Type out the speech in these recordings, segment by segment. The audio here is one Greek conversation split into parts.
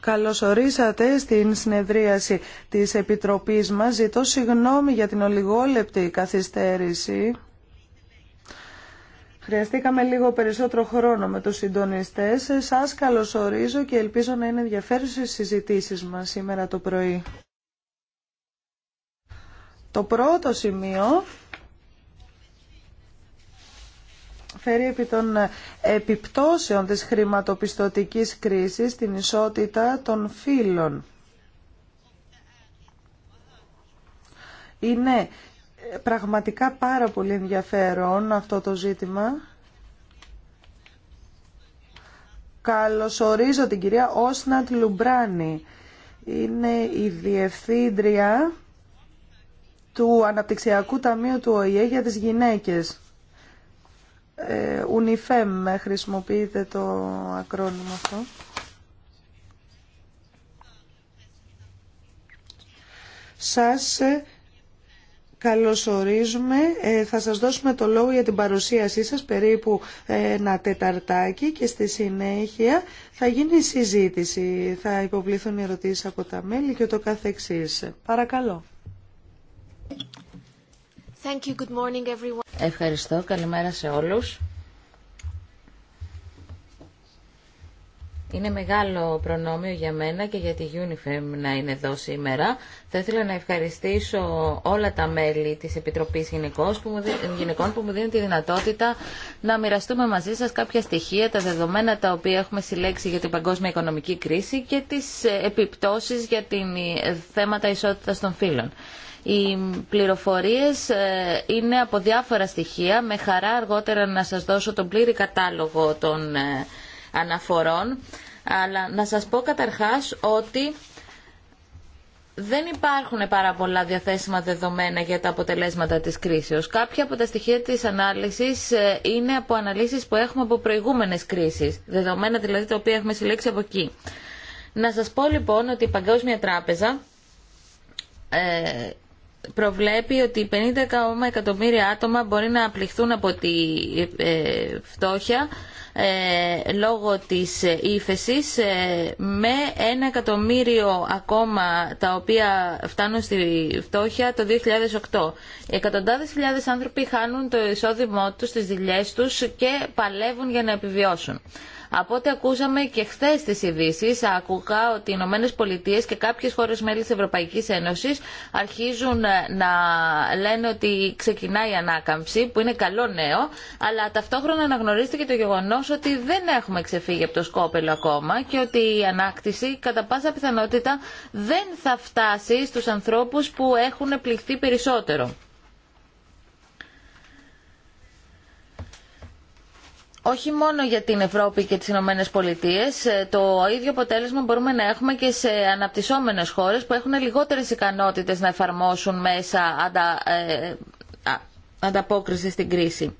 Καλώς ορίσατε στην συνεδρίαση της Επιτροπής μας. Ζητώ συγγνώμη για την ολιγόλεπτη καθυστέρηση. Χρειαστήκαμε λίγο περισσότερο χρόνο με τους συντονιστές. Σας καλωσορίζω και ελπίζω να είναι ενδιαφέρουσες οι συζητήσεις μας σήμερα το πρωί. Το πρώτο σημείο Φέρει επί των επιπτώσεων της χρηματοπιστωτικής κρίσης την ισότητα των φύλων. Είναι πραγματικά πάρα πολύ ενδιαφέρον αυτό το ζήτημα. Καλωσορίζω την κυρία Όσνατ Λουμπράνη. Είναι η διευθύντρια του Αναπτυξιακού Ταμείου του ΟΗΕ για τις γυναίκες ε, UNIFEM χρησιμοποιείται το ακρόνιμο αυτό. Σας ε, καλωσορίζουμε. Ε, θα σας δώσουμε το λόγο για την παρουσίασή σας περίπου ε, ένα τεταρτάκι και στη συνέχεια θα γίνει συζήτηση. Θα υποβληθούν οι ερωτήσεις από τα μέλη και το καθεξής. Παρακαλώ. Ευχαριστώ. Καλημέρα σε όλους. Είναι μεγάλο προνόμιο για μένα και για τη UNIFEM να είναι εδώ σήμερα. Θα ήθελα να ευχαριστήσω όλα τα μέλη της Επιτροπής Γυναικών που μου δίνουν τη δυνατότητα να μοιραστούμε μαζί σας κάποια στοιχεία, τα δεδομένα τα οποία έχουμε συλλέξει για την παγκόσμια οικονομική κρίση και τις ε, επιπτώσεις για την ε, θέματα ισότητας των φύλων. Οι πληροφορίες ε, είναι από διάφορα στοιχεία. Με χαρά αργότερα να σας δώσω τον πλήρη κατάλογο των ε, αναφορών. Αλλά να σας πω καταρχάς ότι δεν υπάρχουν πάρα πολλά διαθέσιμα δεδομένα για τα αποτελέσματα της κρίσης. Κάποια από τα στοιχεία της ανάλυσης ε, είναι από αναλύσεις που έχουμε από προηγούμενες κρίσεις, δεδομένα δηλαδή τα οποία έχουμε συλλέξει από εκεί. Να σας πω λοιπόν ότι η Παγκόσμια Τράπεζα προβλέπει ότι 50 εκατομμύρια άτομα μπορεί να απληχθούν από τη ε, φτώχεια ε, λόγω της ύφεση ε, με ένα εκατομμύριο ακόμα τα οποία φτάνουν στη φτώχεια το 2008. εκατοντάδες χιλιάδες άνθρωποι χάνουν το εισόδημό τους, τις δουλειές τους και παλεύουν για να επιβιώσουν. Από ό,τι ακούσαμε και χθε τι ειδήσει, άκουγα ότι οι Ηνωμένε Πολιτείε και κάποιε χώρε μέλη τη Ευρωπαϊκή Ένωση αρχίζουν ε, να λένε ότι ξεκινάει η ανάκαμψη, που είναι καλό νέο, αλλά ταυτόχρονα αναγνωρίζεται και το γεγονό ότι δεν έχουμε ξεφύγει από το σκόπελο ακόμα και ότι η ανάκτηση κατά πάσα πιθανότητα δεν θα φτάσει στου ανθρώπου που έχουν πληχθεί περισσότερο. όχι μόνο για την Ευρώπη και τις Ηνωμένε Πολιτείε, ε, το ίδιο αποτέλεσμα μπορούμε να έχουμε και σε αναπτυσσόμενες χώρες που έχουν λιγότερες ικανότητες να εφαρμόσουν μέσα αντα, ε, ανταπόκριση στην κρίση.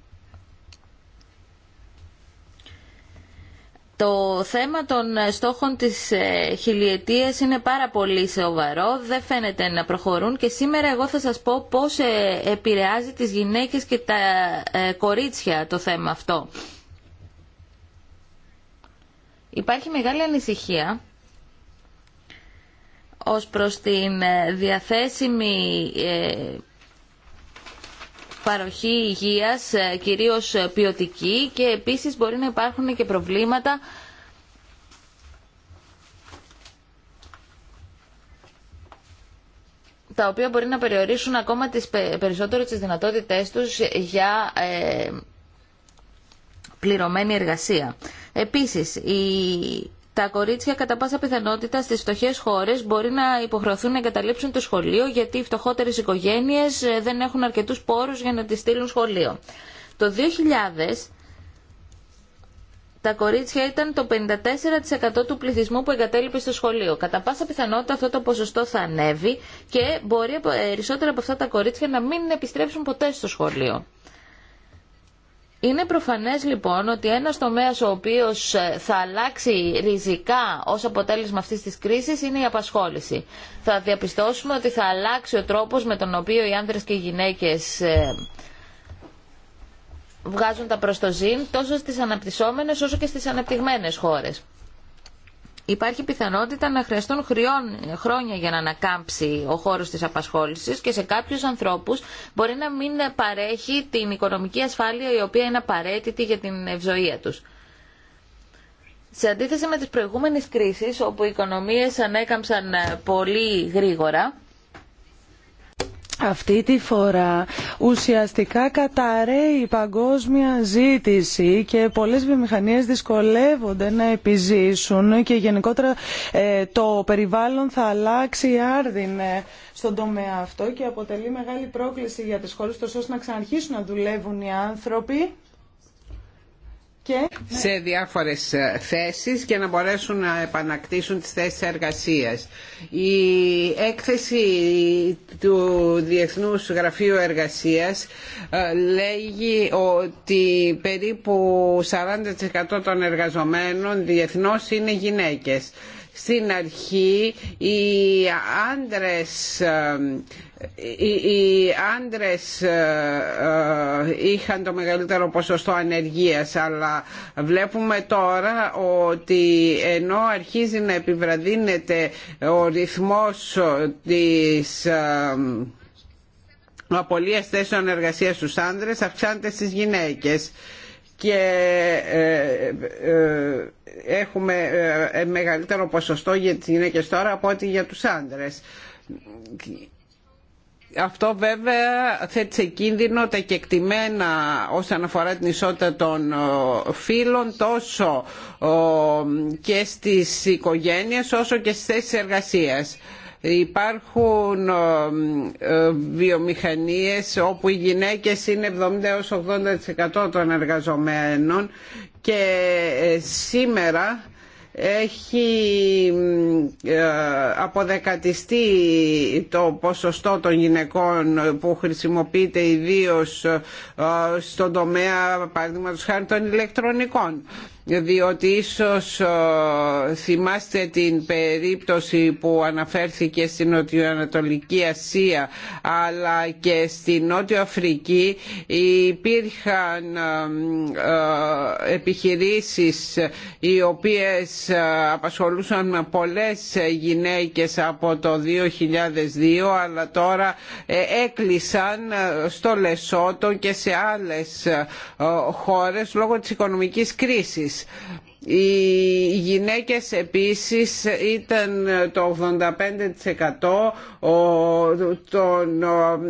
Το θέμα των ε, στόχων της χιλιετίας είναι πάρα πολύ σοβαρό, δεν φαίνεται να προχωρούν και σήμερα εγώ θα σας πω πώς επηρεάζει τις γυναίκες και τα κορίτσια το θέμα αυτό. Υπάρχει μεγάλη ανησυχία ως προς την ε, διαθέσιμη ε, παροχή υγείας, ε, κυρίως ποιοτική και επίσης μπορεί να υπάρχουν και προβλήματα τα οποία μπορεί να περιορίσουν ακόμα τις περισσότερο τις δυνατότητές τους για πληρωμένη εργασία. Επίσης, η... τα κορίτσια κατά πάσα πιθανότητα στις φτωχές χώρες μπορεί να υποχρεωθούν να εγκαταλείψουν το σχολείο γιατί οι φτωχότερες οικογένειες ε, δεν έχουν αρκετούς πόρους για να τη στείλουν σχολείο. Το 2000 τα κορίτσια ήταν το 54% του πληθυσμού που εγκατέλειπε στο σχολείο. Κατά πάσα πιθανότητα αυτό το ποσοστό θα ανέβει και μπορεί ε, περισσότερα από αυτά τα κορίτσια να μην επιστρέψουν ποτέ στο σχολείο. Είναι προφανές λοιπόν ότι ένας τομέας ο οποίος ε, θα αλλάξει ριζικά ως αποτέλεσμα αυτής της κρίσης είναι η απασχόληση. Θα διαπιστώσουμε ότι θα αλλάξει ο τρόπος με τον οποίο οι άνδρες και οι γυναίκες ε, βγάζουν τα προστοζήν τόσο στις αναπτυσσόμενες όσο και στις αναπτυγμένες χώρες υπάρχει πιθανότητα να χρειαστούν χρόνια για να ανακάμψει ο χώρος της απασχόλησης και σε κάποιους ανθρώπους μπορεί να μην παρέχει την οικονομική ασφάλεια η οποία είναι απαραίτητη για την ευζοία τους. Σε αντίθεση με τις προηγούμενες κρίσεις όπου οι οικονομίες ανέκαμψαν πολύ γρήγορα, αυτή τη φορά ουσιαστικά καταραίει η παγκόσμια ζήτηση και πολλές βιομηχανίες δυσκολεύονται να επιζήσουν και γενικότερα ε, το περιβάλλον θα αλλάξει άρδινε στον τομέα αυτό και αποτελεί μεγάλη πρόκληση για τις χώρες τόσο ώστε να ξαναρχίσουν να δουλεύουν οι άνθρωποι και... σε διάφορες ε, θέσεις και να μπορέσουν να επανακτήσουν τις θέσεις εργασίας. Η έκθεση του Διεθνούς Γραφείου Εργασίας ε, λέγει ότι περίπου 40% των εργαζομένων διεθνώς είναι γυναίκες. Στην αρχή οι άντρες ε, οι άντρες ε, ε, είχαν το μεγαλύτερο ποσοστό ανεργίας αλλά βλέπουμε τώρα ότι ενώ αρχίζει να επιβραδύνεται ο ρυθμός της ε, απολύας θέσεων εργασίας στους άντρες αυξάνεται στις γυναίκες και έχουμε μεγαλύτερο ποσοστό για τις γυναίκες τώρα από ό,τι για τους άντρες αυτό βέβαια θέτει σε κίνδυνο τα κεκτημένα όσον αφορά την ισότητα των ε, φύλων τόσο ε, και στις οικογένειες όσο και στις θέσεις εργασίας. Υπάρχουν ε, βιομηχανίες όπου οι γυναίκες είναι 70-80% των εργαζομένων και σήμερα έχει ε, αποδεκατιστεί το ποσοστό των γυναικών που χρησιμοποιείται ιδίως ε, στον τομέα παραδείγματος χάρη των ηλεκτρονικών διότι ίσως ε, θυμάστε την περίπτωση που αναφέρθηκε στην Νοτιοανατολική Ασία αλλά και στη Νότιο Αφρική υπήρχαν ε, ε, επιχειρήσεις οι οποίες απασχολούσαν πολλές γυναίκες από το 2002 αλλά τώρα έκλεισαν στο Λεσότο και σε άλλες χώρες λόγω της οικονομικής κρίσης. Οι γυναίκες επίσης ήταν το 85% των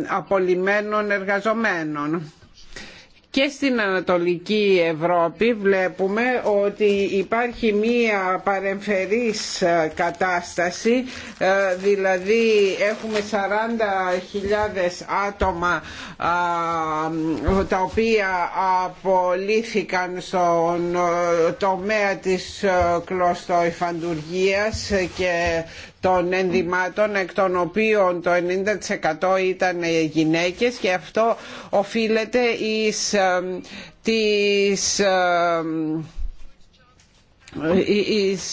απολυμένων εργαζομένων και στην Ανατολική Ευρώπη βλέπουμε ότι υπάρχει μία παρεμφερής ε, κατάσταση ε, δηλαδή έχουμε 40.000 άτομα τα οποία απολύθηκαν στον ε, τομέα της κλωστοϊφαντουργίας και των ενδυμάτων εκ των οποίων το 90% ήταν ε, γυναίκες και αυτό οφείλεται εις ε,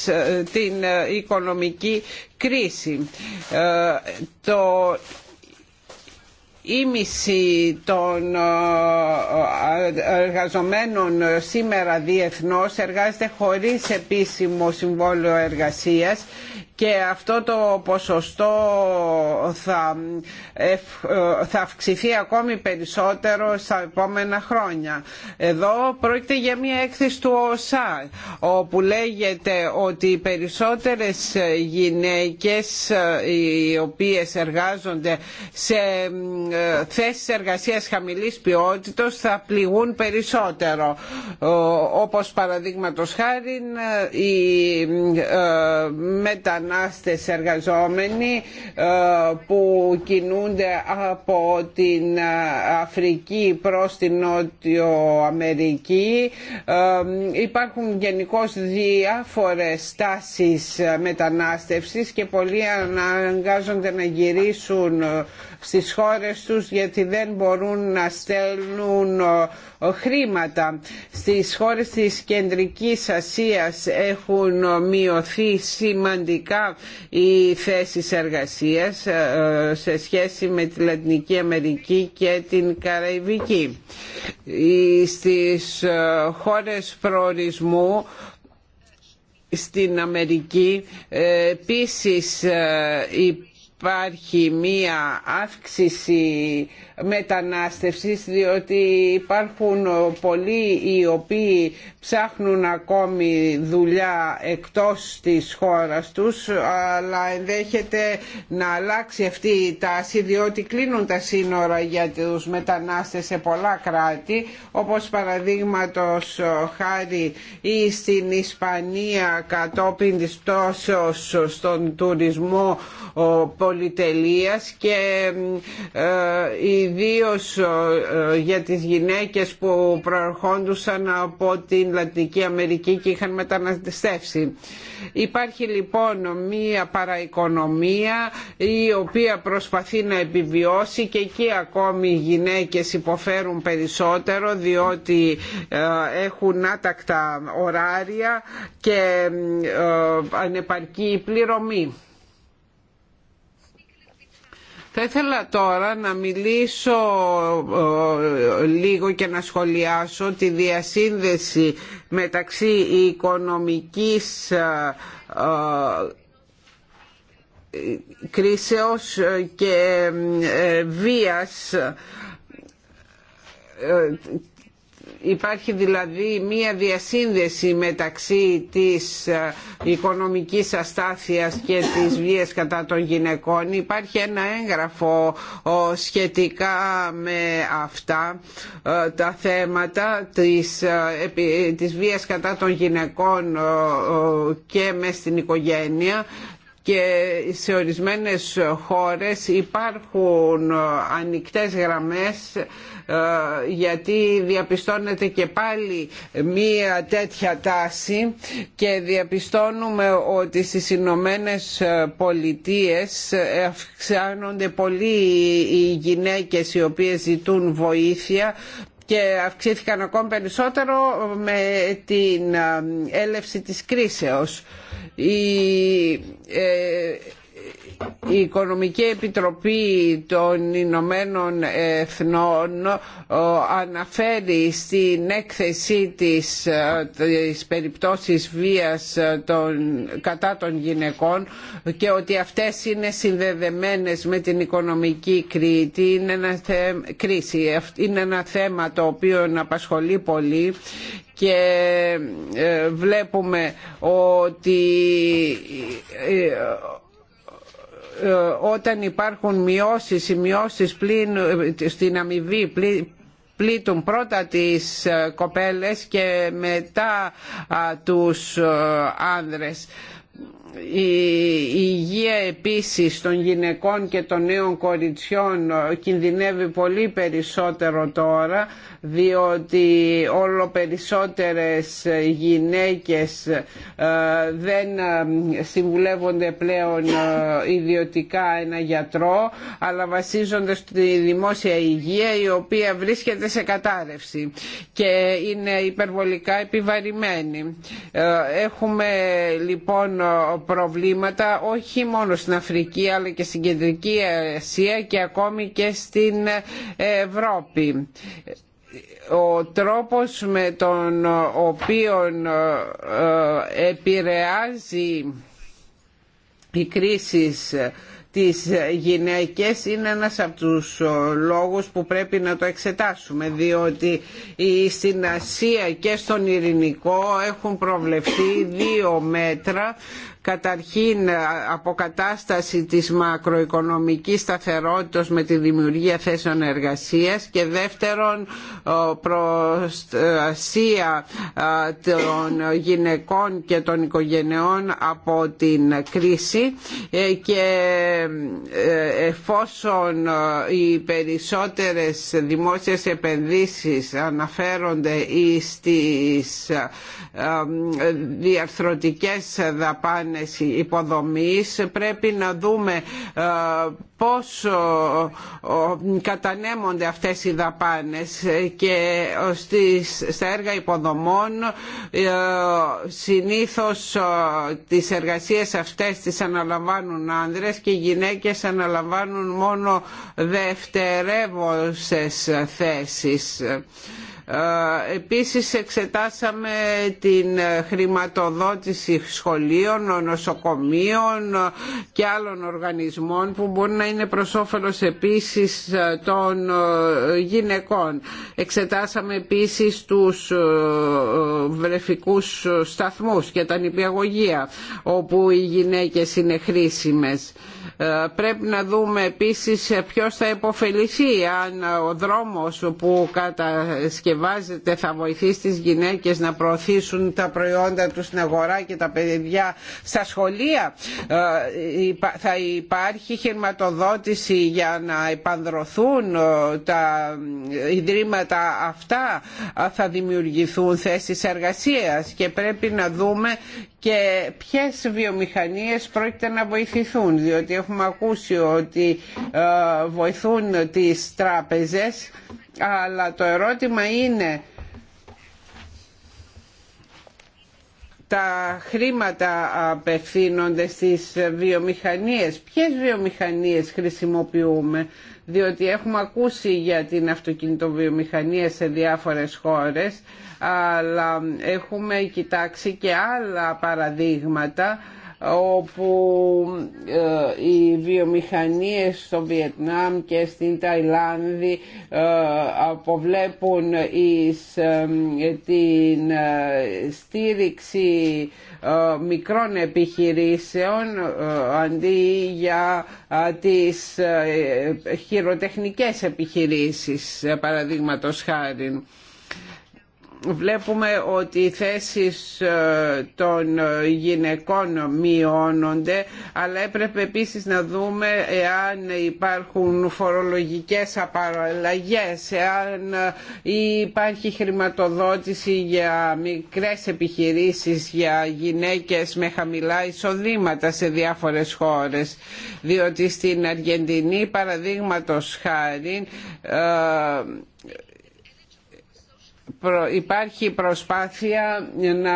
ε, την οικονομική κρίση. Το ίμιση των εργαζομένων σήμερα διεθνώς εργάζεται χωρίς επίσημο συμβόλαιο εργασίας και αυτό το ποσοστό θα, ε, θα αυξηθεί ακόμη περισσότερο στα επόμενα χρόνια. Εδώ πρόκειται για μια έκθεση του ΟΣΑ όπου λέγεται ότι οι περισσότερες γυναίκες ε, οι οποίες εργάζονται σε ε, θέσεις εργασίας χαμηλής ποιότητας θα πληγούν περισσότερο όπως παραδείγματος χάρη οι μετανάστες εργαζόμενοι ε, που κινούνται από την ε, Αφρική προς την Νότιο Αμερική. Ε, υπάρχουν γενικώ διάφορες τάσεις μετανάστευσης και πολλοί αναγκάζονται να γυρίσουν στις χώρες τους γιατί δεν μπορούν να στέλνουν ε, χρήματα. Στις χώρες της Κεντρικής Ασίας έχουν μειωθεί σημαντικά οι θέσεις εργασίας ε, σε σχέση με τη Λατινική Αμερική και την Καραϊβική. Στις ε, χώρες προορισμού στην Αμερική επίσης υπάρχει μία αύξηση μετανάστευσης διότι υπάρχουν πολλοί οι οποίοι ψάχνουν ακόμη δουλειά εκτός της χώρας τους αλλά ενδέχεται να αλλάξει αυτή η τάση διότι κλείνουν τα σύνορα για τους μετανάστες σε πολλά κράτη όπως παραδείγματος χάρη ή στην Ισπανία κατόπιν της στον τουρισμό πολυτελείας και ε, ιδίως ε, για τις γυναίκες που προερχόντουσαν από την Λατινική Αμερική και είχαν μεταναστεύσει. Υπάρχει λοιπόν μία παραοικονομία η οποία προσπαθεί να επιβιώσει και εκεί ακόμη οι γυναίκες υποφέρουν περισσότερο διότι ε, έχουν άτακτα ωράρια και ανεπαρκή πληρωμή. Θα ήθελα τώρα να μιλήσω ε, λίγο και να σχολιάσω τη διασύνδεση μεταξύ οικονομικής ε, ε, κρίσεως και βίας υπάρχει δηλαδή μία διασύνδεση μεταξύ της ε, οικονομικής αστάθειας και της βίας κατά των γυναικών. Υπάρχει ένα έγγραφο σχετικά με αυτά ε, τα θέματα ε, της, βίας κατά των γυναικών και με στην οικογένεια και σε ορισμένες χώρες υπάρχουν ε, ανοιχτές γραμμές ε, γιατί διαπιστώνεται και πάλι μία τέτοια τάση και διαπιστώνουμε ότι στις Ηνωμένε Πολιτείες αυξάνονται πολύ οι γυναίκες οι οποίες ζητούν βοήθεια και αυξήθηκαν ακόμη περισσότερο με την ε, έλευση της κρίσεως. Ε, η Οικονομική Επιτροπή των Ηνωμένων Εθνών ε, αναφέρει στην έκθεσή της ε, τις περιπτώσεις βίας ε, των, κατά των γυναικών και ότι αυτές είναι συνδεδεμένες με την οικονομική κρίση. Είναι ένα θέμα το οποίο απασχολεί πολύ και βλέπουμε ότι ε, όταν υπάρχουν μειώσεις ή μειώσεις ε, στην αμοιβή πλήττουν πρώτα τις ε, κοπέλες και μετά τους άνδρες η υγεία επίσης των γυναικών και των νέων κοριτσιών κινδυνεύει πολύ περισσότερο τώρα διότι όλο περισσότερες γυναίκες ε, δεν ε, συμβουλεύονται πλέον ε, ιδιωτικά ένα γιατρό αλλά βασίζονται στη δημόσια υγεία η οποία βρίσκεται σε κατάρρευση και είναι υπερβολικά επιβαρημένη. Έχουμε λοιπόν προβλήματα όχι μόνο στην Αφρική αλλά και στην Κεντρική Ασία και ακόμη και στην Ευρώπη ο τρόπος με τον οποίο ε, ε, επηρεάζει η κρίση τις γυναίκες είναι ένας από τους λόγους που πρέπει να το εξετάσουμε διότι στην Ασία και στον Ειρηνικό έχουν προβλεφθεί δύο μέτρα καταρχήν ε, αποκατάσταση της μακροοικονομικής σταθερότητας με τη δημιουργία θέσεων εργασίας και δεύτερον ε, προστασία ε, των γυναικών και των οικογενειών από την κρίση και εφόσον οι περισσότερες δημόσιες επενδύσεις αναφέρονται στις διαρθρωτικές δαπάνες υποδομής πρέπει να δούμε ε, πώς ε, ε, κατανέμονται αυτές οι δαπάνες και στις, στα έργα υποδομών συνήθως τις εργασίες αυτές τις αναλαμβάνουν άνδρες και οι γυναίκες αναλαμβάνουν μόνο δευτερεύουσες θέσεις. Ε, επίσης εξετάσαμε την χρηματοδότηση σχολείων, νοσοκομείων και άλλων οργανισμών που μπορεί να είναι προς όφελος επίσης ε, των ε, γυναικών. Εξετάσαμε επίσης τους βρεφικούς σταθμούς και τα νηπιαγωγεία όπου οι γυναίκες είναι χρήσιμες. Ε, πρέπει να δούμε επίσης ποιος θα υποφεληθεί αν ο δρόμος που κατασκευάζεται θα βοηθήσει τις γυναίκες να προωθήσουν τα προϊόντα τους στην αγορά και τα παιδιά στα σχολεία. Ε, θα υπάρχει χρηματοδότηση για να επανδρωθούν ε, τα ιδρύματα αυτά, θα δημιουργηθούν θέσεις εργασίας και πρέπει να δούμε και ποιες βιομηχανίες πρόκειται να βοηθηθούν διότι έχουμε ακούσει ότι ε, βοηθούν τις τράπεζες αλλά το ερώτημα είναι τα χρήματα απευθύνονται στις βιομηχανίες. Ποιες βιομηχανίες χρησιμοποιούμε διότι έχουμε ακούσει για την αυτοκινητοβιομηχανία σε διάφορες χώρες αλλά έχουμε κοιτάξει και άλλα παραδείγματα όπου ε, οι βιομηχανίες στο Βιετνάμ και στην Ταϊλάνδη ε, αποβλέπουν εις ε, την στήριξη ε, μικρών επιχειρήσεων ε, αντί για ε, τις χειροτεχνικές επιχειρήσεις παραδείγματος χάρη βλέπουμε ότι οι θέσεις ε, των γυναικών μειώνονται αλλά έπρεπε επίσης να δούμε εάν υπάρχουν φορολογικές απαραλλαγές εάν υπάρχει χρηματοδότηση για μικρές επιχειρήσεις για γυναίκες με χαμηλά εισοδήματα σε διάφορες χώρες διότι στην Αργεντινή παραδείγματος χάρη ε, υπάρχει προσπάθεια να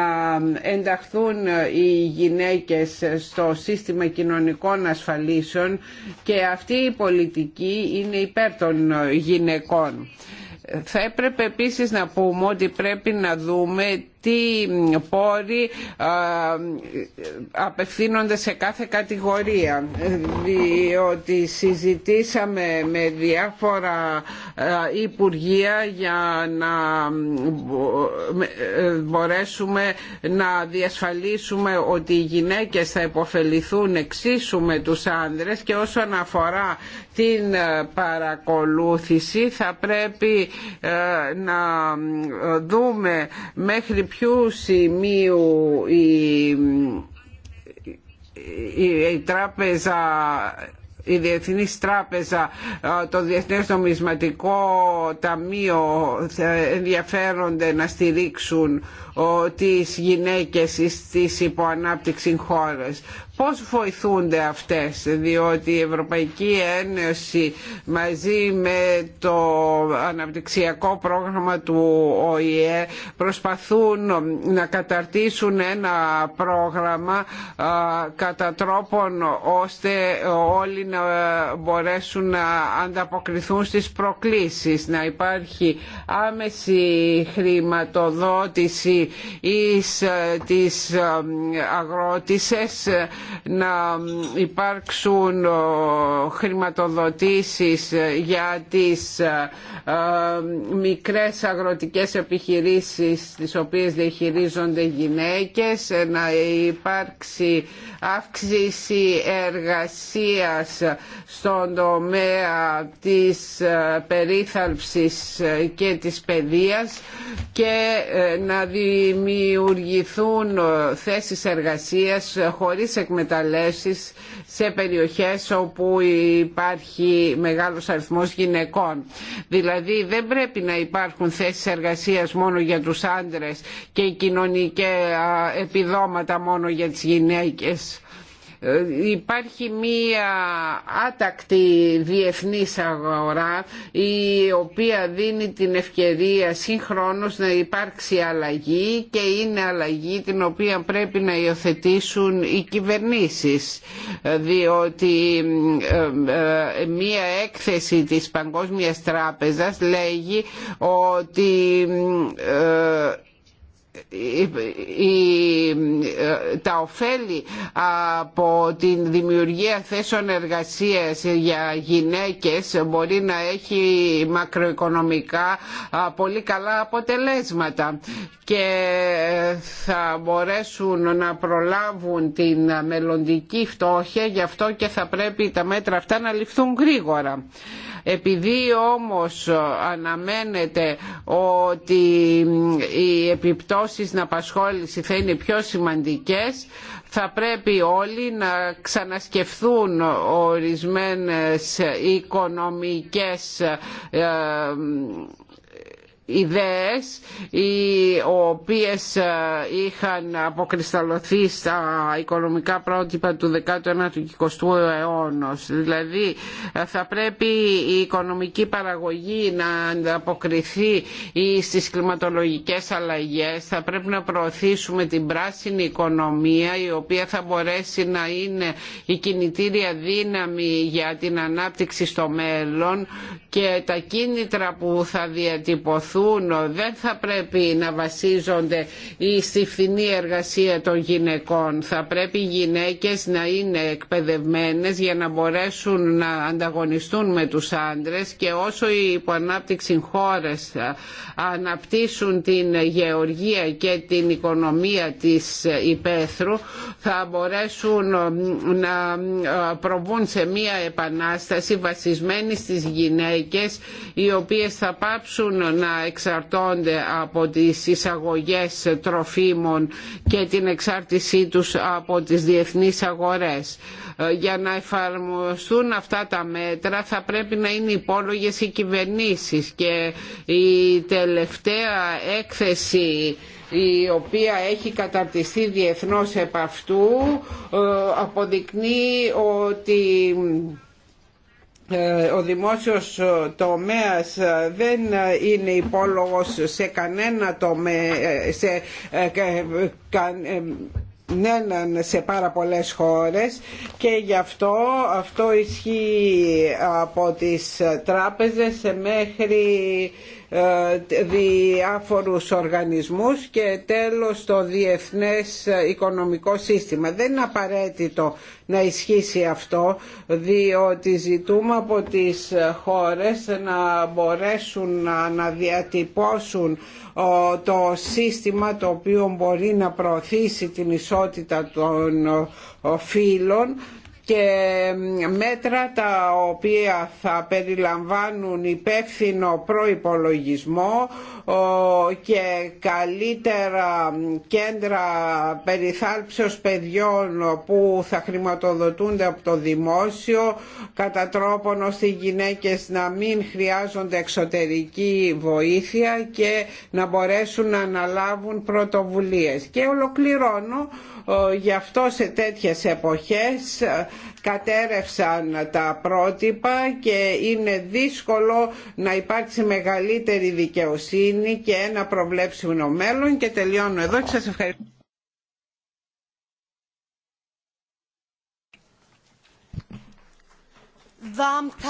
ενταχθούν οι γυναίκες στο σύστημα κοινωνικών ασφαλίσεων και αυτή η πολιτική είναι υπέρ των γυναικών. Θα έπρεπε επίσης να πούμε ότι πρέπει να δούμε τι πόροι απευθύνονται σε κάθε κατηγορία διότι συζητήσαμε με διάφορα υπουργεία για να ε, μπορέσουμε να διασφαλίσουμε ότι οι γυναίκες θα υποφεληθούν εξίσου με τους άνδρες και όσον αφορά την ε, παρακολούθηση θα πρέπει ε, να δούμε μέχρι ποιου σημείου η, η, τράπεζα η Διεθνή Τράπεζα, το Διεθνές Νομισματικό Ταμείο ενδιαφέρονται να στηρίξουν τις γυναίκες στις υποανάπτυξη χώρες πώς βοηθούνται αυτές διότι η Ευρωπαϊκή Ένωση μαζί με το αναπτυξιακό πρόγραμμα του ΟΗΕ προσπαθούν να καταρτήσουν ένα πρόγραμμα κατά τρόπον ώστε όλοι να μπορέσουν να ανταποκριθούν στις προκλήσεις να υπάρχει άμεση χρηματοδότηση εις ε, τις ε, αγρότησες να υπάρξουν ε, χρηματοδοτήσεις ε, για τις ε, μικρές αγροτικές επιχειρήσεις τις οποίες διαχειρίζονται γυναίκες, να υπάρξει αύξηση εργασίας στον τομέα της περίθαλψης και της παιδείας και να δημιουργηθούν θέσεις εργασίας χωρίς εκμεταλλεύσεις σε περιοχές όπου υπάρχει μεγάλος αριθμός γυναικών. Δηλαδή δεν πρέπει να υπάρχουν θέσεις εργασίας μόνο για τους άντρες και κοινωνικά επιδόματα μόνο για τις γυναίκες Υπάρχει μία άτακτη διεθνής αγορά η οποία δίνει την ευκαιρία συγχρόνως να υπάρξει αλλαγή και είναι αλλαγή την οποία πρέπει να υιοθετήσουν οι κυβερνήσεις διότι ε, ε, μία έκθεση της Παγκόσμιας Τράπεζας λέγει ότι ε, ε, τα ωφέλη από την δημιουργία θέσεων εργασίας για γυναίκες μπορεί να έχει μακροοικονομικά πολύ καλά αποτελέσματα και θα μπορέσουν να προλάβουν την μελλοντική φτώχεια γι' αυτό και θα πρέπει τα μέτρα αυτά να ληφθούν γρήγορα. Επειδή όμως αναμένεται ότι οι επιπτώσεις στην απασχόληση θα είναι πιο σημαντικές, θα πρέπει όλοι να ξανασκεφθούν ορισμένες οικονομικές ε, ιδέες οι οποίες ε, είχαν αποκρισταλωθεί στα οικονομικά πρότυπα του 19ου και 20ου αιώνα. Δηλαδή ε, θα πρέπει η οικονομική παραγωγή να ανταποκριθεί στις κλιματολογικές αλλαγές. Θα πρέπει να προωθήσουμε την πράσινη οικονομία η οποία θα μπορέσει να είναι η κινητήρια δύναμη για την ανάπτυξη στο μέλλον και τα κίνητρα που θα διατυπωθούν δεν θα πρέπει να βασίζονται στη φθηνή εργασία των γυναικών. Θα πρέπει οι γυναίκες να είναι εκπαιδευμένες για να μπορέσουν να ανταγωνιστούν με τους άντρες και όσο οι υποανάπτυξη χώρες αναπτύσσουν την γεωργία και την οικονομία της υπαίθρου θα μπορέσουν να προβούν σε μία επανάσταση βασισμένη στις γυναίκες οι οποίες θα πάψουν να εξαρτώνται από τις εισαγωγές τροφίμων και την εξάρτησή τους από τις διεθνείς αγορές. Ε, για να εφαρμοστούν αυτά τα μέτρα θα πρέπει να είναι υπόλογες οι κυβερνήσεις και η τελευταία έκθεση η οποία έχει καταρτιστεί διεθνώς επ' αυτού ε, αποδεικνύει ότι ε, ο δημόσιος ε, τομέας ε, δεν είναι υπόλογος σε κανένα σε σε πάρα πολλές χώρες και γι' αυτό αυτό ισχύει από τις τράπεζες μέχρι ε, διάφορους οργανισμούς και τέλος το διεθνές οικονομικό σύστημα. Δεν είναι απαραίτητο να ισχύσει αυτό διότι ζητούμε από τις χώρες να μπορέσουν να αναδιατυπώσουν το σύστημα το οποίο μπορεί να προωθήσει την ισότητα των φύλων και μέτρα τα οποία θα περιλαμβάνουν υπεύθυνο προϋπολογισμό και καλύτερα κέντρα περιθάλψεως παιδιών που θα χρηματοδοτούνται από το δημόσιο κατά τρόπον ώστε οι γυναίκες να μην χρειάζονται εξωτερική βοήθεια και να μπορέσουν να αναλάβουν πρωτοβουλίες. Και ολοκληρώνω γι' αυτό σε τέτοιες εποχές κατέρευσαν τα πρότυπα και είναι δύσκολο να υπάρξει μεγαλύτερη δικαιοσύνη και ένα προβλέψιμο μέλλον και τελειώνω εδώ και σας ευχαριστώ.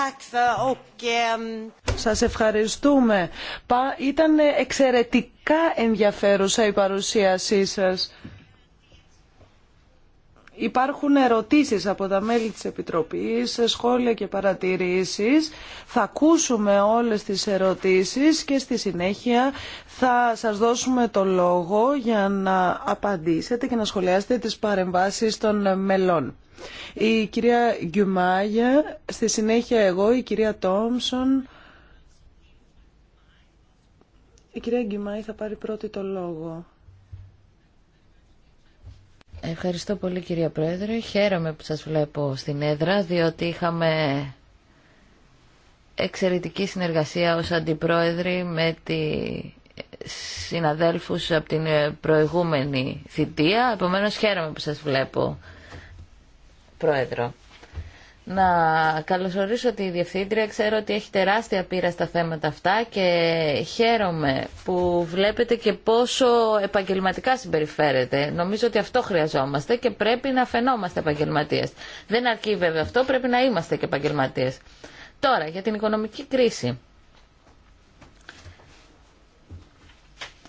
Ehm, σας ευχαριστούμε. Ήταν εξαιρετικά ενδιαφέρουσα η παρουσίασή σας. Υπάρχουν ερωτήσεις από τα μέλη της Επιτροπής, σχόλια και παρατηρήσεις. Θα ακούσουμε όλες τις ερωτήσεις και στη συνέχεια θα σας δώσουμε το λόγο για να απαντήσετε και να σχολιάσετε τις παρεμβάσεις των μελών. Η κυρία Γκιουμάγια, στη συνέχεια εγώ, η κυρία Τόμσον. Η κυρία Γκιουμάγια θα πάρει πρώτη το λόγο. Ευχαριστώ πολύ κυρία Πρόεδρε. Χαίρομαι που σας βλέπω στην έδρα, διότι είχαμε εξαιρετική συνεργασία ως αντιπρόεδροι με τη συναδέλφους από την προηγούμενη θητεία. Επομένως χαίρομαι που σας βλέπω, Πρόεδρο να καλωσορίσω τη Διευθύντρια. Ξέρω ότι έχει τεράστια πείρα στα θέματα αυτά και χαίρομαι που βλέπετε και πόσο επαγγελματικά συμπεριφέρεται. Νομίζω ότι αυτό χρειαζόμαστε και πρέπει να φαινόμαστε επαγγελματίες. Δεν αρκεί βέβαια αυτό, πρέπει να είμαστε και επαγγελματίες. Τώρα, για την οικονομική κρίση.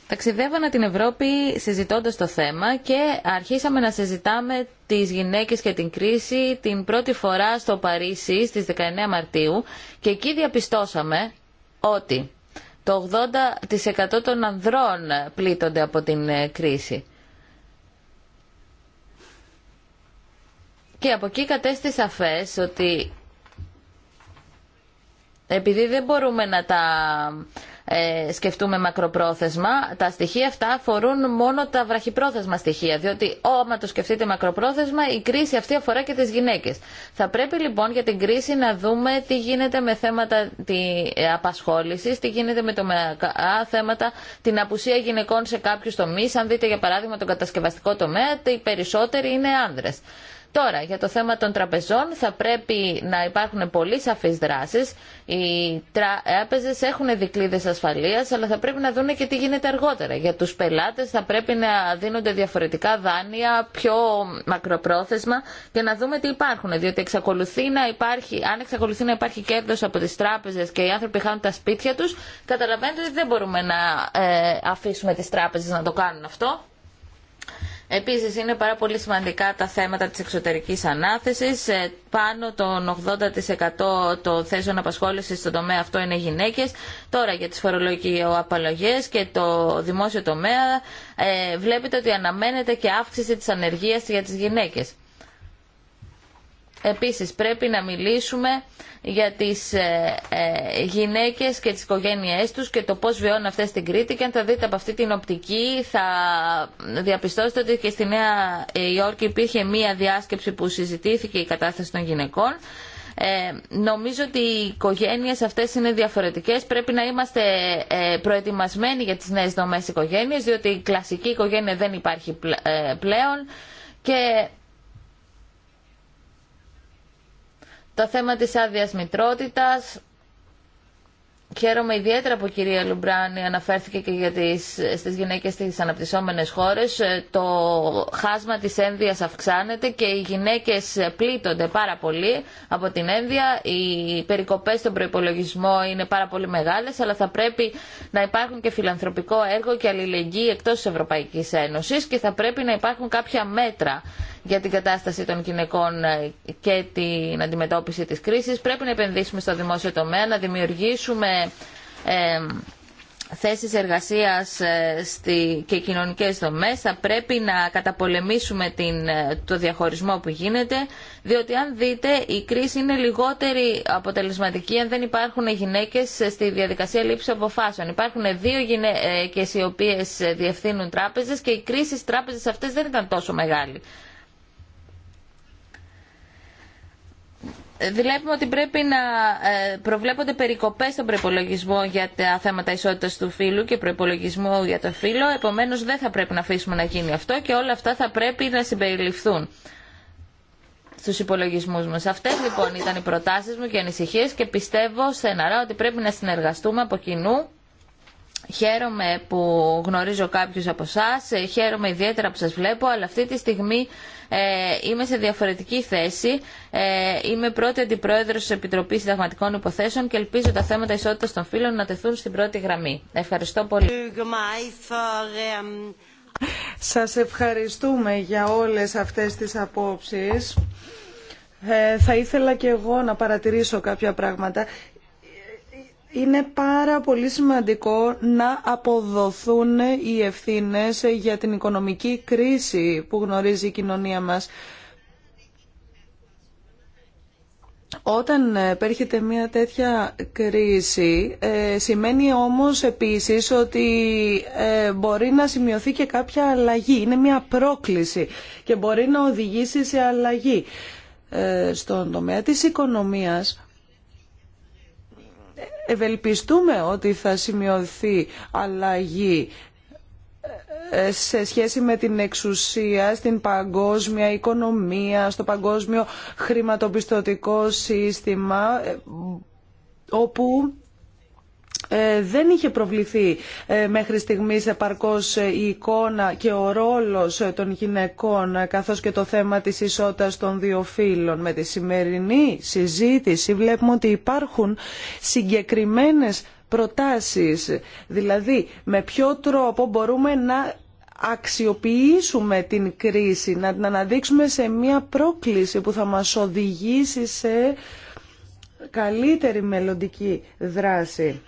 Ταξιδεύανα την Ευρώπη συζητώντας το θέμα και αρχίσαμε να συζητάμε τις γυναίκες και την κρίση την πρώτη φορά στο Παρίσι στις 19 Μαρτίου και εκεί διαπιστώσαμε ότι το 80% των ανδρών πλήττονται από την ε, κρίση. Και από εκεί κατέστη σαφές ότι επειδή δεν μπορούμε να τα ε, σκεφτούμε μακροπρόθεσμα. Τα στοιχεία αυτά αφορούν μόνο τα βραχυπρόθεσμα στοιχεία, διότι όμα το σκεφτείτε μακροπρόθεσμα, η κρίση αυτή αφορά και τις γυναίκες. Θα πρέπει λοιπόν για την κρίση να δούμε τι γίνεται με θέματα ε, απασχόληση, τι γίνεται με το θέματα, την απουσία γυναικών σε κάποιου τομεί. Αν δείτε για παράδειγμα τον κατασκευαστικό τομέα, οι περισσότεροι είναι άνδρες. Τώρα, για το θέμα των τραπεζών θα πρέπει να υπάρχουν πολύ σαφείς δράσεις. Οι τράπεζες έχουν δικλείδες ασφαλείας, αλλά θα πρέπει να δουν και τι γίνεται αργότερα. Για τους πελάτες θα πρέπει να δίνονται διαφορετικά δάνεια, πιο μακροπρόθεσμα και να δούμε τι υπάρχουν. Διότι εξακολουθεί να υπάρχει, αν εξακολουθεί να υπάρχει κέρδος από τις τράπεζες και οι άνθρωποι χάνουν τα σπίτια τους, καταλαβαίνετε ότι δεν μπορούμε να ε, αφήσουμε τις τράπεζες να το κάνουν αυτό. Επίσης είναι πάρα πολύ σημαντικά τα θέματα της εξωτερικής ανάθεσης. Ε, πάνω των 80% των θέσεων απασχόλησης στον τομέα αυτό είναι γυναίκες. Τώρα για τις φορολογικοαπαλλαγές και το δημόσιο τομέα ε, βλέπετε ότι αναμένεται και αύξηση της ανεργίας για τις γυναίκες. Επίσης πρέπει να μιλήσουμε για τις ε, ε, γυναίκες και τις οικογένειές τους και το πώς βιώνουν αυτές την Κρήτη και αν τα δείτε από αυτή την οπτική θα διαπιστώσετε ότι και στη Νέα Υόρκη υπήρχε μία διάσκεψη που συζητήθηκε η κατάσταση των γυναικών. Ε, νομίζω ότι οι οικογένειες αυτές είναι διαφορετικές. Πρέπει να είμαστε ε, προετοιμασμένοι για τις νέες δομές οικογένειες διότι η κλασική οικογένεια δεν υπάρχει ε, πλέον και Το θέμα της άδεια μητρότητας. Χαίρομαι ιδιαίτερα που η κυρία Λουμπράνη αναφέρθηκε και για τις, στις γυναίκες στις αναπτυσσόμενες χώρες. Το χάσμα της ένδυας αυξάνεται και οι γυναίκες πλήττονται πάρα πολύ από την ένδυα. Οι περικοπές στον προϋπολογισμό είναι πάρα πολύ μεγάλες, αλλά θα πρέπει να υπάρχουν και φιλανθρωπικό έργο και αλληλεγγύη εκτός της Ευρωπαϊκής Ένωσης και θα πρέπει να υπάρχουν κάποια μέτρα για την κατάσταση των γυναικών ε, και την αντιμετώπιση της κρίσης. Πρέπει να επενδύσουμε στο δημόσιο τομέα, να δημιουργήσουμε θέσεις εργασίας ε, και κοινωνικές δομές. Θα πρέπει να καταπολεμήσουμε ε, το διαχωρισμό που γίνεται, διότι αν δείτε η κρίση είναι λιγότερη αποτελεσματική αν δεν υπάρχουν γυναίκες στη διαδικασία λήψη αποφάσεων. Υπάρχουν δύο γυναίκες οι οποίες διευθύνουν τράπεζες και η κρίση στις τράπεζες αυτές δεν ήταν τόσο μεγάλη. Βλέπουμε ότι πρέπει να ε, προβλέπονται περικοπές στον προπολογισμό για τα θέματα ισότητας του φύλου και προπολογισμό για το φύλο. Επομένως δεν θα πρέπει να αφήσουμε να γίνει αυτό και όλα αυτά θα πρέπει να συμπεριληφθούν στους υπολογισμούς μας. Αυτές λοιπόν ήταν οι προτάσεις μου και οι ανησυχίες και πιστεύω στεναρά ότι πρέπει να συνεργαστούμε από κοινού Χαίρομαι που γνωρίζω κάποιους από εσά, ε, χαίρομαι ιδιαίτερα που σας βλέπω, αλλά αυτή τη στιγμή ε, είμαι σε διαφορετική θέση. Ε, είμαι πρώτη αντιπρόεδρος της Επιτροπής Συνταγματικών Υποθέσεων και ελπίζω τα θέματα ισότητας των φίλων να τεθούν στην πρώτη γραμμή. Ευχαριστώ πολύ. Σας ευχαριστούμε για όλες αυτές τις απόψεις. Ε, θα ήθελα και εγώ να παρατηρήσω κάποια πράγματα είναι πάρα πολύ σημαντικό να αποδοθούν οι ευθύνες για την οικονομική κρίση που γνωρίζει η κοινωνία μας. Όταν υπέρχεται μια τέτοια κρίση, ε, σημαίνει όμως επίσης ότι ε, μπορεί να σημειωθεί και κάποια αλλαγή. Είναι μια πρόκληση και μπορεί να οδηγήσει σε αλλαγή. Ε, στον τομέα της οικονομίας, ευελπιστούμε ότι θα σημειωθεί αλλαγή ε, σε σχέση με την εξουσία στην παγκόσμια οικονομία, στο παγκόσμιο χρηματοπιστωτικό σύστημα, ε, όπου ε, δεν είχε προβληθεί ε, μέχρι στιγμής επαρκώς η εικόνα και ο ρόλος των γυναικών ε, καθώς και το θέμα της ισότητας των δύο φύλων. Με τη σημερινή συζήτηση βλέπουμε ότι υπάρχουν συγκεκριμένες προτάσεις, δηλαδή με ποιο τρόπο μπορούμε να αξιοποιήσουμε την κρίση, να την αναδείξουμε σε μια πρόκληση που θα μας οδηγήσει σε καλύτερη μελλοντική δράση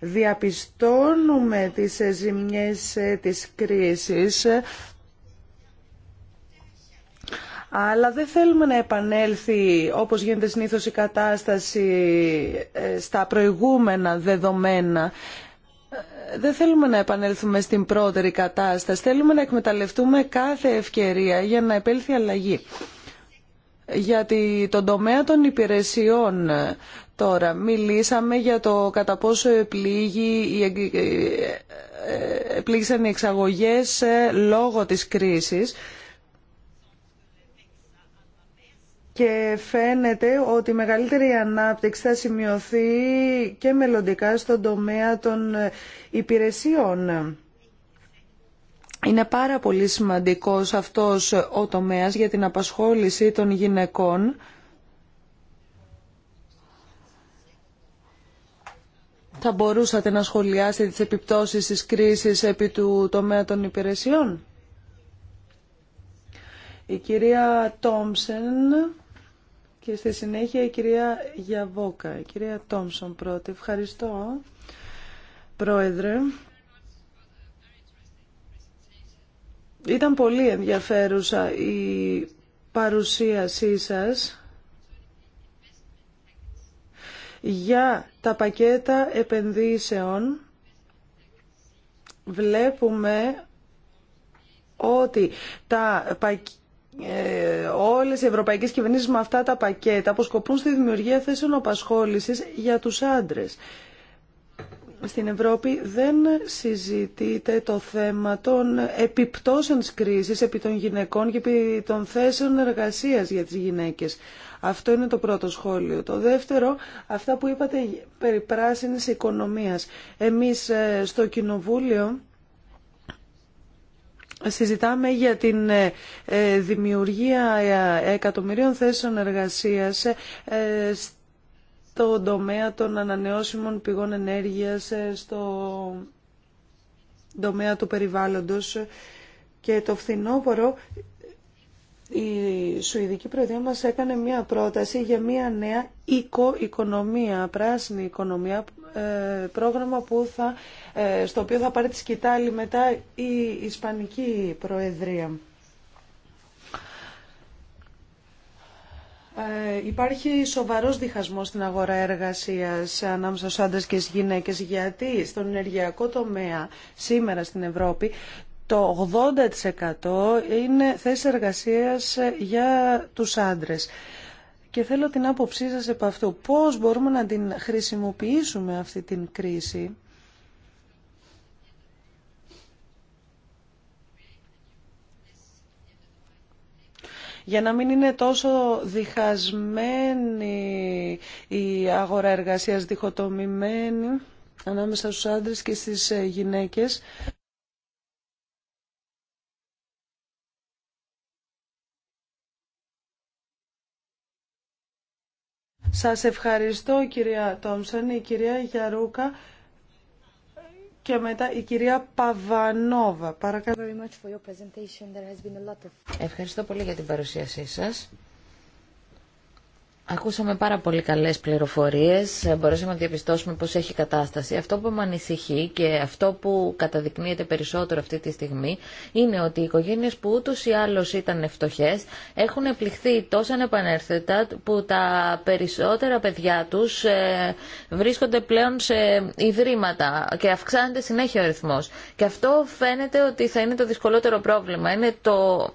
διαπιστώνουμε τις ζημιές ε, της κρίσης, αλλά δεν θέλουμε να επανέλθει όπως γίνεται συνήθως η κατάσταση ε, στα προηγούμενα δεδομένα. Δεν θέλουμε να επανέλθουμε στην πρώτερη κατάσταση. Θέλουμε να εκμεταλλευτούμε κάθε ευκαιρία για να επέλθει αλλαγή. Γιατί τον τομέα των υπηρεσιών, Τώρα, μιλήσαμε για το κατά πόσο ε, ε, επλήγησαν οι εξαγωγές λόγω της κρίσης και φαίνεται ότι η μεγαλύτερη ανάπτυξη θα σημειωθεί και μελλοντικά στον τομέα των ε, υπηρεσιών. Είναι πάρα πολύ σημαντικός αυτός ο τομέας για την απασχόληση των γυναικών θα μπορούσατε να σχολιάσετε τις επιπτώσεις της κρίσης επί του τομέα των υπηρεσιών. Η κυρία Τόμσεν και στη συνέχεια η κυρία Γιαβόκα. Η κυρία Τόμσον πρώτη. Ευχαριστώ, Πρόεδρε. Ήταν πολύ ενδιαφέρουσα η παρουσίασή σας. για τα πακέτα επενδύσεων βλέπουμε ότι τα ε, όλες οι ευρωπαϊκές κυβερνήσεις με αυτά τα πακέτα αποσκοπούν στη δημιουργία θέσεων απασχόλησης για τους άντρες στην Ευρώπη δεν συζητείται το θέμα των επιπτώσεων της κρίσης επί των γυναικών και επί των θέσεων εργασίας για τις γυναίκες. Αυτό είναι το πρώτο σχόλιο. Το δεύτερο, αυτά που είπατε περί πράσινης οικονομίας. Εμείς ε, στο Κοινοβούλιο συζητάμε για την ε, ε, δημιουργία εκατομμυρίων θέσεων εργασίας στον τομέα των ανανεώσιμων πηγών ενέργειας, ε, στο τομέα του περιβάλλοντος και το φθινόπωρο η Σουηδική Προεδρία μας έκανε μια πρόταση για μια νέα οικο-οικονομία, πράσινη οικονομία, ε, πρόγραμμα που θα, ε, στο οποίο θα πάρει τη σκητάλη μετά η Ισπανική Προεδρία. Ε, υπάρχει σοβαρός διχασμός στην αγορά εργασίας ανάμεσα στους άντρες και στις γυναίκες γιατί στον ενεργειακό τομέα σήμερα στην Ευρώπη το 80% είναι θέσεις εργασίας για τους άντρες. Και θέλω την άποψή σας επ' αυτού. Πώς μπορούμε να την χρησιμοποιήσουμε αυτή την κρίση για να μην είναι τόσο διχασμένη η αγορά εργασίας, διχοτομημένη ανάμεσα στους άντρες και στις ε, γυναίκες. Σας ευχαριστώ κυρία Τόμσον, η κυρία Γιαρούκα και μετά η κυρία Παβανόβα. Παρακαλώ. Ευχαριστώ πολύ για την παρουσίασή σας. Ακούσαμε πάρα πολύ καλέ πληροφορίες, μπορέσαμε να διαπιστώσουμε πώς έχει κατάσταση. Αυτό που με ανησυχεί και αυτό που καταδεικνύεται περισσότερο αυτή τη στιγμή είναι ότι οι οικογένειε που ούτω ή άλλω ήταν φτωχέ έχουν πληχθεί τόσο ανεπανέρθετα που τα περισσότερα παιδιά τους ε, βρίσκονται πλέον σε ιδρύματα και αυξάνεται συνέχεια ο αριθμό. Και αυτό φαίνεται ότι θα είναι το δυσκολότερο πρόβλημα. Είναι το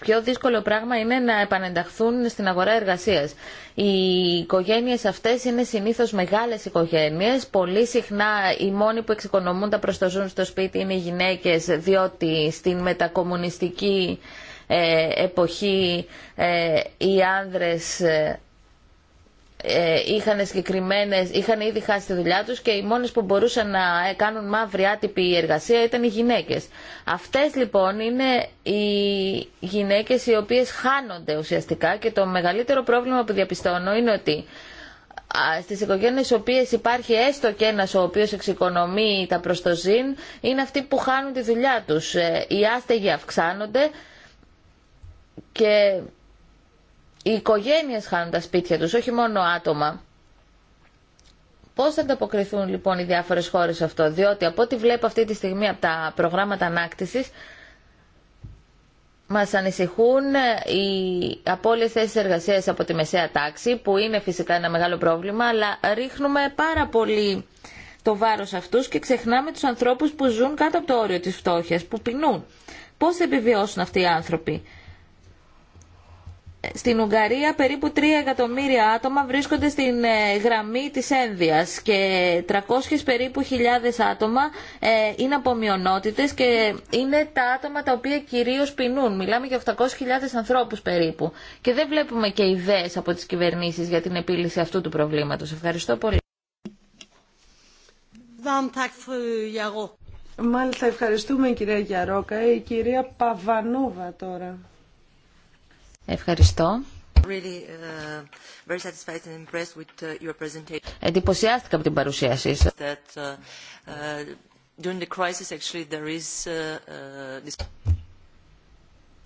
πιο δύσκολο πράγμα είναι να επανενταχθούν στην αγορά εργασίας. Οι οικογένειες αυτές είναι συνήθως μεγάλες οικογένειες. Πολύ συχνά οι μόνοι που εξοικονομούν τα προστοζούν στο σπίτι είναι οι γυναίκες, διότι στην μετακομμουνιστική ε, εποχή ε, οι άνδρες ε, ε, είχαν, συγκεκριμένε, είχαν ήδη χάσει τη δουλειά τους και οι μόνες που μπορούσαν να ε, κάνουν μαύρη άτυπη εργασία ήταν οι γυναίκες. Αυτές λοιπόν είναι οι γυναίκες οι οποίες χάνονται ουσιαστικά και το μεγαλύτερο πρόβλημα που διαπιστώνω είναι ότι στις οικογένειε οι οποίες υπάρχει έστω και ένας ο οποίο εξοικονομεί τα προστοζήν είναι αυτοί που χάνουν τη δουλειά τους. Ε, οι άστεγοι αυξάνονται και οι οικογένειες χάνουν τα σπίτια τους, όχι μόνο άτομα. Πώς θα ανταποκριθούν λοιπόν οι διάφορες χώρες αυτό, διότι από ό,τι βλέπω αυτή τη στιγμή από τα προγράμματα ανάκτησης, μας ανησυχούν ε, οι απώλειες θέσει εργασίας από τη μεσαία τάξη, που είναι φυσικά ένα μεγάλο πρόβλημα, αλλά ρίχνουμε πάρα πολύ το βάρος αυτούς και ξεχνάμε τους ανθρώπους που ζουν κάτω από το όριο της φτώχειας, που πεινούν. Πώς θα επιβιώσουν αυτοί οι άνθρωποι στην Ουγγαρία περίπου 3 εκατομμύρια άτομα βρίσκονται στην ε, γραμμή της ένδυας και 300 περίπου χιλιάδες άτομα ε, είναι από και είναι τα άτομα τα οποία κυρίως πεινούν. Μιλάμε για 800.000 ανθρώπους περίπου και δεν βλέπουμε και ιδέες από τις κυβερνήσεις για την επίλυση αυτού του προβλήματος. Ευχαριστώ πολύ. Μάλιστα ευχαριστούμε κυρία Γιαρόκα. Η κυρία Παβανόβα τώρα. Ευχαριστώ. Uh, uh, Εντυπωσιάστηκα από την παρουσίασή σας.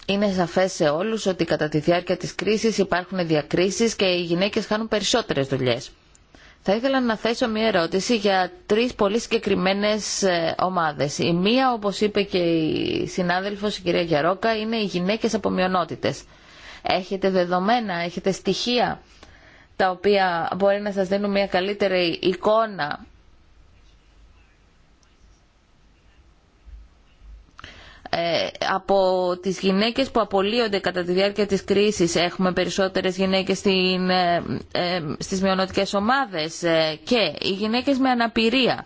Είναι σαφές σε όλους ότι κατά τη διάρκεια της κρίσης υπάρχουν διακρίσεις και οι γυναίκες χάνουν περισσότερες δουλειές. Θα ήθελα να θέσω μια ερώτηση για τρεις πολύ συγκεκριμένες ε, ομάδες. Η μία, όπως είπε και η συνάδελφος, η κυρία Γιαρόκα, είναι οι γυναίκες από μειονότητες. Έχετε δεδομένα, έχετε στοιχεία τα οποία μπορεί να σας δίνουν μια καλύτερη εικόνα ε, από τις γυναίκες που απολύονται κατά τη διάρκεια της κρίσης έχουμε περισσότερες γυναίκες στην, ε, ε στις μειονοτικές ομάδες ε, και οι γυναίκες με αναπηρία.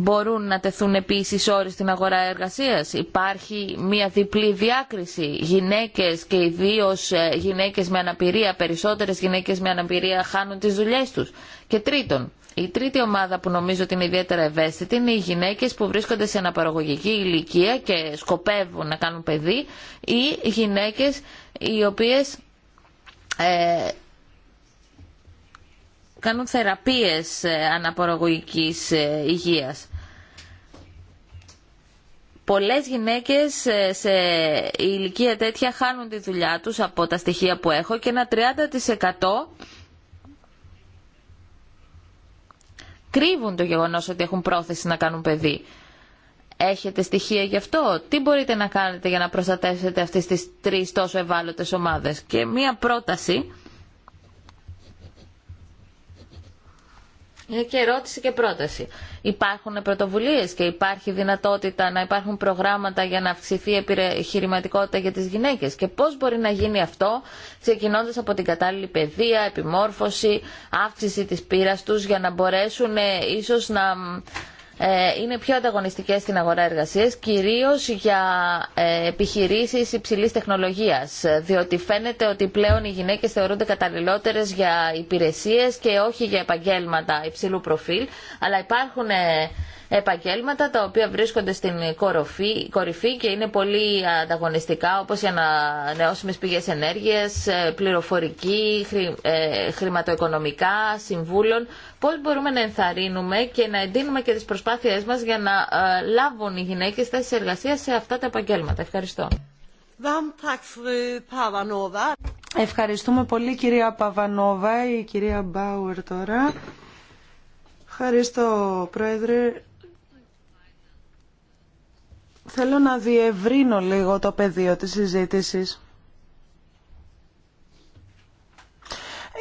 Μπορούν να τεθούν επίσης όροι στην αγορά εργασίας. Υπάρχει μια διπλή διάκριση. Γυναίκες και ιδίω ε, γυναίκες με αναπηρία, περισσότερες γυναίκες με αναπηρία χάνουν τις δουλειές τους. Και τρίτον, η τρίτη ομάδα που νομίζω ότι είναι ιδιαίτερα ευαίσθητη είναι οι γυναίκες που βρίσκονται σε αναπαραγωγική ηλικία και σκοπεύουν να κάνουν παιδί ή γυναίκες οι οποίες ε, κάνουν θεραπείες ε, αναπαραγωγικής ε, υγείας. Πολλές γυναίκες ε, σε ηλικία τέτοια χάνουν τη δουλειά τους από τα στοιχεία που έχω και ένα 30% κρύβουν το γεγονός ότι έχουν πρόθεση να κάνουν παιδί. Έχετε στοιχεία γι' αυτό. Τι μπορείτε να κάνετε για να προστατεύσετε αυτές τις τρεις τόσο ευάλωτες ομάδες. Και μία πρόταση Ε, και ερώτηση και πρόταση. Υπάρχουν πρωτοβουλίε και υπάρχει δυνατότητα να υπάρχουν προγράμματα για να αυξηθεί η επιχειρηματικότητα για τι γυναίκε. Και πώ μπορεί να γίνει αυτό, ξεκινώντα από την κατάλληλη παιδεία, επιμόρφωση, αύξηση τη πείρα του, για να μπορέσουν ε, ίσω να ε, είναι πιο ανταγωνιστικές στην αγορά εργασίας, κυρίως για ε, επιχειρήσεις υψηλής τεχνολογίας, διότι φαίνεται ότι πλέον οι γυναίκες θεωρούνται καταλληλότερες για υπηρεσίες και όχι για επαγγέλματα υψηλού προφίλ, αλλά υπάρχουν ε, επαγγέλματα τα οποία βρίσκονται στην κοροφή, κορυφή και είναι πολύ ανταγωνιστικά όπως οι ανανεώσιμες πηγές ενέργειας, ε, πληροφορική, ε, χρηματοοικονομικά, συμβούλων. Πώς μπορούμε να ενθαρρύνουμε και να εντείνουμε και τις προσπάθειές μας για να ε, λάβουν οι γυναίκες θέσεις εργασία σε αυτά τα επαγγέλματα. Ευχαριστώ. Ευχαριστούμε πολύ κυρία Παβανόβα, η κυρία Μπάουερ τώρα. Ευχαριστώ Πρόεδρε. Θέλω να διευρύνω λίγο το πεδίο της συζήτησης.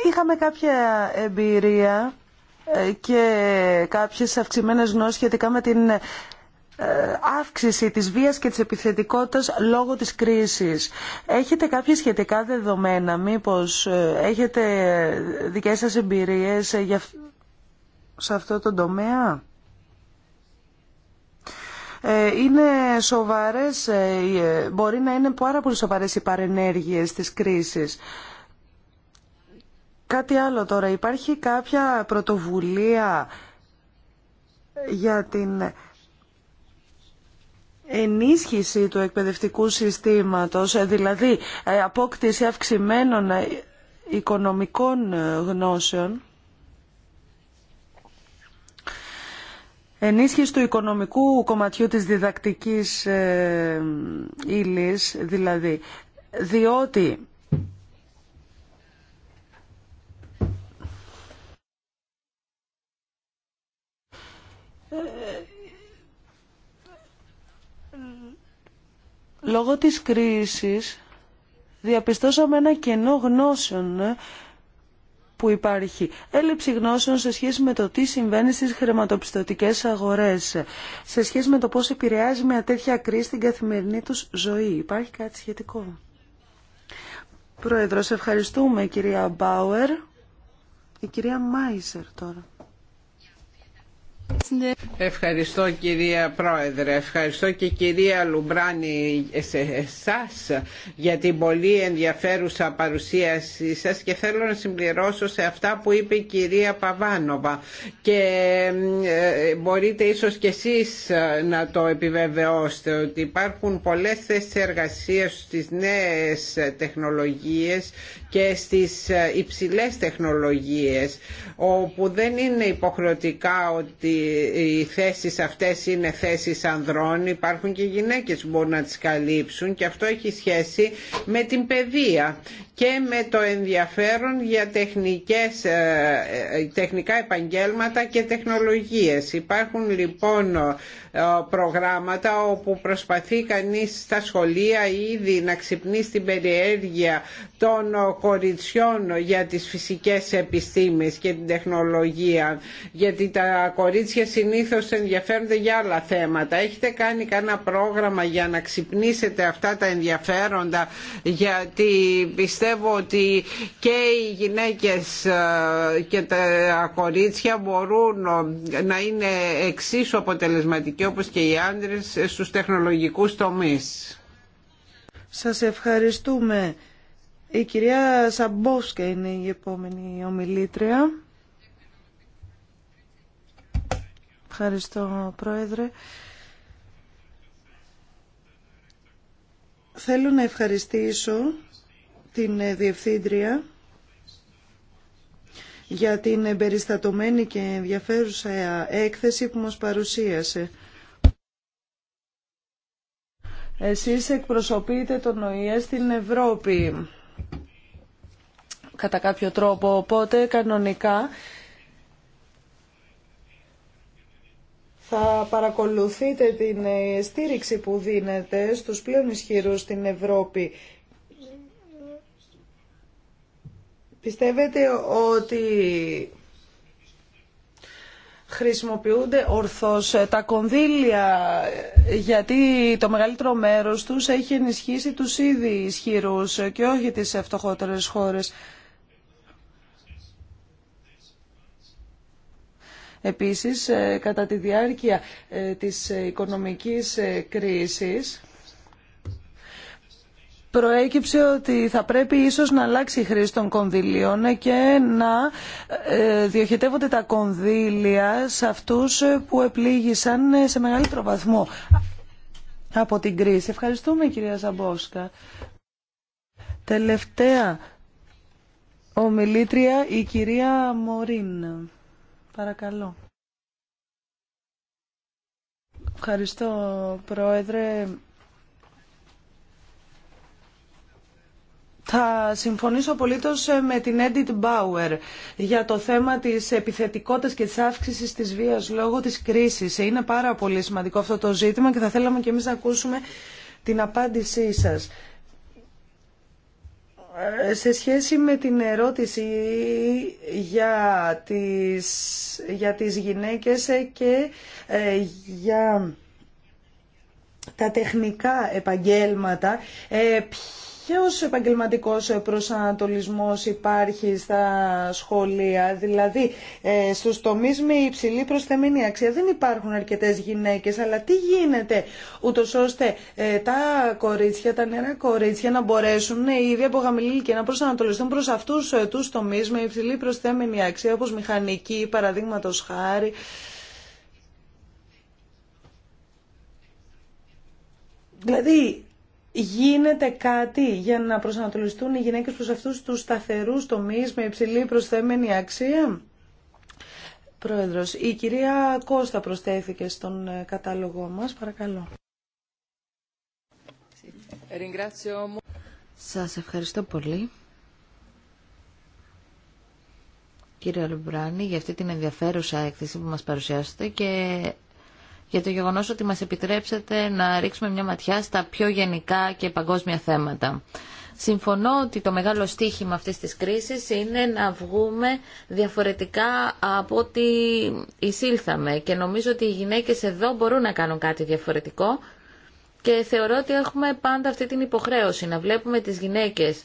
Είχαμε κάποια εμπειρία ε, και κάποιες αυξημένες γνώσεις σχετικά με την ε, αύξηση της βίας και της επιθετικότητας λόγω της κρίσης. Έχετε κάποια σχετικά δεδομένα, μήπως ε, έχετε δικές σας εμπειρίες σε αυτό το τομέα. Ε, είναι σοβαρές, ε, ε, μπορεί να είναι πάρα πολύ σοβαρές οι παρενέργειες της κρίσης. Κάτι άλλο τώρα, υπάρχει κάποια πρωτοβουλία για την ενίσχυση του εκπαιδευτικού συστήματος, δηλαδή απόκτηση αυξημένων οικονομικών γνώσεων. Ενίσχυση του οικονομικού κομματιού της διδακτικής ε, ύλης, δηλαδή, διότι λόγω της κρίσης διαπιστώσαμε ένα κενό γνώσεων ε, που υπάρχει. Έλλειψη γνώσεων σε σχέση με το τι συμβαίνει στις χρηματοπιστωτικές αγορές, σε σχέση με το πώς επηρεάζει μια τέτοια κρίση στην καθημερινή τους ζωή. Υπάρχει κάτι σχετικό. Πρόεδρος, ευχαριστούμε κυρία Μπάουερ. Η κυρία Μάισερ τώρα. Ευχαριστώ κυρία Πρόεδρε, ευχαριστώ και κυρία Λουμπράνη σε εσάς για την πολύ ενδιαφέρουσα παρουσίασή σας και θέλω να συμπληρώσω σε αυτά που είπε η κυρία Παβάνοβα και ε, μπορείτε ίσως και εσείς ε, να το επιβεβαιώσετε ότι υπάρχουν πολλές θέσεις εργασίας στις νέες τεχνολογίες και στις ε, υψηλές τεχνολογίες όπου δεν είναι υποχρεωτικά ότι οι θέσεις αυτές είναι θέσεις ανδρών, υπάρχουν και γυναίκες που μπορούν να τις καλύψουν και αυτό έχει σχέση με την παιδεία και με το ενδιαφέρον για τεχνικές, ε, ε, τεχνικά επαγγέλματα και τεχνολογίες. Υπάρχουν λοιπόν ε, προγράμματα όπου προσπαθεί κανείς στα σχολεία ήδη να ξυπνήσει την περιέργεια των κοριτσιών για τις φυσικές επιστήμες και την τεχνολογία γιατί τα κορίτσια συνήθως ενδιαφέρονται για άλλα θέματα. Έχετε κάνει κανένα πρόγραμμα για να ξυπνήσετε αυτά τα ενδιαφέροντα γιατί πιστεύω πιστεύω ότι και οι γυναίκες ε, και τα κορίτσια μπορούν ε, να είναι εξίσου αποτελεσματικοί όπως και οι άντρες στους τεχνολογικούς τομείς. Σας ευχαριστούμε. Η κυρία Σαμπόσκα είναι η επόμενη ομιλήτρια. Ευχαριστώ, Πρόεδρε. Θέλω να ευχαριστήσω την ε, Διευθύντρια για την περιστατωμένη και ενδιαφέρουσα έκθεση που μας παρουσίασε. Εσείς εκπροσωπείτε τον ΟΗΕ στην Ευρώπη κατά κάποιο τρόπο, οπότε κανονικά θα παρακολουθείτε την ε, στήριξη που δίνετε στους πλέον ισχυρούς στην Ευρώπη Πιστεύετε ότι χρησιμοποιούνται ορθώς τα κονδύλια γιατί το μεγαλύτερο μέρος τους έχει ενισχύσει τους ήδη ισχυρούς και όχι τις ευτοχότερες χώρες. Επίσης, ε, κατά τη διάρκεια ε, της οικονομικής ε, κρίσης, προέκυψε ότι θα πρέπει ίσως να αλλάξει η χρήση των κονδυλίων και να ε, διοχετεύονται τα κονδύλια σε αυτούς που επλήγησαν σε μεγαλύτερο βαθμό από την κρίση. Ευχαριστούμε κυρία Ζαμπόσκα. Τελευταία ομιλήτρια η κυρία Μωρίν. Παρακαλώ. Ευχαριστώ πρόεδρε. Θα συμφωνήσω απολύτως ε, με την Edith Bauer για το θέμα της επιθετικότητας και της αύξησης της βίας λόγω της κρίσης. Ε, είναι πάρα πολύ σημαντικό αυτό το ζήτημα και θα θέλαμε και εμείς να ακούσουμε την απάντησή σας. Ε, σε σχέση με την ερώτηση για τις, για τις γυναίκες και για τα τεχνικά επαγγέλματα, ποιος επαγγελματικός προσανατολισμός υπάρχει στα σχολεία, δηλαδή ε, στους τομείς με υψηλή προσθεμένη αξία δεν υπάρχουν αρκετές γυναίκες, αλλά τι γίνεται ούτω ώστε ε, τα κορίτσια, τα νερά κορίτσια να μπορέσουν ε, ήδη από χαμηλή ηλικία να προσανατολιστούν προς αυτούς ε, τους τομείς με υψηλή προσθέμενη αξία, όπως μηχανική, παραδείγματο χάρη. Δηλαδή, γίνεται κάτι για να προσανατολιστούν οι γυναίκες προς αυτούς τους σταθερούς τομείς με υψηλή προσθέμενη αξία. Πρόεδρος, η κυρία Κώστα προσθέθηκε στον ε, κατάλογό μας. Παρακαλώ. Σας ευχαριστώ πολύ. Κύριε Αλουμπράνη, για αυτή την ενδιαφέρουσα έκθεση που μας παρουσιάσετε και για το γεγονός ότι μας επιτρέψετε να ρίξουμε μια ματιά στα πιο γενικά και παγκόσμια θέματα. Συμφωνώ ότι το μεγάλο στίχημα αυτής της κρίσης είναι να βγούμε διαφορετικά από ό,τι εισήλθαμε και νομίζω ότι οι γυναίκες εδώ μπορούν να κάνουν κάτι διαφορετικό και θεωρώ ότι έχουμε πάντα αυτή την υποχρέωση να βλέπουμε τις γυναίκες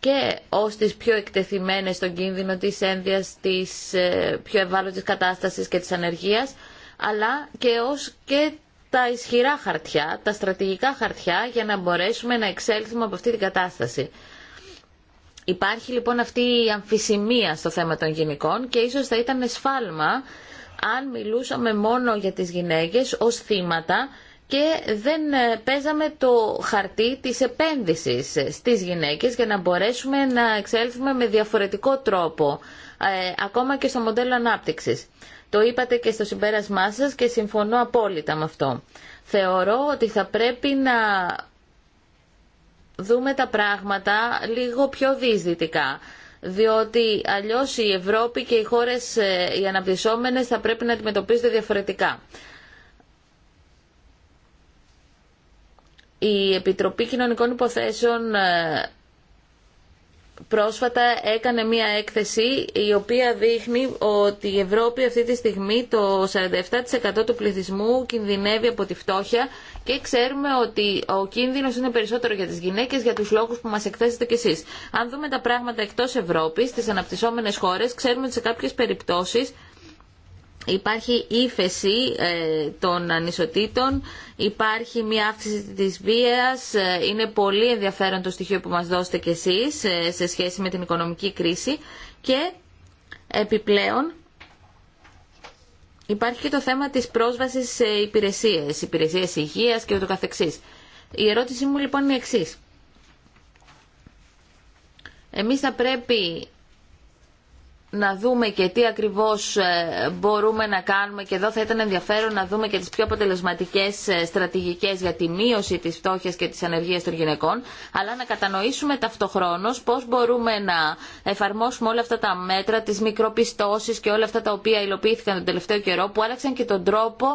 και ως τις πιο εκτεθειμένες στον κίνδυνο της ένδυας, της ε, πιο ευάλωτης κατάστασης και της ανεργίας, αλλά και ως και τα ισχυρά χαρτιά, τα στρατηγικά χαρτιά για να μπορέσουμε να εξέλθουμε από αυτή την κατάσταση. Υπάρχει λοιπόν αυτή η αμφισημία στο θέμα των γυναικών και ίσως θα ήταν σφάλμα αν μιλούσαμε μόνο για τις γυναίκες ως θύματα και δεν ε, παίζαμε το χαρτί της επένδυσης ε, στις γυναίκες για να μπορέσουμε να εξέλθουμε με διαφορετικό τρόπο, ε, ακόμα και στο μοντέλο ανάπτυξης. Το είπατε και στο συμπέρασμά σας και συμφωνώ απόλυτα με αυτό. Θεωρώ ότι θα πρέπει να δούμε τα πράγματα λίγο πιο δυσδυτικά. διότι αλλιώς η Ευρώπη και οι χώρες ε, οι αναπτυσσόμενες θα πρέπει να αντιμετωπίζονται διαφορετικά. Η Επιτροπή Κοινωνικών Υποθέσεων ε, πρόσφατα έκανε μία έκθεση η οποία δείχνει ότι η Ευρώπη αυτή τη στιγμή το 47% του πληθυσμού κινδυνεύει από τη φτώχεια και ξέρουμε ότι ο κίνδυνος είναι περισσότερο για τις γυναίκες για τους λόγους που μας εκθέσετε κι εσείς. Αν δούμε τα πράγματα εκτός Ευρώπης, στις αναπτυσσόμενες χώρες, ξέρουμε ότι σε κάποιες περιπτώσεις Υπάρχει ύφεση ε, των ανισοτήτων, υπάρχει μια αύξηση της βίας, ε, είναι πολύ ενδιαφέρον το στοιχείο που μας δώσετε κι εσείς ε, σε σχέση με την οικονομική κρίση και επιπλέον υπάρχει και το θέμα της πρόσβασης σε υπηρεσίες, υπηρεσίες υγείας και ούτω καθεξής. Η ερώτησή μου λοιπόν είναι η εξής. Εμείς θα πρέπει να δούμε και τι ακριβώς ε, μπορούμε να κάνουμε και εδώ θα ήταν ενδιαφέρον να δούμε και τις πιο αποτελεσματικές ε, στρατηγικές για τη μείωση της φτώχειας και της ανεργίας των γυναικών αλλά να κατανοήσουμε ταυτοχρόνως πώς μπορούμε να εφαρμόσουμε όλα αυτά τα μέτρα, τις μικροπιστώσεις και όλα αυτά τα οποία υλοποιήθηκαν τον τελευταίο καιρό που άλλαξαν και τον τρόπο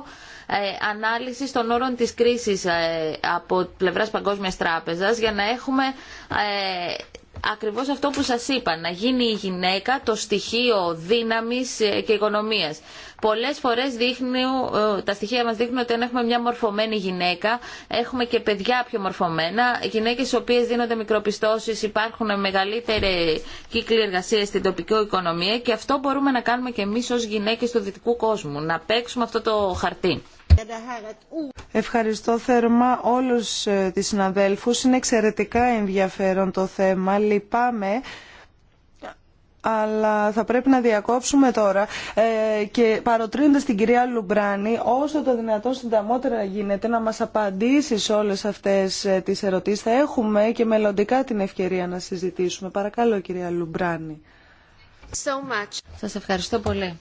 ε, ανάλυσης των όρων της κρίσης από πλευράς Παγκόσμιας Τράπεζας για να έχουμε ακριβώς αυτό που σας είπα, να γίνει η γυναίκα το στοιχείο δύναμης και οικονομίας. Πολλέ φορές ε, τα στοιχεία μας δείχνουν ότι αν έχουμε μια μορφωμένη γυναίκα, έχουμε και παιδιά πιο μορφωμένα, γυναίκες οι οποίες δίνονται μικροπιστώσει, υπάρχουν μεγαλύτερη κύκλοι εργασία στην τοπική οικονομία και αυτό μπορούμε να κάνουμε και εμείς ως γυναίκες του δυτικού κόσμου, να παίξουμε αυτό το χαρτί. Ευχαριστώ θερμά όλους ε, τις συναδέλφους. Είναι εξαιρετικά ενδιαφέρον το θέμα. Λυπάμαι αλλά θα πρέπει να διακόψουμε τώρα ε, και παροτρύνοντας την κυρία Λουμπράνη όσο το δυνατόν συνταμότερα γίνεται να μας απαντήσει σε όλες αυτές ε, τις ερωτήσεις. Θα έχουμε και μελλοντικά την ευκαιρία να συζητήσουμε. Παρακαλώ κυρία Λουμπράνη. So much. Σας ευχαριστώ πολύ.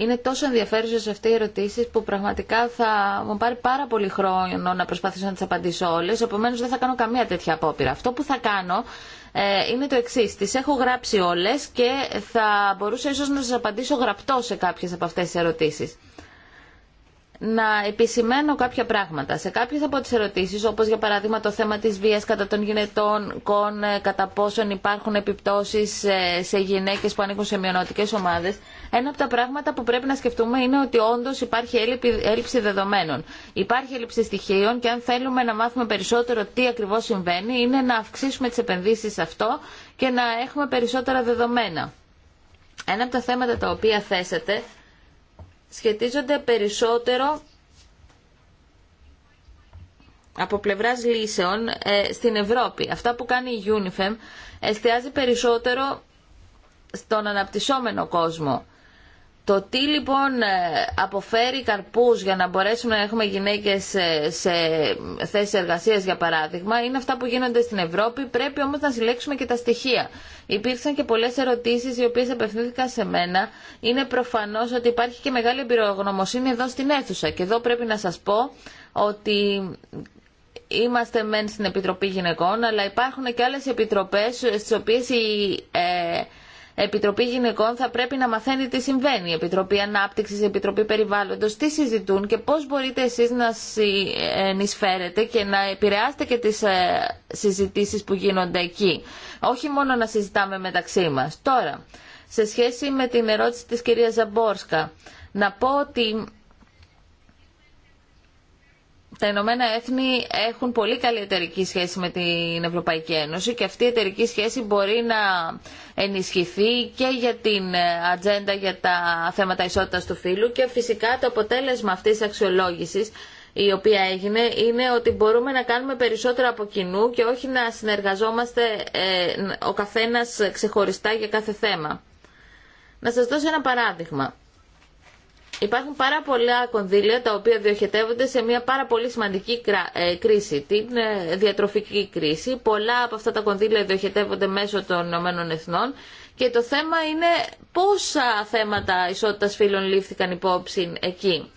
Είναι τόσο ενδιαφέρουσε αυτέ οι ερωτήσει που πραγματικά θα μου πάρει πάρα πολύ χρόνο να προσπαθήσω να τι απαντήσω όλε. επομένως δεν θα κάνω καμία τέτοια απόπειρα. Αυτό που θα κάνω ε, είναι το εξή. Τι έχω γράψει όλε και θα μπορούσα ίσω να σα απαντήσω γραπτό σε κάποιε από αυτέ τι ερωτήσει. Να επισημαίνω κάποια πράγματα. Σε κάποιε από τι ερωτήσει, όπω για παράδειγμα το θέμα τη βία κατά των γυναικών, ε, κατά πόσον υπάρχουν επιπτώσει ε, σε γυναίκε που ανήκουν σε μειονοτικέ ομάδε. Ένα από τα πράγματα που πρέπει να σκεφτούμε είναι ότι όντω υπάρχει έλλειψη δεδομένων. Υπάρχει έλλειψη στοιχείων και αν θέλουμε να μάθουμε περισσότερο τι ακριβώ συμβαίνει, είναι να αυξήσουμε τι επενδύσει σε αυτό και να έχουμε περισσότερα δεδομένα. Ένα από τα θέματα τα οποία θέσατε σχετίζονται περισσότερο από πλευρά λύσεων ε, στην Ευρώπη. Αυτά που κάνει η UNIFEM εστιάζει περισσότερο στον αναπτυσσόμενο κόσμο. Το τι λοιπόν ε, αποφέρει καρπούς για να μπορέσουμε να έχουμε γυναίκες σε θέσεις εργασίας για παράδειγμα είναι αυτά που γίνονται στην Ευρώπη, πρέπει όμως να συλλέξουμε και τα στοιχεία. Υπήρξαν και πολλές ερωτήσεις οι οποίες απευθύνθηκαν σε μένα. Είναι προφανώς ότι υπάρχει και μεγάλη εμπειρογνωμοσύνη εδώ στην αίθουσα και εδώ πρέπει να σας πω ότι είμαστε μεν στην Επιτροπή Γυναικών αλλά υπάρχουν και άλλες επιτροπές στις οποίες οι... Επιτροπή Γυναικών θα πρέπει να μαθαίνει τι συμβαίνει. Η Επιτροπή Ανάπτυξη, η Επιτροπή Περιβάλλοντο, τι συζητούν και πώ μπορείτε εσεί να συνεισφέρετε και να επηρεάσετε και τι ε, συζητήσει που γίνονται εκεί. Όχι μόνο να συζητάμε μεταξύ μα. Τώρα, σε σχέση με την ερώτηση της κυρία Ζαμπόρσκα, να πω ότι τα Ηνωμένα Έθνη έχουν πολύ καλή εταιρική σχέση με την Ευρωπαϊκή Ένωση και αυτή η εταιρική σχέση μπορεί να ενισχυθεί και για την ε, ατζέντα για τα θέματα ισότητας του φύλου και φυσικά το αποτέλεσμα αυτής της αξιολόγησης η οποία έγινε είναι ότι μπορούμε να κάνουμε περισσότερο από κοινού και όχι να συνεργαζόμαστε ε, ο καθένας ξεχωριστά για κάθε θέμα. Να σας δώσω ένα παράδειγμα. Υπάρχουν πάρα πολλά κονδύλια τα οποία διοχετεύονται σε μια πάρα πολύ σημαντική ε, κρίση, την ε, διατροφική κρίση. Πολλά από αυτά τα κονδύλια διοχετεύονται μέσω των Ηνωμένων Εθνών και το θέμα είναι πόσα θέματα ισότητας φύλων λήφθηκαν υπόψη εκεί.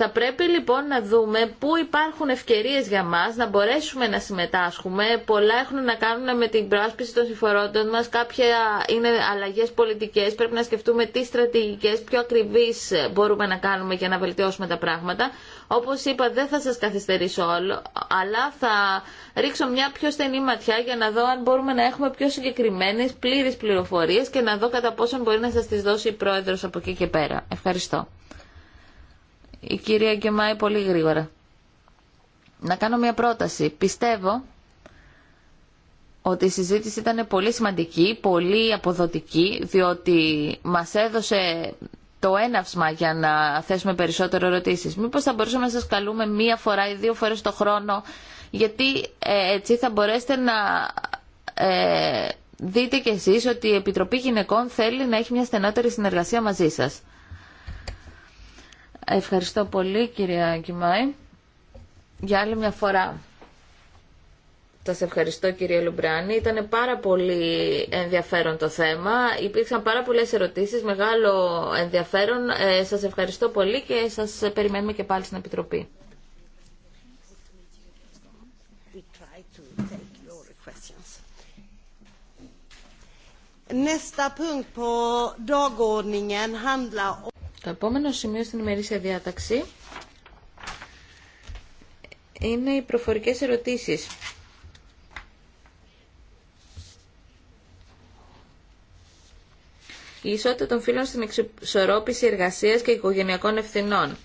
Θα πρέπει λοιπόν να δούμε πού υπάρχουν ευκαιρίες για μας να μπορέσουμε να συμμετάσχουμε. Πολλά έχουν να κάνουν με την πρόσπιση των συμφορώντων μας, κάποια είναι αλλαγές πολιτικές, πρέπει να σκεφτούμε τι στρατηγικές, πιο ακριβείς μπορούμε να κάνουμε για να βελτιώσουμε τα πράγματα. Όπως είπα δεν θα σας καθυστερήσω όλο, αλλά θα ρίξω μια πιο στενή ματιά για να δω αν μπορούμε να έχουμε πιο συγκεκριμένες πλήρες πληροφορίες και να δω κατά πόσο μπορεί να σας τις δώσει η Πρόεδρος από εκεί και πέρα. Ευχαριστώ η κυρία Γκεμάη πολύ γρήγορα. Να κάνω μια πρόταση. Πιστεύω ότι η συζήτηση ήταν πολύ σημαντική, πολύ αποδοτική, διότι μας έδωσε το έναυσμα για να θέσουμε περισσότερο ερωτήσεις. Μήπως θα μπορούσαμε να σας καλούμε μία φορά ή δύο φορές το χρόνο, γιατί ε, έτσι θα μπορέσετε να ε, δείτε κι εσείς ότι η Επιτροπή Γυναικών θέλει να έχει μια στενότερη συνεργασία μαζί σας. Ευχαριστώ πολύ κυρία Κιμάη. Για άλλη μια φορά. Σα ευχαριστώ κυρία Λουμπράνη. Ήταν πάρα πολύ ενδιαφέρον το θέμα. Υπήρξαν πάρα πολλέ ερωτήσει, μεγάλο ενδιαφέρον. Ε, σα ευχαριστώ πολύ και σα περιμένουμε και πάλι στην Επιτροπή. punkt på dagordningen handlar το επόμενο σημείο στην ημερήσια διάταξη είναι οι προφορικές ερωτήσεις. Η ισότητα των φίλων στην εξισορρόπηση εργασίας και οικογενειακών ευθυνών.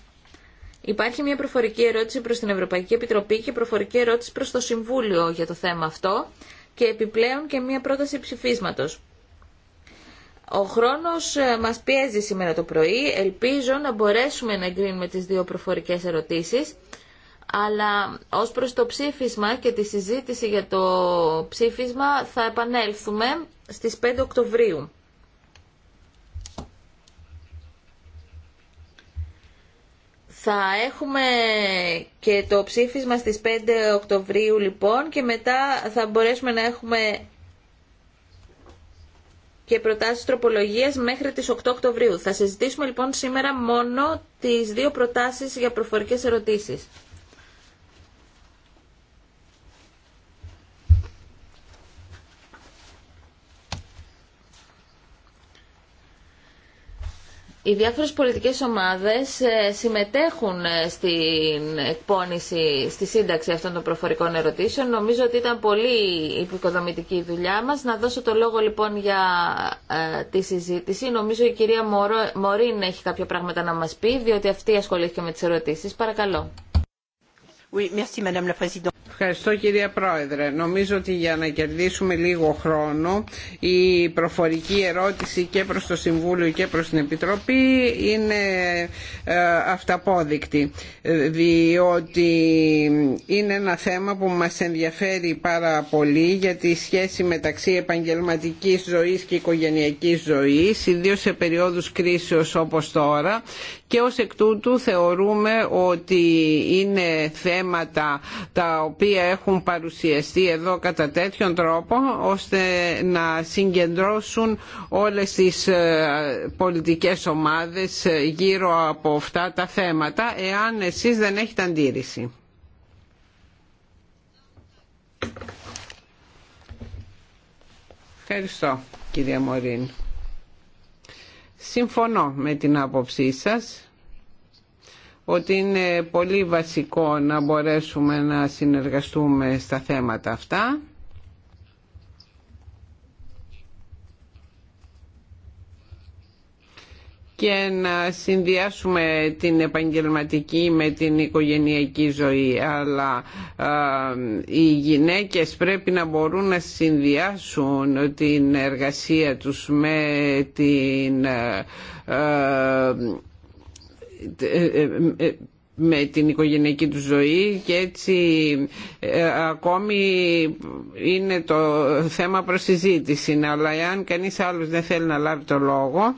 Υπάρχει μια προφορική ερώτηση προς την Ευρωπαϊκή Επιτροπή και προφορική ερώτηση προς το Συμβούλιο για το θέμα αυτό και επιπλέον και μια πρόταση ψηφίσματος. Ο χρόνος ε, μας πιέζει σήμερα το πρωί. Ελπίζω να μπορέσουμε να εγκρίνουμε τις δύο προφορικές ερωτήσεις. Αλλά ως προς το ψήφισμα και τη συζήτηση για το ψήφισμα θα επανέλθουμε στις 5 Οκτωβρίου. Θα έχουμε και το ψήφισμα στις 5 Οκτωβρίου λοιπόν και μετά θα μπορέσουμε να έχουμε και προτάσεις τροπολογίας μέχρι τις 8 Οκτωβρίου. Θα συζητήσουμε λοιπόν σήμερα μόνο τις δύο προτάσεις για προφορικές ερωτήσεις. οι διάφορες πολιτικές ομάδες ε, συμμετέχουν ε, στην εκπόνηση, στη σύνταξη αυτών των προφορικών ερωτήσεων. Νομίζω ότι ήταν πολύ υποδομητική η δουλειά μας. Να δώσω το λόγο λοιπόν για ε, τη συζήτηση. Νομίζω η κυρία Μωρίν έχει κάποια πράγματα να μας πει, διότι αυτή ασχολήθηκε με τις ερωτήσεις. Παρακαλώ. Ευχαριστώ κυρία Πρόεδρε. Νομίζω ότι για να κερδίσουμε λίγο χρόνο η προφορική ερώτηση και προς το Συμβούλιο και προς την Επιτροπή είναι ε, αυταπόδεικτη διότι είναι ένα θέμα που μας ενδιαφέρει πάρα πολύ για τη σχέση μεταξύ επαγγελματικής ζωής και οικογενειακής ζωής ιδίως σε περίοδους κρίσεως όπως τώρα και ως εκ τούτου θεωρούμε ότι είναι θέμα θέματα τα οποία έχουν παρουσιαστεί εδώ κατά τέτοιον τρόπο ώστε να συγκεντρώσουν όλες τις ε, πολιτικές ομάδες ε, γύρω από αυτά τα θέματα εάν εσείς δεν έχετε αντίρρηση. Ευχαριστώ κυρία Μωρίν. Συμφωνώ με την άποψή σας ότι είναι πολύ βασικό να μπορέσουμε να συνεργαστούμε στα θέματα αυτά. και να συνδυάσουμε την επαγγελματική με την οικογενειακή ζωή αλλά οι γυναίκες πρέπει να μπορούν να συνδυάσουν την εργασία τους με την με την οικογενειακή του ζωή και έτσι ε, ακόμη είναι το θέμα προσυζήτηση αλλά εάν κανείς άλλος δεν θέλει να λάβει το λόγο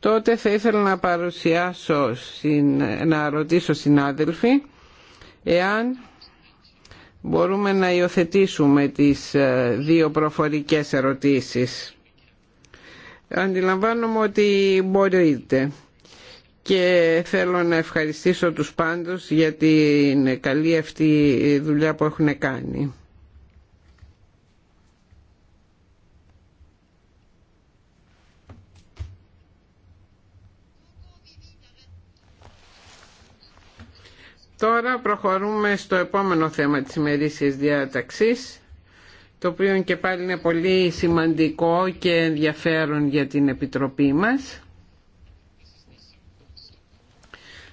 τότε θα ήθελα να παρουσιάσω να ρωτήσω συνάδελφοι εάν μπορούμε να υιοθετήσουμε τις ε, δύο προφορικές ερωτήσεις αντιλαμβάνομαι ότι μπορείτε και θέλω να ευχαριστήσω τους πάντους για την καλή αυτή δουλειά που έχουν κάνει. Τώρα προχωρούμε στο επόμενο θέμα της ημερήσιας διάταξης, το οποίο και πάλι είναι πολύ σημαντικό και ενδιαφέρον για την Επιτροπή μας.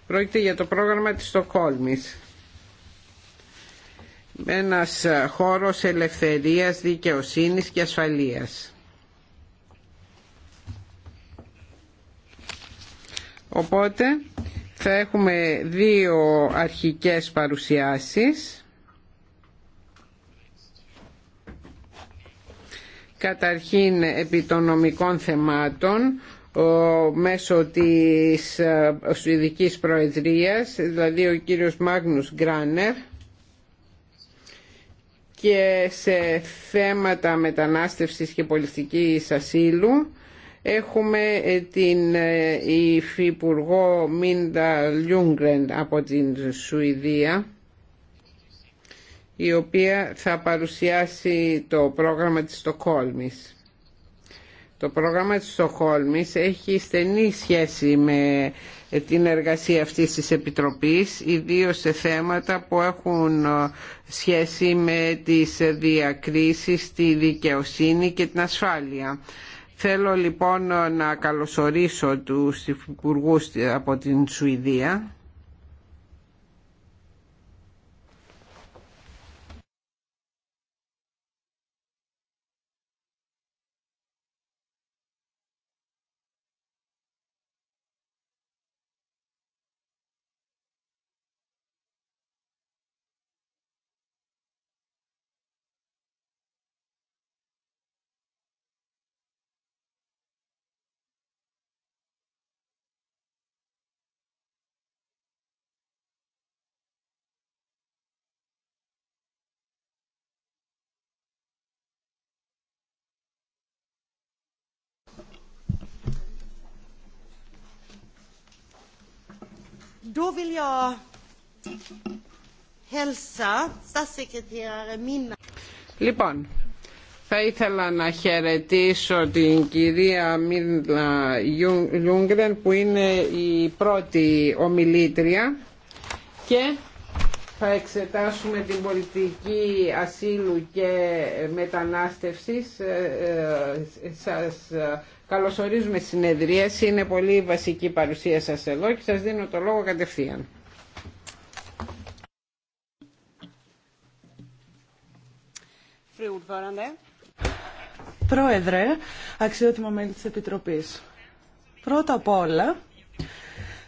Πρόκειται για το πρόγραμμα της Στοκόλμης. ένα χώρος ελευθερίας, δικαιοσύνης και ασφαλείας. Οπότε θα έχουμε δύο αρχικές παρουσιάσεις. Καταρχήν επί των νομικών θεμάτων ε, μέσω της ε, Σουηδικής Προεδρίας, δηλαδή ο κύριος Μάγνους Γκράνερ και σε θέματα μετανάστευσης και πολιτικής ασύλου έχουμε ε, την υφυπουργό Μίντα Λιούγκρεν από την Σουηδία η οποία θα παρουσιάσει το πρόγραμμα της Στοκόλμης. Το πρόγραμμα της Στοχόλμης έχει στενή σχέση με την εργασία αυτής της Επιτροπής, ιδίω σε θέματα που έχουν ε, σχέση με τις διακρίσεις, τη δικαιοσύνη και την ασφάλεια. Θέλω λοιπόν να καλωσορίσω τους υπουργού από την Σουηδία Λοιπόν, θα ήθελα να χαιρετήσω την κυρία Μίρνα Λιούγκρεν που είναι η πρώτη ομιλήτρια και θα εξετάσουμε την πολιτική ασύλου και μετανάστευσης. Ε, ε, σας ε, Καλωσορίζουμε στη συνεδρίαση. Είναι πολύ βασική η παρουσία σας εδώ και σας δίνω το λόγο κατευθείαν. Ε. Πρόεδρε, αξιότιμο μέλη της Επιτροπής. Πρώτα απ' όλα,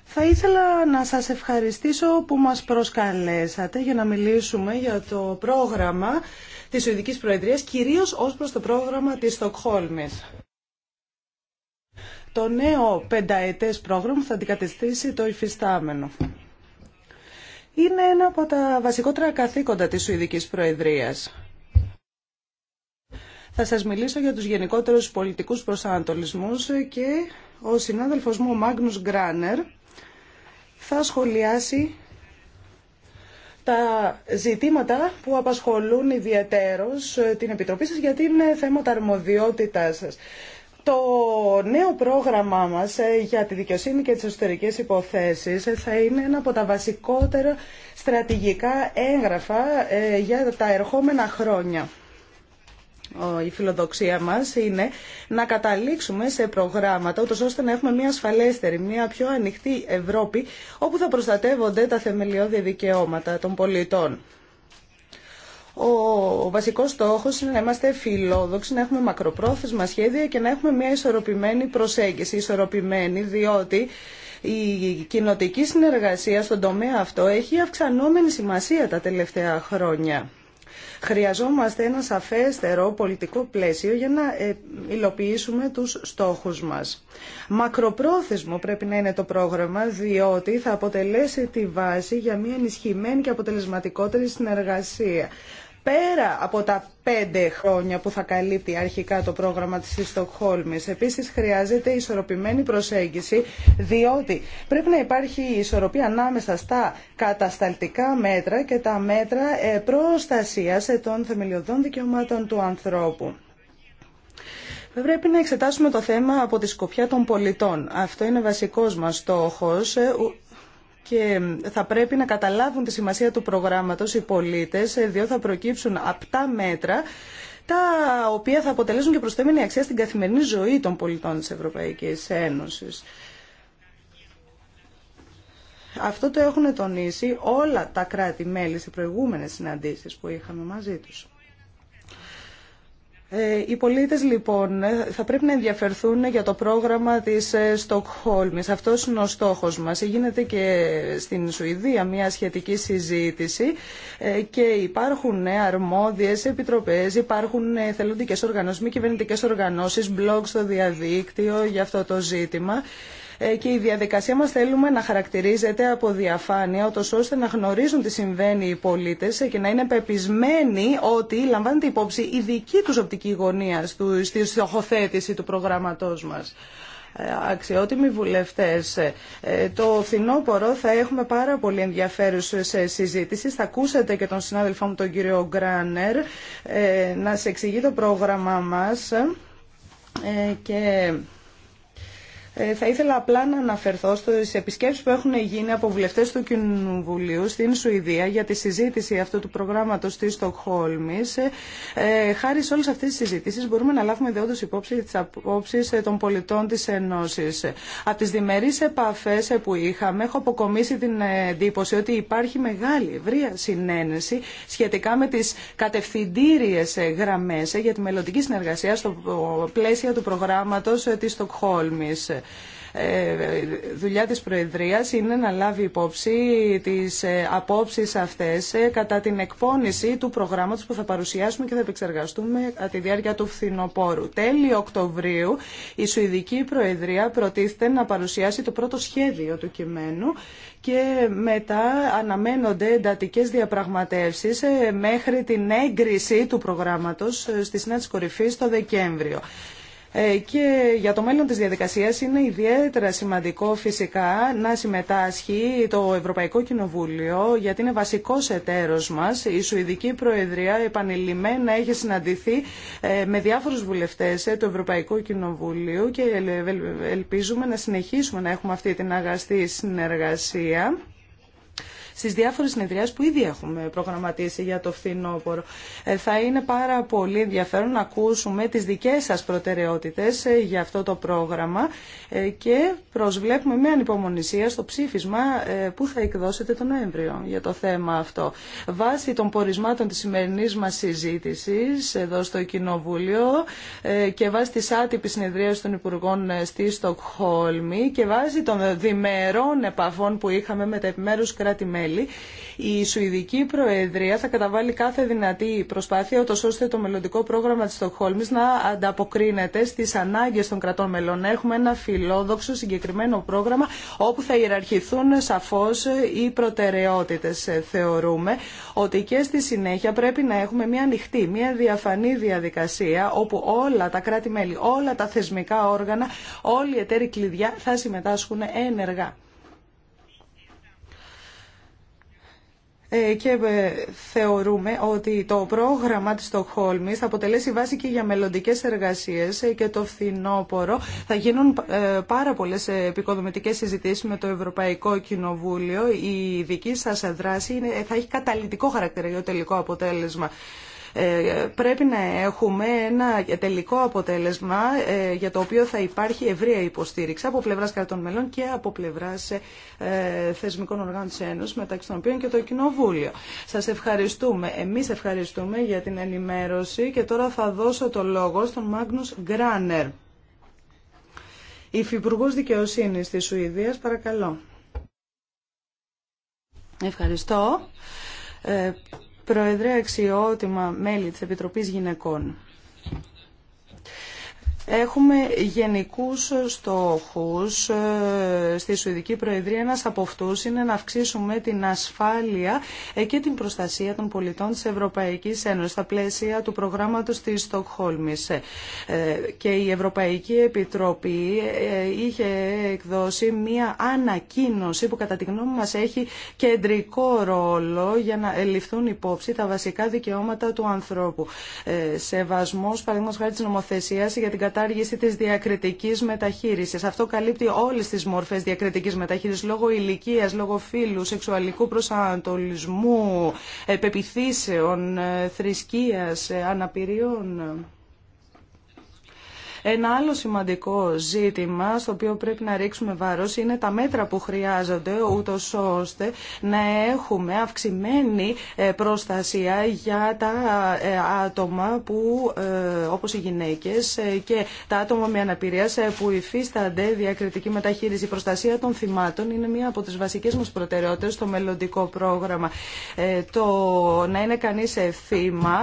θα ήθελα να σας ευχαριστήσω που μας προσκαλέσατε για να μιλήσουμε για το πρόγραμμα της Σουηδικής Προεδρίας, κυρίως ως προς το πρόγραμμα της Στοκχόλμης το νέο πενταετές πρόγραμμα θα αντικατεστήσει το υφιστάμενο. Είναι ένα από τα βασικότερα καθήκοντα της Σουηδικής Προεδρίας. Θα σας μιλήσω για τους γενικότερους πολιτικούς προσανατολισμούς και ο συνάδελφος μου, ο Μάγνους Γκράνερ, θα σχολιάσει τα ζητήματα που απασχολούν ιδιαίτερως την Επιτροπή σας γιατί είναι θέματα αρμοδιότητάς σας. Το νέο πρόγραμμά μας ε, για τη δικαιοσύνη και τις εσωτερικές υποθέσεις ε, θα είναι ένα από τα βασικότερα στρατηγικά έγγραφα ε, για τα ερχόμενα χρόνια. Η φιλοδοξία μας είναι να καταλήξουμε σε προγράμματα ώστε να έχουμε μια ασφαλέστερη, μια πιο ανοιχτή Ευρώπη όπου θα προστατεύονται τα θεμελιώδη δικαιώματα των πολιτών. Ο βασικός στόχος είναι να είμαστε φιλόδοξοι, να έχουμε μακροπρόθεσμα σχέδια και να έχουμε μια ισορροπημένη προσέγγιση. Ισορροπημένη διότι η κοινοτική συνεργασία στον τομέα αυτό έχει αυξανόμενη σημασία τα τελευταία χρόνια. Χρειαζόμαστε ένα σαφέστερο πολιτικό πλαίσιο για να ε, υλοποιήσουμε τους στόχους μας. Μακροπρόθεσμο πρέπει να είναι το πρόγραμμα, διότι θα αποτελέσει τη βάση για μια ενισχυμένη και αποτελεσματικότερη συνεργασία πέρα από τα πέντε χρόνια που θα καλύπτει αρχικά το πρόγραμμα της Στοκχόλμης. Επίσης χρειάζεται ισορροπημένη προσέγγιση διότι πρέπει να υπάρχει ισορροπία ανάμεσα στα κατασταλτικά μέτρα και τα μέτρα ε, προστασίας ε, των θεμελιωδών δικαιωμάτων του ανθρώπου. Πρέπει να εξετάσουμε το θέμα από τη σκοπιά των πολιτών. Αυτό είναι βασικός μας στόχος, ε, και θα πρέπει να καταλάβουν τη σημασία του προγράμματος οι πολίτες, ε, διότι θα προκύψουν απτά μέτρα τα οποία θα αποτελέσουν και προσθέμενη αξία στην καθημερινή ζωή των πολιτών της Ευρωπαϊκής Ένωσης. Αυτό το έχουν τονίσει όλα τα κράτη-μέλη σε προηγούμενες συναντήσεις που είχαμε μαζί τους. Ε, οι πολίτες λοιπόν ε, θα πρέπει να ενδιαφερθούν για το πρόγραμμα της ε, Στοκχόλμης. Αυτός είναι ο στόχος μας. Γίνεται και στην Σουηδία μια σχετική συζήτηση και υπάρχουν αρμόδιες επιτροπές, υπάρχουν θελοντικές οργανώσεις, μη κυβερνητικές οργανώσεις, blog στο διαδίκτυο για αυτό το ζήτημα. Ε, και η διαδικασία μας θέλουμε να χαρακτηρίζεται από διαφάνεια, ώστε να γνωρίζουν τι συμβαίνει οι πολίτες και να είναι πεπισμένοι ότι λαμβάνεται υπόψη η δική τους οπτική γωνία στη στοχοθέτηση του προγράμματός μας ε, αξιότιμοι βουλευτές. Ε, το φθινόπωρο θα έχουμε πάρα πολύ ενδιαφέρουσε συζήτησεις. Θα ακούσετε και τον συνάδελφό μου τον κύριο Γκράνερ να σε εξηγεί το πρόγραμμα μας ε, θα ήθελα απλά να αναφερθώ στις επισκέψεις που έχουν γίνει από βουλευτές του Κοινοβουλίου στην Σουηδία για τη συζήτηση αυτού του προγράμματος της Στοκχόλμης. Ε, χάρη σε όλες αυτές τις συζητήσεις μπορούμε να λάβουμε δεόντως υπόψη τις απόψεις ε, των πολιτών της Ενώσης. Από τις διμερείς επαφές που είχαμε έχω αποκομίσει την εντύπωση ότι υπάρχει μεγάλη ευρία συνένεση σχετικά με τις κατευθυντήριες γραμμές για τη μελλοντική συνεργασία στο πλαίσιο του προγράμματος της Στοκχόλμης. Ε, δουλειά της Προεδρίας είναι να λάβει υπόψη τις ε, απόψεις αυτές ε, κατά την εκπόνηση του προγράμματος που θα παρουσιάσουμε και θα επεξεργαστούμε κατά τη διάρκεια του φθινοπόρου. Τέλη Οκτωβρίου η Σουηδική Προεδρία προτίθεται να παρουσιάσει το πρώτο σχέδιο του κειμένου και μετά αναμένονται εντατικέ διαπραγματεύσεις μέχρι την έγκριση του προγράμματος στη τη κορυφής το Δεκέμβριο. Ε, και για το μέλλον της διαδικασίας είναι ιδιαίτερα σημαντικό φυσικά να συμμετάσχει το Ευρωπαϊκό Κοινοβούλιο γιατί είναι βασικός εταίρος μας. Η Σουηδική Προεδρία επανειλημμένα έχει συναντηθεί ε, με διάφορους βουλευτές ε, του Ευρωπαϊκού Κοινοβουλίου και ελπίζουμε να συνεχίσουμε να έχουμε αυτή την αγαστή συνεργασία στις διάφορες συνεδριάσεις που ήδη έχουμε προγραμματίσει για το φθινόπωρο. Ε, θα είναι πάρα πολύ ενδιαφέρον να ακούσουμε τις δικές σας προτεραιότητες ε, για αυτό το πρόγραμμα ε, και προσβλέπουμε με ανυπομονησία στο ψήφισμα που θα εκδώσετε τον Νοέμβριο για το θέμα αυτό. Βάσει των πορισμάτων της σημερινής μας συζήτησης εδώ στο Κοινοβούλιο και βάσει της άτυπης συνεδρίας των Υπουργών στη Στοκχόλμη και βάσει των διμερών επαφών που είχαμε με τα επιμέρους μελη Η Σουηδική Προεδρία θα καταβάλει κάθε δυνατή προσπάθεια ώστε το μελλοντικό πρόγραμμα της Στοκχόλμης να ανταποκρίνεται στις ανάγκες των κρατών μελών. Έχουμε ένα φιλόδοξο συγκεκριμένο πρόγραμμα όπου θα ιεραρχηθούν σαφώς οι προτεραιότητες. Θεωρούμε ότι και στη συνέχεια πρέπει να έχουμε μια ανοιχτή, μια διαφανή διαδικασία όπου όλα τα κράτη-μέλη, όλα τα θεσμικά όργανα, όλοι οι εταίροι κλειδιά θα συμμετάσχουν ενεργά. Ε, και ε, θεωρούμε ότι το πρόγραμμα της Στοκχόλμης θα αποτελέσει βάση και για μελλοντικές εργασίες ε, και το φθινόπωρο θα γίνουν πάρα πολλές επικοδομητικές συζητήσεις με το Ευρωπαϊκό Κοινοβούλιο. Η δική σας δράση θα έχει καταλητικό χαρακτήρα για το τελικό αποτέλεσμα. Ε, πρέπει να έχουμε ένα τελικό αποτέλεσμα ε, για το οποίο θα υπάρχει ευρεία υποστήριξη από πλευράς κρατών μελών και από πλευράς ε, θεσμικών οργάνων της Ένωσης, μεταξύ των οποίων και το Κοινοβούλιο. Σας ευχαριστούμε. Εμείς ευχαριστούμε για την ενημέρωση και τώρα θα δώσω το λόγο στον Μάγνους Γκράνερ. Υφυπουργός Δικαιοσύνης της Σουηδίας, παρακαλώ. Ευχαριστώ. Προεδρέ αξιότιμα μέλη της Επιτροπής Γυναικών. Έχουμε γενικούς στόχους ε, στη Σουηδική Προεδρία. Ένας από αυτού είναι να αυξήσουμε την ασφάλεια ε, και την προστασία των πολιτών της ευρωπαϊκή Ένωσης στα πλαίσια του προγράμματος της Στοκχόλμης. Ε, και η Ευρωπαϊκή Επιτροπή είχε εκδώσει μία ανακοίνωση που κατά τη γνώμη μας έχει κεντρικό ρόλο για να ληφθούν υπόψη τα βασικά δικαιώματα του ανθρώπου. Σεβασμός, παραδείγματος χάρη της νομοθεσίας για την κατάργηση της διακριτικής μεταχείρισης. Αυτό καλύπτει όλες τις μορφές διακριτικής μεταχείρισης λόγω ηλικίας, λόγω φύλου, σεξουαλικού προσανατολισμού, ε, πεπιθήσεων, ε, θρησκείας, ε, αναπηριών. Ένα άλλο σημαντικό ζήτημα στο οποίο πρέπει να ρίξουμε βάρος είναι τα μέτρα που χρειάζονται ούτω ώστε να έχουμε αυξημένη ε, προστασία για τα ε, άτομα που ε, όπως οι γυναίκες και τα άτομα με αναπηρία που υφίστανται διακριτική μεταχείριση. Η προστασία των θυμάτων είναι μία από τις βασικές μας προτεραιότητες στο μελλοντικό πρόγραμμα. Το να είναι κανείς θύμα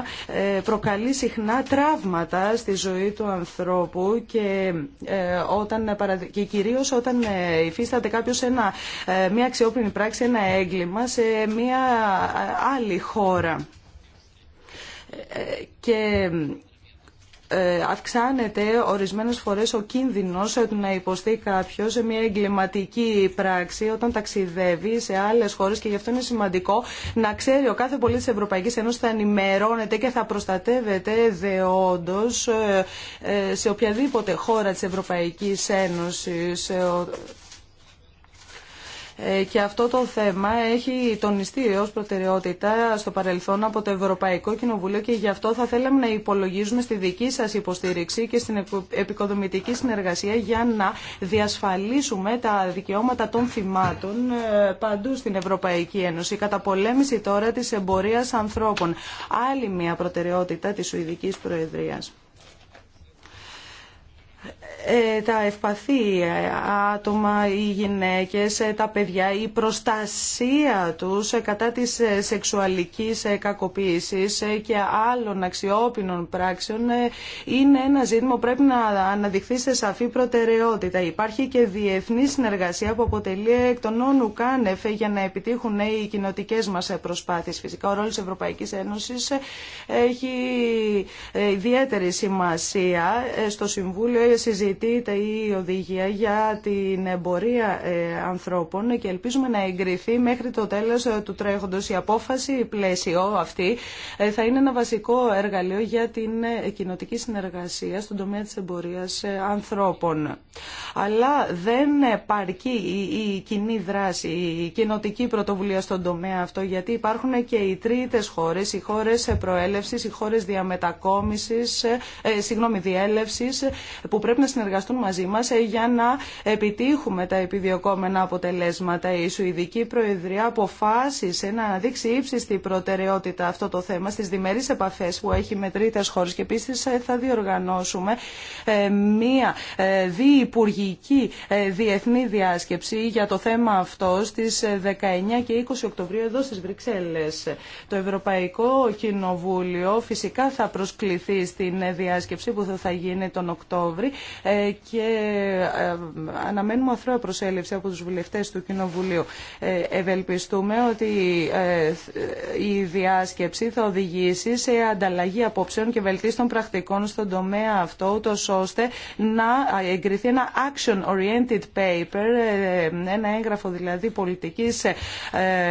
προκαλεί συχνά τραύματα στη ζωή του ανθρώπου και, ε, όταν, και κυρίως όταν ε, υφίσταται κάποιος ένα, ε, μια αξιόπινη πράξη, ένα έγκλημα σε μια άλλη χώρα. και ε, αυξάνεται ορισμένες φορές ο κίνδυνος του να υποστεί κάποιος σε μια εγκληματική πράξη όταν ταξιδεύει σε άλλες χώρες και γι' αυτό είναι σημαντικό να ξέρει ο κάθε πολίτης της Ευρωπαϊκής Ένωσης θα ενημερώνεται και θα προστατεύεται δεόντως ε, ε, σε οποιαδήποτε χώρα της Ευρωπαϊκής Ένωσης ε, και αυτό το θέμα έχει τονιστεί ως προτεραιότητα στο παρελθόν από το Ευρωπαϊκό Κοινοβούλιο και γι' αυτό θα θέλαμε να υπολογίζουμε στη δική σας υποστήριξη και στην επικοδομητική συνεργασία για να διασφαλίσουμε τα δικαιώματα των θυμάτων ε, παντού στην Ευρωπαϊκή Ένωση. Κατά πολέμηση τώρα της εμπορίας ανθρώπων. Άλλη μια προτεραιότητα της Σουηδικής Προεδρίας. Ε, τα ευπαθή ε, άτομα, οι γυναίκες, ε, τα παιδιά, η προστασία τους κατά της σεξουαλικής κακοποίησης και άλλων αξιόπινων πράξεων είναι ένα ζήτημα που πρέπει να αναδειχθεί σε σαφή προτεραιότητα. Υπάρχει και διεθνή συνεργασία που αποτελεί εκ των όνου για να επιτύχουν οι κοινοτικέ μας προσπάθειες. Φυσικά ο ρόλος της Ευρωπαϊκής Ένωσης έχει ιδιαίτερη σημασία. Στο Συμβούλιο η οδηγία για την εμπορία ε, ανθρώπων και ελπίζουμε να εγκριθεί μέχρι το τέλος ε, του τρέχοντος. Η απόφαση η πλαίσιο αυτή ε, θα είναι ένα βασικό εργαλείο για την κοινοτική συνεργασία στον τομέα της εμπορίας ανθρώπων. Αλλά δεν παρκεί η κοινή δράση, η κοινοτική πρωτοβουλία στον τομέα αυτό γιατί υπάρχουν και οι τρίτες χώρες, οι χώρες προέλευσης, οι χώρες διαμετακόμισης, ε, συγγνώμη, διέλευσης που πρέπει να συνεργαστούν συνεργαστούν μαζί μας ε, για να επιτύχουμε τα επιδιωκόμενα αποτελέσματα. Η Σουηδική Προεδρία αποφάσισε να αναδείξει ύψιστη προτεραιότητα αυτό το θέμα στις διμερείς επαφές που έχει με τρίτες χώρες και επίση ε, θα διοργανώσουμε ε, μία διυπουργική διεθνή διάσκεψη για το θέμα αυτό στις 19 και 20 Οκτωβρίου εδώ στις Βρυξέλλες. Το Ευρωπαϊκό Κοινοβούλιο φυσικά θα προσκληθεί στην διάσκεψη που θα γίνει τον Οκτώβρη ε, και ε, αναμένουμε αθρώα προσέλευση από τους βουλευτές του Κοινοβουλίου. Ε, ευελπιστούμε ότι η διάσκεψη θα οδηγήσει σε ανταλλαγή απόψεων και των πρακτικών στον τομέα αυτό, ούτως ώστε να εγκριθεί ένα action-oriented paper, ένα έγγραφο δηλαδή πολιτικής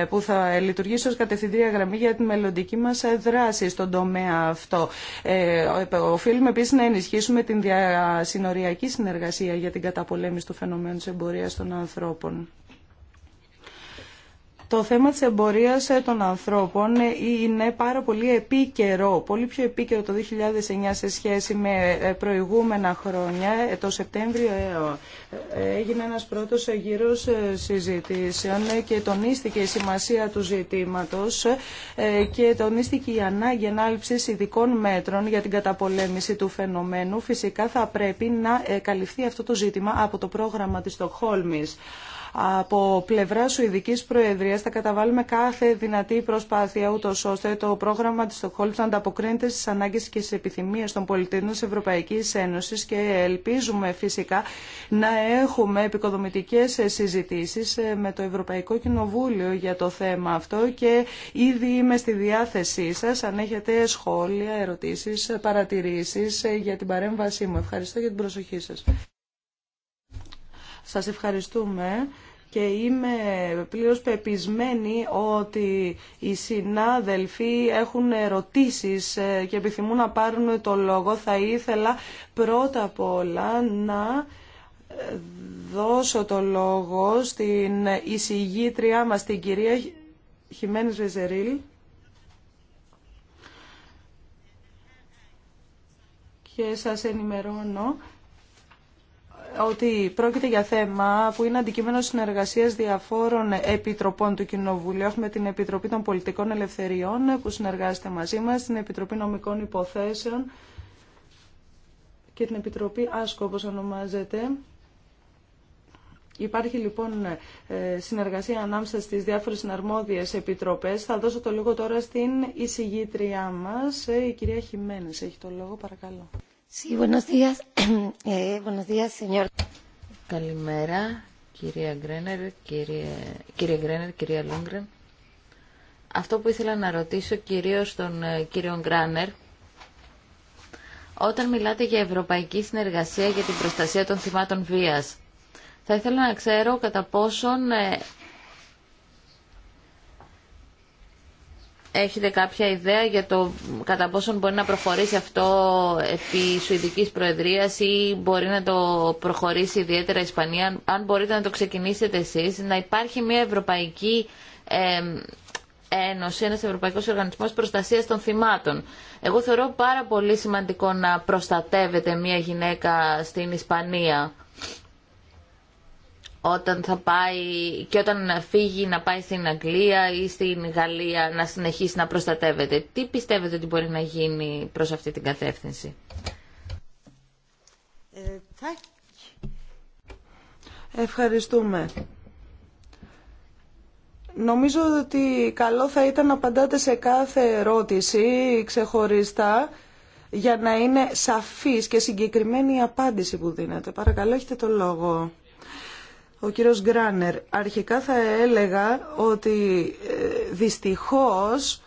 που θα λειτουργήσει ως κατευθυντήρια γραμμή για τη μελλοντική μας δράση στον τομέα αυτό. Οφείλουμε επίσης να ενισχύσουμε την διασυνοριακή ευρωπαϊκή συνεργασία για την καταπολέμηση του φαινομένου της εμπορίας των ανθρώπων. Το θέμα της εμπορίας ε, των ανθρώπων ε, είναι πάρα πολύ επίκαιρο, πολύ πιο επίκαιρο το 2009 σε σχέση με ε, προηγούμενα χρόνια. Το Σεπτέμβριο έγινε ένας πρώτος γύρος συζητήσεων και τονίστηκε η σημασία του ζητήματος και τονίστηκε η ανάγκη ανάληψης ειδικών μέτρων για την καταπολέμηση του φαινομένου. Φυσικά θα πρέπει να καλυφθεί αυτό το ζήτημα από το πρόγραμμα της Στοκχόλμης. Από πλευρά ειδικής Προεδρίας θα καταβάλουμε κάθε δυνατή προσπάθεια ούτως ώστε το πρόγραμμα της Στοκχόλης να ανταποκρίνεται στις ανάγκες και στι επιθυμίες των πολιτών της Ευρωπαϊκής Ένωσης και ελπίζουμε φυσικά να έχουμε επικοδομητικές συζητήσεις με το Ευρωπαϊκό Κοινοβούλιο για το θέμα αυτό και ήδη είμαι στη διάθεσή σας αν έχετε σχόλια, ερωτήσεις, παρατηρήσεις για την παρέμβασή μου. Ευχαριστώ για την προσοχή σας. Σας ευχαριστούμε και είμαι πλήρως πεπισμένη ότι οι συνάδελφοι έχουν ερωτήσεις ε, και επιθυμούν να πάρουν το λόγο. Θα ήθελα πρώτα απ' όλα να ε, δώσω το λόγο στην εισηγήτριά μας, την κυρία Χιμένης Βεζερίλ. Και σας ενημερώνω ότι πρόκειται για θέμα που είναι αντικείμενο συνεργασίας διαφόρων επιτροπών του Κοινοβουλίου. Έχουμε την Επιτροπή των Πολιτικών Ελευθεριών που συνεργάζεται μαζί μας, την Επιτροπή Νομικών Υποθέσεων και την Επιτροπή Άσκο όπως ονομάζεται. Υπάρχει λοιπόν ε, συνεργασία ανάμεσα στις διάφορες συναρμόδιες επιτροπές. Θα δώσω το λόγο τώρα στην εισηγήτριά μας, ε, η κυρία Χιμένες. Έχει το λόγο, παρακαλώ. Sí, eh, Καλημέρα, κυρία Γκρένερ, κύριε, Γκρένερ, κυρία Λούγκρεν. Αυτό που ήθελα να ρωτήσω κυρίως τον ε, κύριο Γκράνερ, όταν μιλάτε για ευρωπαϊκή συνεργασία για την προστασία των θυμάτων βίας, θα ήθελα να ξέρω κατά πόσον ε, Έχετε κάποια ιδέα για το κατά πόσον μπορεί να προχωρήσει αυτό επί Σουηδικής Προεδρίας ή μπορεί να το προχωρήσει ιδιαίτερα η Ισπανία, αν μπορείτε να το ξεκινήσετε εσείς, να υπάρχει μια Ευρωπαϊκή ε, Ένωση, ένας Ευρωπαϊκός Οργανισμός Προστασίας των Θυμάτων. Εγώ θεωρώ πάρα πολύ σημαντικό να προστατεύεται μια γυναίκα στην Ισπανία όταν θα πάει και όταν φύγει να πάει στην Αγγλία ή στην Γαλλία να συνεχίσει να προστατεύεται. Τι πιστεύετε ότι μπορεί να γίνει προς αυτή την κατεύθυνση. Ευχαριστούμε. Νομίζω ότι καλό θα ήταν να απαντάτε σε κάθε ερώτηση ξεχωριστά για να είναι σαφής και συγκεκριμένη η απάντηση που δίνετε. Παρακαλώ, έχετε το λόγο ο κύριος Γκράνερ. Αρχικά θα έλεγα ότι ε, δυστυχώς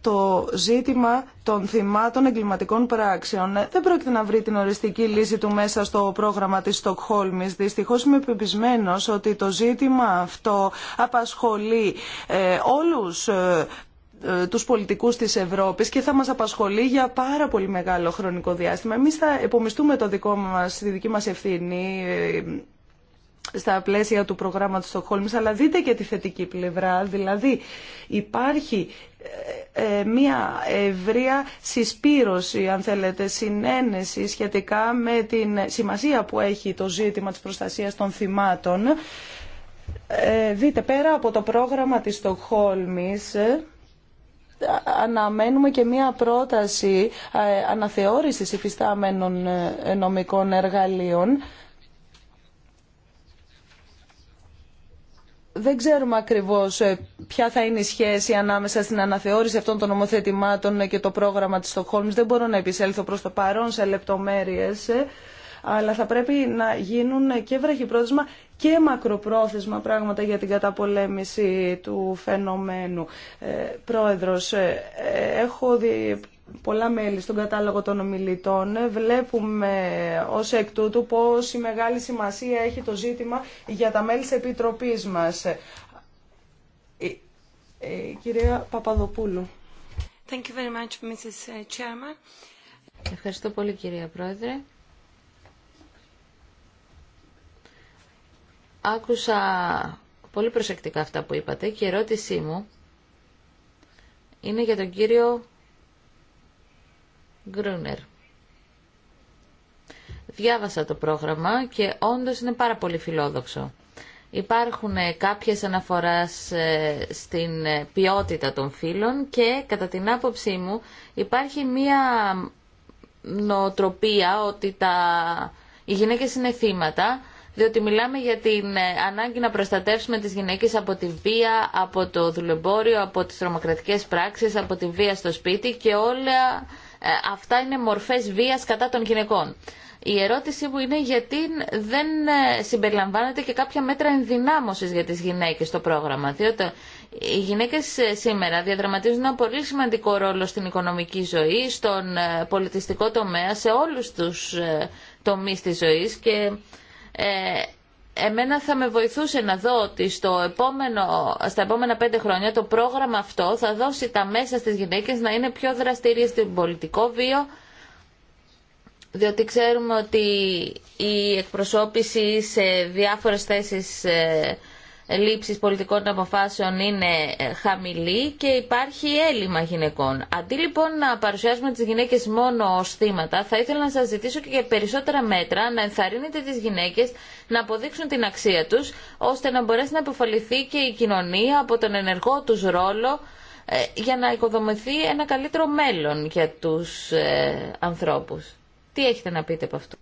το ζήτημα των θυμάτων εγκληματικών πράξεων ε, δεν πρόκειται να βρει την οριστική λύση του μέσα στο πρόγραμμα της Στοκχόλμης. Δυστυχώς είμαι επιπισμένος ότι το ζήτημα αυτό απασχολεί ε, όλους τους πολιτικούς της Ευρώπης και θα μας απασχολεί για πάρα πολύ μεγάλο χρονικό διάστημα. Εμείς θα επομιστούμε το δικό μας, τη δική μας ευθύνη στα πλαίσια του προγράμματος Στοκχόλμης, αλλά δείτε και τη θετική πλευρά, δηλαδή υπάρχει ε, ε, μια ευρεία συσπήρωση, αν θέλετε, συνένεση σχετικά με την σημασία που έχει το ζήτημα της προστασίας των θυμάτων. Ε, δείτε, πέρα από το πρόγραμμα της Στοκχόλμης, αναμένουμε και μία πρόταση αναθεώρησης υφιστάμενων νομικών εργαλείων δεν ξέρουμε ακριβώς ε, ποια θα είναι η σχέση ανάμεσα στην αναθεώρηση αυτών των νομοθετημάτων ε, και το πρόγραμμα της Στοχόλμης. Δεν μπορώ να επισέλθω προς το παρόν σε λεπτομέρειες, ε, αλλά θα πρέπει να γίνουν και βραχυπρόθεσμα και μακροπρόθεσμα πράγματα για την καταπολέμηση του φαινομένου. Ε, πρόεδρος, έχω δει πολλά μέλη στον κατάλογο των ομιλητών. Βλέπουμε ω εκ τούτου πόση μεγάλη σημασία έχει το ζήτημα για τα μέλη τη επιτροπή μας. Ε, ε, ε, κυρία Παπαδοπούλου. Thank you very much, Mrs. Chairman. Ευχαριστώ πολύ κυρία Πρόεδρε. Άκουσα πολύ προσεκτικά αυτά που είπατε και η ερώτησή μου είναι για τον κύριο Γκρούνερ. Διάβασα το πρόγραμμα και όντως είναι πάρα πολύ φιλόδοξο. Υπάρχουν ε, κάποιες αναφοράς ε, στην ε, ποιότητα των φύλων και κατά την άποψή μου υπάρχει μία νοοτροπία ότι τα... οι γυναίκες είναι θύματα διότι μιλάμε για την ανάγκη να προστατεύσουμε τις γυναίκες από τη βία, από το δουλεμπόριο, από τις τρομοκρατικές πράξεις, από τη βία στο σπίτι και όλα ε, αυτά είναι μορφές βίας κατά των γυναικών. Η ερώτησή μου είναι γιατί δεν ε, συμπεριλαμβάνεται και κάποια μέτρα ενδυνάμωσης για τις γυναίκες στο πρόγραμμα. Διότι οι γυναίκες ε, σήμερα διαδραματίζουν ένα πολύ σημαντικό ρόλο στην οικονομική ζωή, στον πολιτιστικό τομέα, σε όλους τους τομείς της ζωής και εμένα θα με βοηθούσε να δω ότι στο επόμενο, στα επόμενα πέντε χρόνια το πρόγραμμα αυτό θα δώσει τα μέσα στις γυναίκες να είναι πιο δραστήριες στην πολιτικό βίο, διότι ξέρουμε ότι η εκπροσώπηση σε διάφορες θέσεις ε, λήψης πολιτικών αποφάσεων είναι ε, χαμηλή και υπάρχει έλλειμμα γυναικών. Αντί λοιπόν να παρουσιάζουμε τις γυναίκες μόνο ως θύματα, θα ήθελα να σας ζητήσω και για περισσότερα μέτρα να ενθαρρύνετε τις γυναίκες να αποδείξουν την αξία τους, ώστε να μπορέσει να επιφαληθεί και η κοινωνία από τον ενεργό τους ρόλο ε, για να οικοδομηθεί ένα καλύτερο μέλλον για τους ε, ανθρώπους. Τι έχετε να πείτε από αυτό.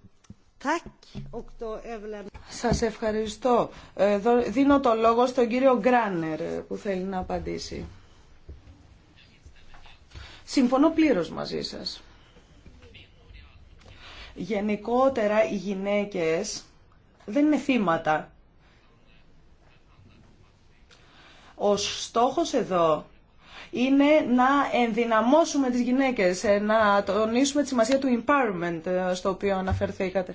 Σας ευχαριστώ. Ε, δίνω το λόγο στον κύριο Γκράνερ που θέλει να απαντήσει. Συμφωνώ πλήρως μαζί σας. Γενικότερα οι γυναίκες δεν είναι θύματα. Ο στόχος εδώ είναι να ενδυναμώσουμε τις γυναίκες, ε, να τονίσουμε τη σημασία του empowerment ε, στο οποίο αναφερθήκατε.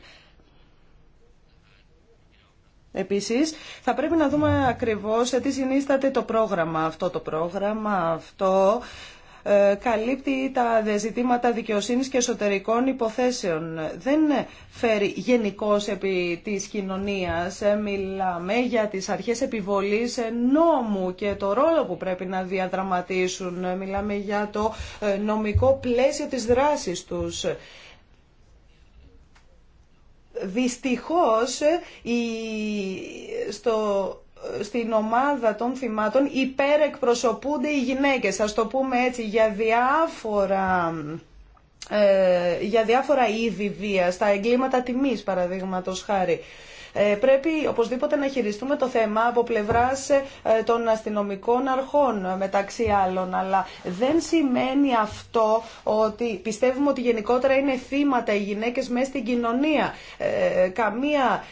Επίσης, θα πρέπει να δούμε ακριβώς τι συνίσταται το πρόγραμμα αυτό. Το πρόγραμμα αυτό ε, καλύπτει τα ζητήματα δικαιοσύνης και εσωτερικών υποθέσεων. Δεν φέρει γενικώ επί της κοινωνίας. Ε, μιλάμε για τις αρχές επιβολής ε, νόμου και το ρόλο που πρέπει να διαδραματίσουν. Μιλάμε για το νομικό πλαίσιο της δράσης τους. Δυστυχώς, η... στο στην ομάδα των θυμάτων υπερεκπροσωπούνται οι γυναίκες, ας το πούμε έτσι, για διάφορα, ε, για διάφορα είδη βία, στα εγκλήματα τιμής παραδείγματος χάρη. Ε, πρέπει οπωσδήποτε να χειριστούμε το θέμα από πλευρά ε, των αστυνομικών αρχών μεταξύ άλλων. Αλλά δεν σημαίνει αυτό ότι πιστεύουμε ότι γενικότερα είναι θύματα οι γυναίκε μέσα στην κοινωνία. Ε, καμία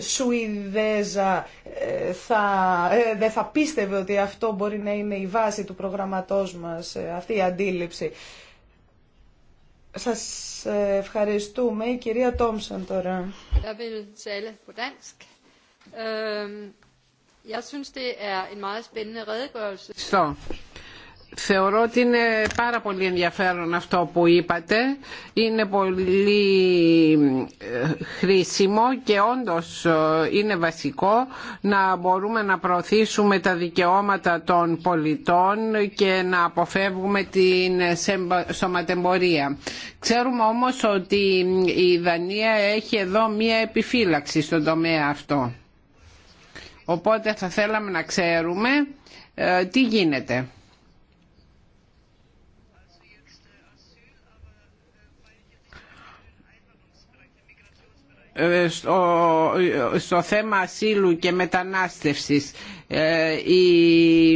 Σουηδέζα θα, δεν θα πίστευε ότι αυτό μπορεί να είναι η βάση του προγραμματός μας, αυτή η αντίληψη. Σας ευχαριστούμε η κυρία Τόμσον τώρα. Jeg vil tale på dansk. jeg synes det er en meget spændende redegørelse. Θεωρώ ότι είναι πάρα πολύ ενδιαφέρον αυτό που είπατε. Είναι πολύ ε, χρήσιμο και όντως ε, είναι βασικό να μπορούμε να προωθήσουμε τα δικαιώματα των πολιτών και να αποφεύγουμε την σωματεμπορία. Ξέρουμε όμως ότι η Δανία έχει εδώ μία επιφύλαξη στον τομέα αυτό. Οπότε θα θέλαμε να ξέρουμε ε, τι γίνεται. Ε, ε, στο, θέμα ασύλου και μετανάστευσης ε, η,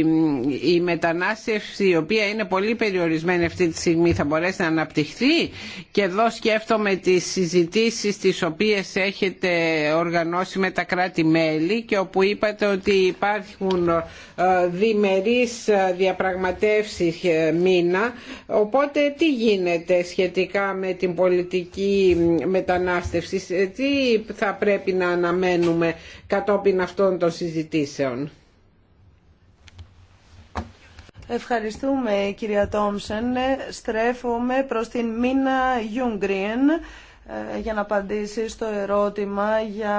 η μετανάστευση η οποία είναι πολύ περιορισμένη αυτή τη στιγμή θα μπορέσει να αναπτυχθεί και εδώ σκέφτομαι τις συζητήσεις τις οποίες έχετε οργανώσει με τα κράτη-μέλη και όπου είπατε ότι υπάρχουν ε, διμερείς ε, διαπραγματεύσεις μήνα οπότε τι γίνεται σχετικά με την πολιτική μετανάστευση τι θα πρέπει να αναμένουμε κατόπιν αυτών των συζητήσεων. Ευχαριστούμε κυρία Τόμσεν. Ε, στρέφομαι προς την Μίνα Γιούγκριεν ε, για να απαντήσει στο ερώτημα για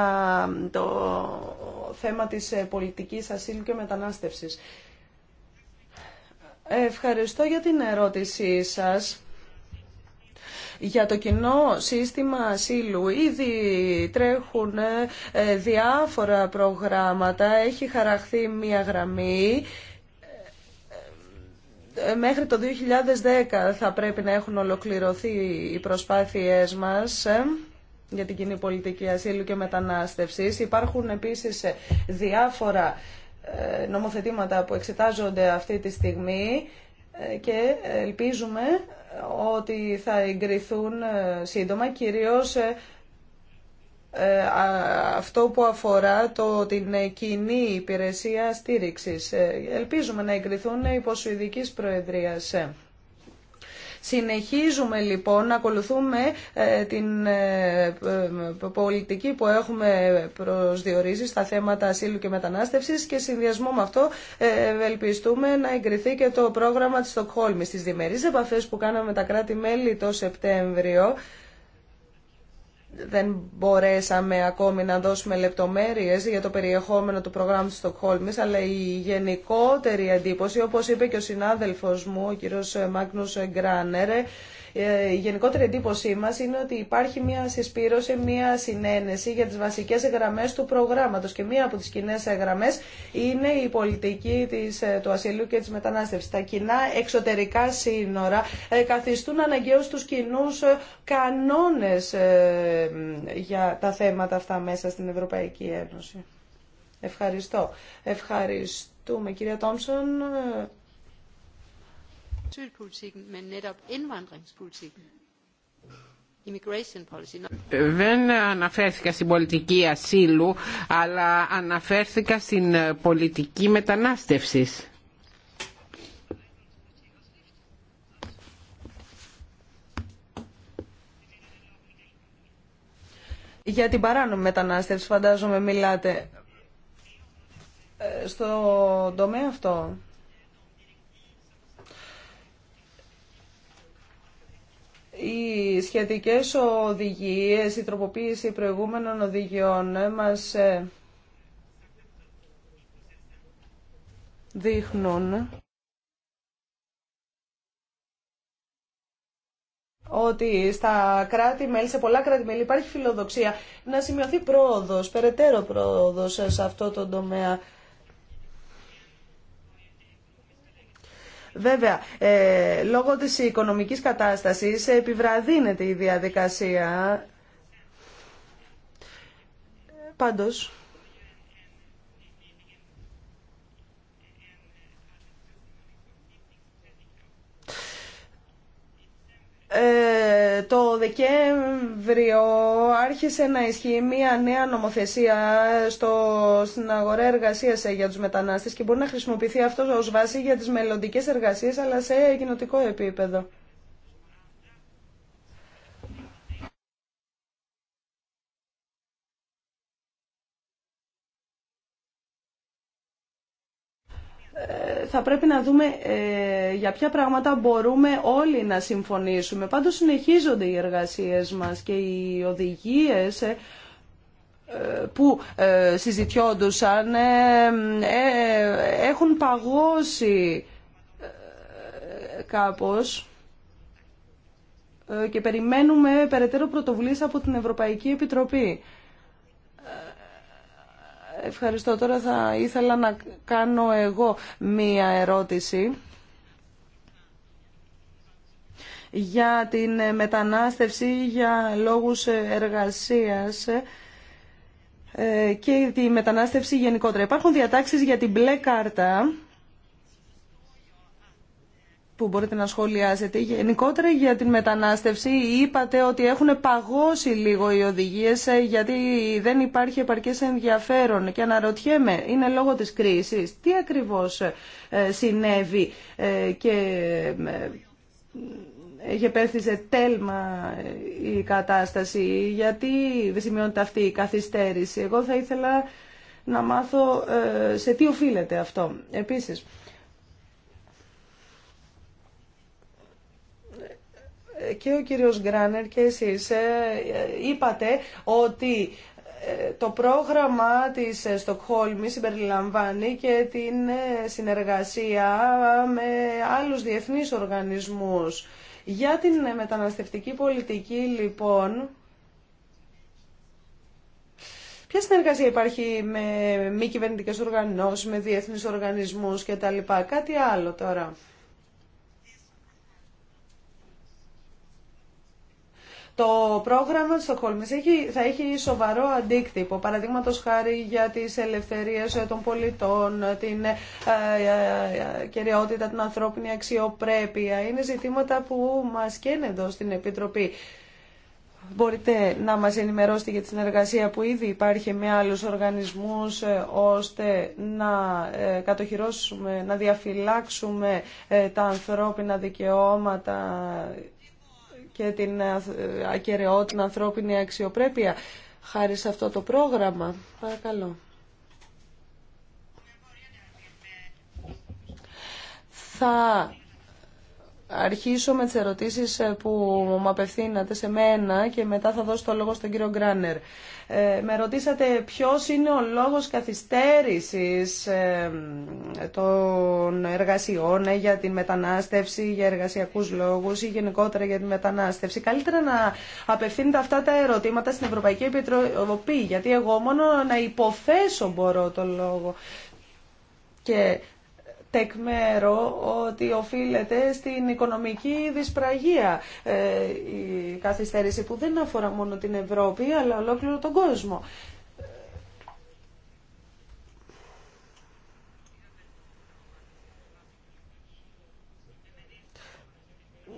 το θέμα της ε, πολιτικής ασύλου και μετανάστευσης. Ευχαριστώ για την ερώτησή σας. Για το κοινό σύστημα ασύλου ήδη τρέχουν διάφορα προγράμματα, έχει χαραχθεί μία γραμμή μέχρι το 2010 θα πρέπει να έχουν ολοκληρωθεί οι προσπάθειές μας ε, για την κοινή πολιτική ασύλου και μετανάστευσης. Υπάρχουν επίσης ε, διάφορα ε, νομοθετήματα που εξετάζονται αυτή τη στιγμή και ελπίζουμε ότι θα εγκριθούν σύντομα, κυρίως ε, αυτό που αφορά το, την ε, κοινή υπηρεσία στήριξης. Ε, ελπίζουμε να εγκριθούν υπό Σουηδικής Προεδρίας. Συνεχίζουμε λοιπόν να ακολουθούμε την πολιτική που έχουμε προσδιορίσει στα θέματα ασύλου και μετανάστευσης και συνδυασμό με αυτό ελπιστούμε να εγκριθεί και το πρόγραμμα της Στοκχόλμης. Στις διμερείς επαφές που κάναμε τα κράτη-μέλη το Σεπτέμβριο δεν μπορέσαμε ακόμη να δώσουμε λεπτομέρειες για το περιεχόμενο του προγράμματος Στοκχόλμης, αλλά η γενικότερη εντύπωση, όπως είπε και ο συνάδελφος μου, ο κύριος Μάγνους Γκράνερε, ε, η γενικότερη εντύπωσή μα είναι ότι υπάρχει μια συσπήρωση, μια συνένεση για τις βασικές γραμμέ του προγράμματος και μία από τις κοινέ γραμμέ είναι η πολιτική της, ε, του ασύλου και της μετανάστευσης. Τα κοινά εξωτερικά σύνορα ε, καθιστούν αναγκαίους του κοινού κανόνες για τα θέματα αυτά μέσα στην Ευρωπαϊκή Ένωση. Ευχαριστώ. Ευχαριστούμε κυρία Τόμσον. Δεν αναφέρθηκα στην πολιτική ασύλου, αλλά αναφέρθηκα στην ε, πολιτική μετανάστευσης. Για την παράνομη μετανάστευση φαντάζομαι μιλάτε. Ε, στο τομέα αυτό Οι σχετικές οδηγίες, η τροποποίηση προηγούμενων οδηγιών μας ε, δείχνουν ότι στα κράτη-μέλη, σε πολλά κράτη-μέλη υπάρχει φιλοδοξία να σημειωθεί πρόοδος, περαιτέρω πρόοδος σε αυτό το τομέα. Βέβαια, ε, λόγω της οικονομικής κατάστασης επιβραδύνεται η διαδικασία. Πάντως, Ε, το Δεκέμβριο άρχισε να ισχύει μια νέα νομοθεσία στο, στην αγορά εργασίας ε, για τους μετανάστες και μπορεί να χρησιμοποιηθεί αυτό ω βάση για τις μελλοντικέ εργασίες αλλά σε κοινοτικό επίπεδο. θα πρέπει να δούμε ε, για ποια πράγματα μπορούμε όλοι να συμφωνήσουμε. Πάντως συνεχίζονται οι εργασίες μας και οι οδηγίες ε, που ε, συζητιόντουσαν ε, έχουν παγώσει κάπως και περιμένουμε περαιτέρω πρωτοβουλίες από την Ευρωπαϊκή Επιτροπή. Ευχαριστώ. Τώρα θα ήθελα να κάνω εγώ μία ερώτηση για την μετανάστευση για λόγους εργασίας ε, και τη μετανάστευση γενικότερα. Υπάρχουν διατάξεις για την μπλε κάρτα που μπορείτε να σχολιάσετε. Γενικότερα για την μετανάστευση είπατε ότι έχουν παγώσει λίγο οι οδηγίες ε, γιατί δεν υπάρχει επαρκές ενδιαφέρον και αναρωτιέμαι, είναι λόγω της κρίσης, τι ακριβώς ε, συνέβη ε, και έχει σε τέλμα η κατάσταση, γιατί δεν σημειώνεται αυτή η καθυστέρηση. Εγώ θα ήθελα να μάθω σε τι οφείλεται αυτό. Επίσης, και ο κύριος Γκράνερ και εσείς ε, είπατε ότι ε, το πρόγραμμα της ε, Στοκχόλμη συμπεριλαμβάνει και την συνεργασία με άλλους διεθνείς οργανισμούς. Για την μεταναστευτική πολιτική λοιπόν, Ποια συνεργασία υπάρχει με μη κυβερνητικές οργανώσεις, με διεθνεί οργανισμού κτλ. Κάτι άλλο τώρα. Το πρόγραμμα τη Στοχόλμη θα έχει σοβαρό αντίκτυπο, παραδείγματο χάρη για τι ελευθερίε των πολιτών, την ε, ε, ε, κυριότητα, την ανθρώπινη αξιοπρέπεια. Είναι ζητήματα που μας καίνε εδώ στην Επιτροπή. Μπορείτε να μας ενημερώσετε για τη συνεργασία που ήδη υπάρχει με άλλους οργανισμούς ώστε να κατοχυρώσουμε, να διαφυλάξουμε τα ανθρώπινα δικαιώματα και την ακαιρεότητα, ανθρώπινη αξιοπρέπεια χάρη σε αυτό το πρόγραμμα. Παρακαλώ. Θα αρχίσω με τις ερωτήσεις ε, που μου απευθύνατε σε μένα και μετά θα δώσω το λόγο στον κύριο Γκράνερ. Ε, με ρωτήσατε ποιος είναι ο λόγος καθυστέρησης ε, των εργασιών για την μετανάστευση, για εργασιακούς λόγους ή γενικότερα για την μετανάστευση. Καλύτερα να απευθύνετε αυτά τα ερωτήματα στην Ευρωπαϊκή Επιτροπή, γιατί εγώ μόνο να υποθέσω μπορώ το λόγο. Και τεκμέρο ότι οφείλεται στην οικονομική δυσπραγία ε, η καθυστέρηση που δεν αφορά μόνο την Ευρώπη αλλά ολόκληρο τον κόσμο.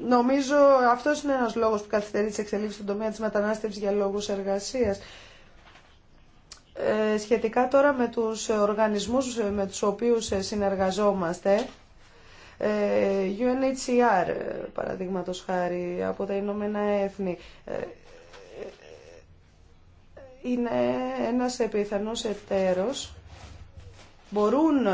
Νομίζω αυτό είναι ένας λόγος που καθυστερεί τις εξελίξεις στον τομέα της μετανάστευση για λόγους εργασίας. Ε, σχετικά τώρα με τους οργανισμούς με τους οποίους ε, συνεργαζόμαστε, ε, UNHCR παραδείγματος χάρη από τα Ηνωμένα Έθνη, είναι ένας επιθανός εταίρος. Μπορούν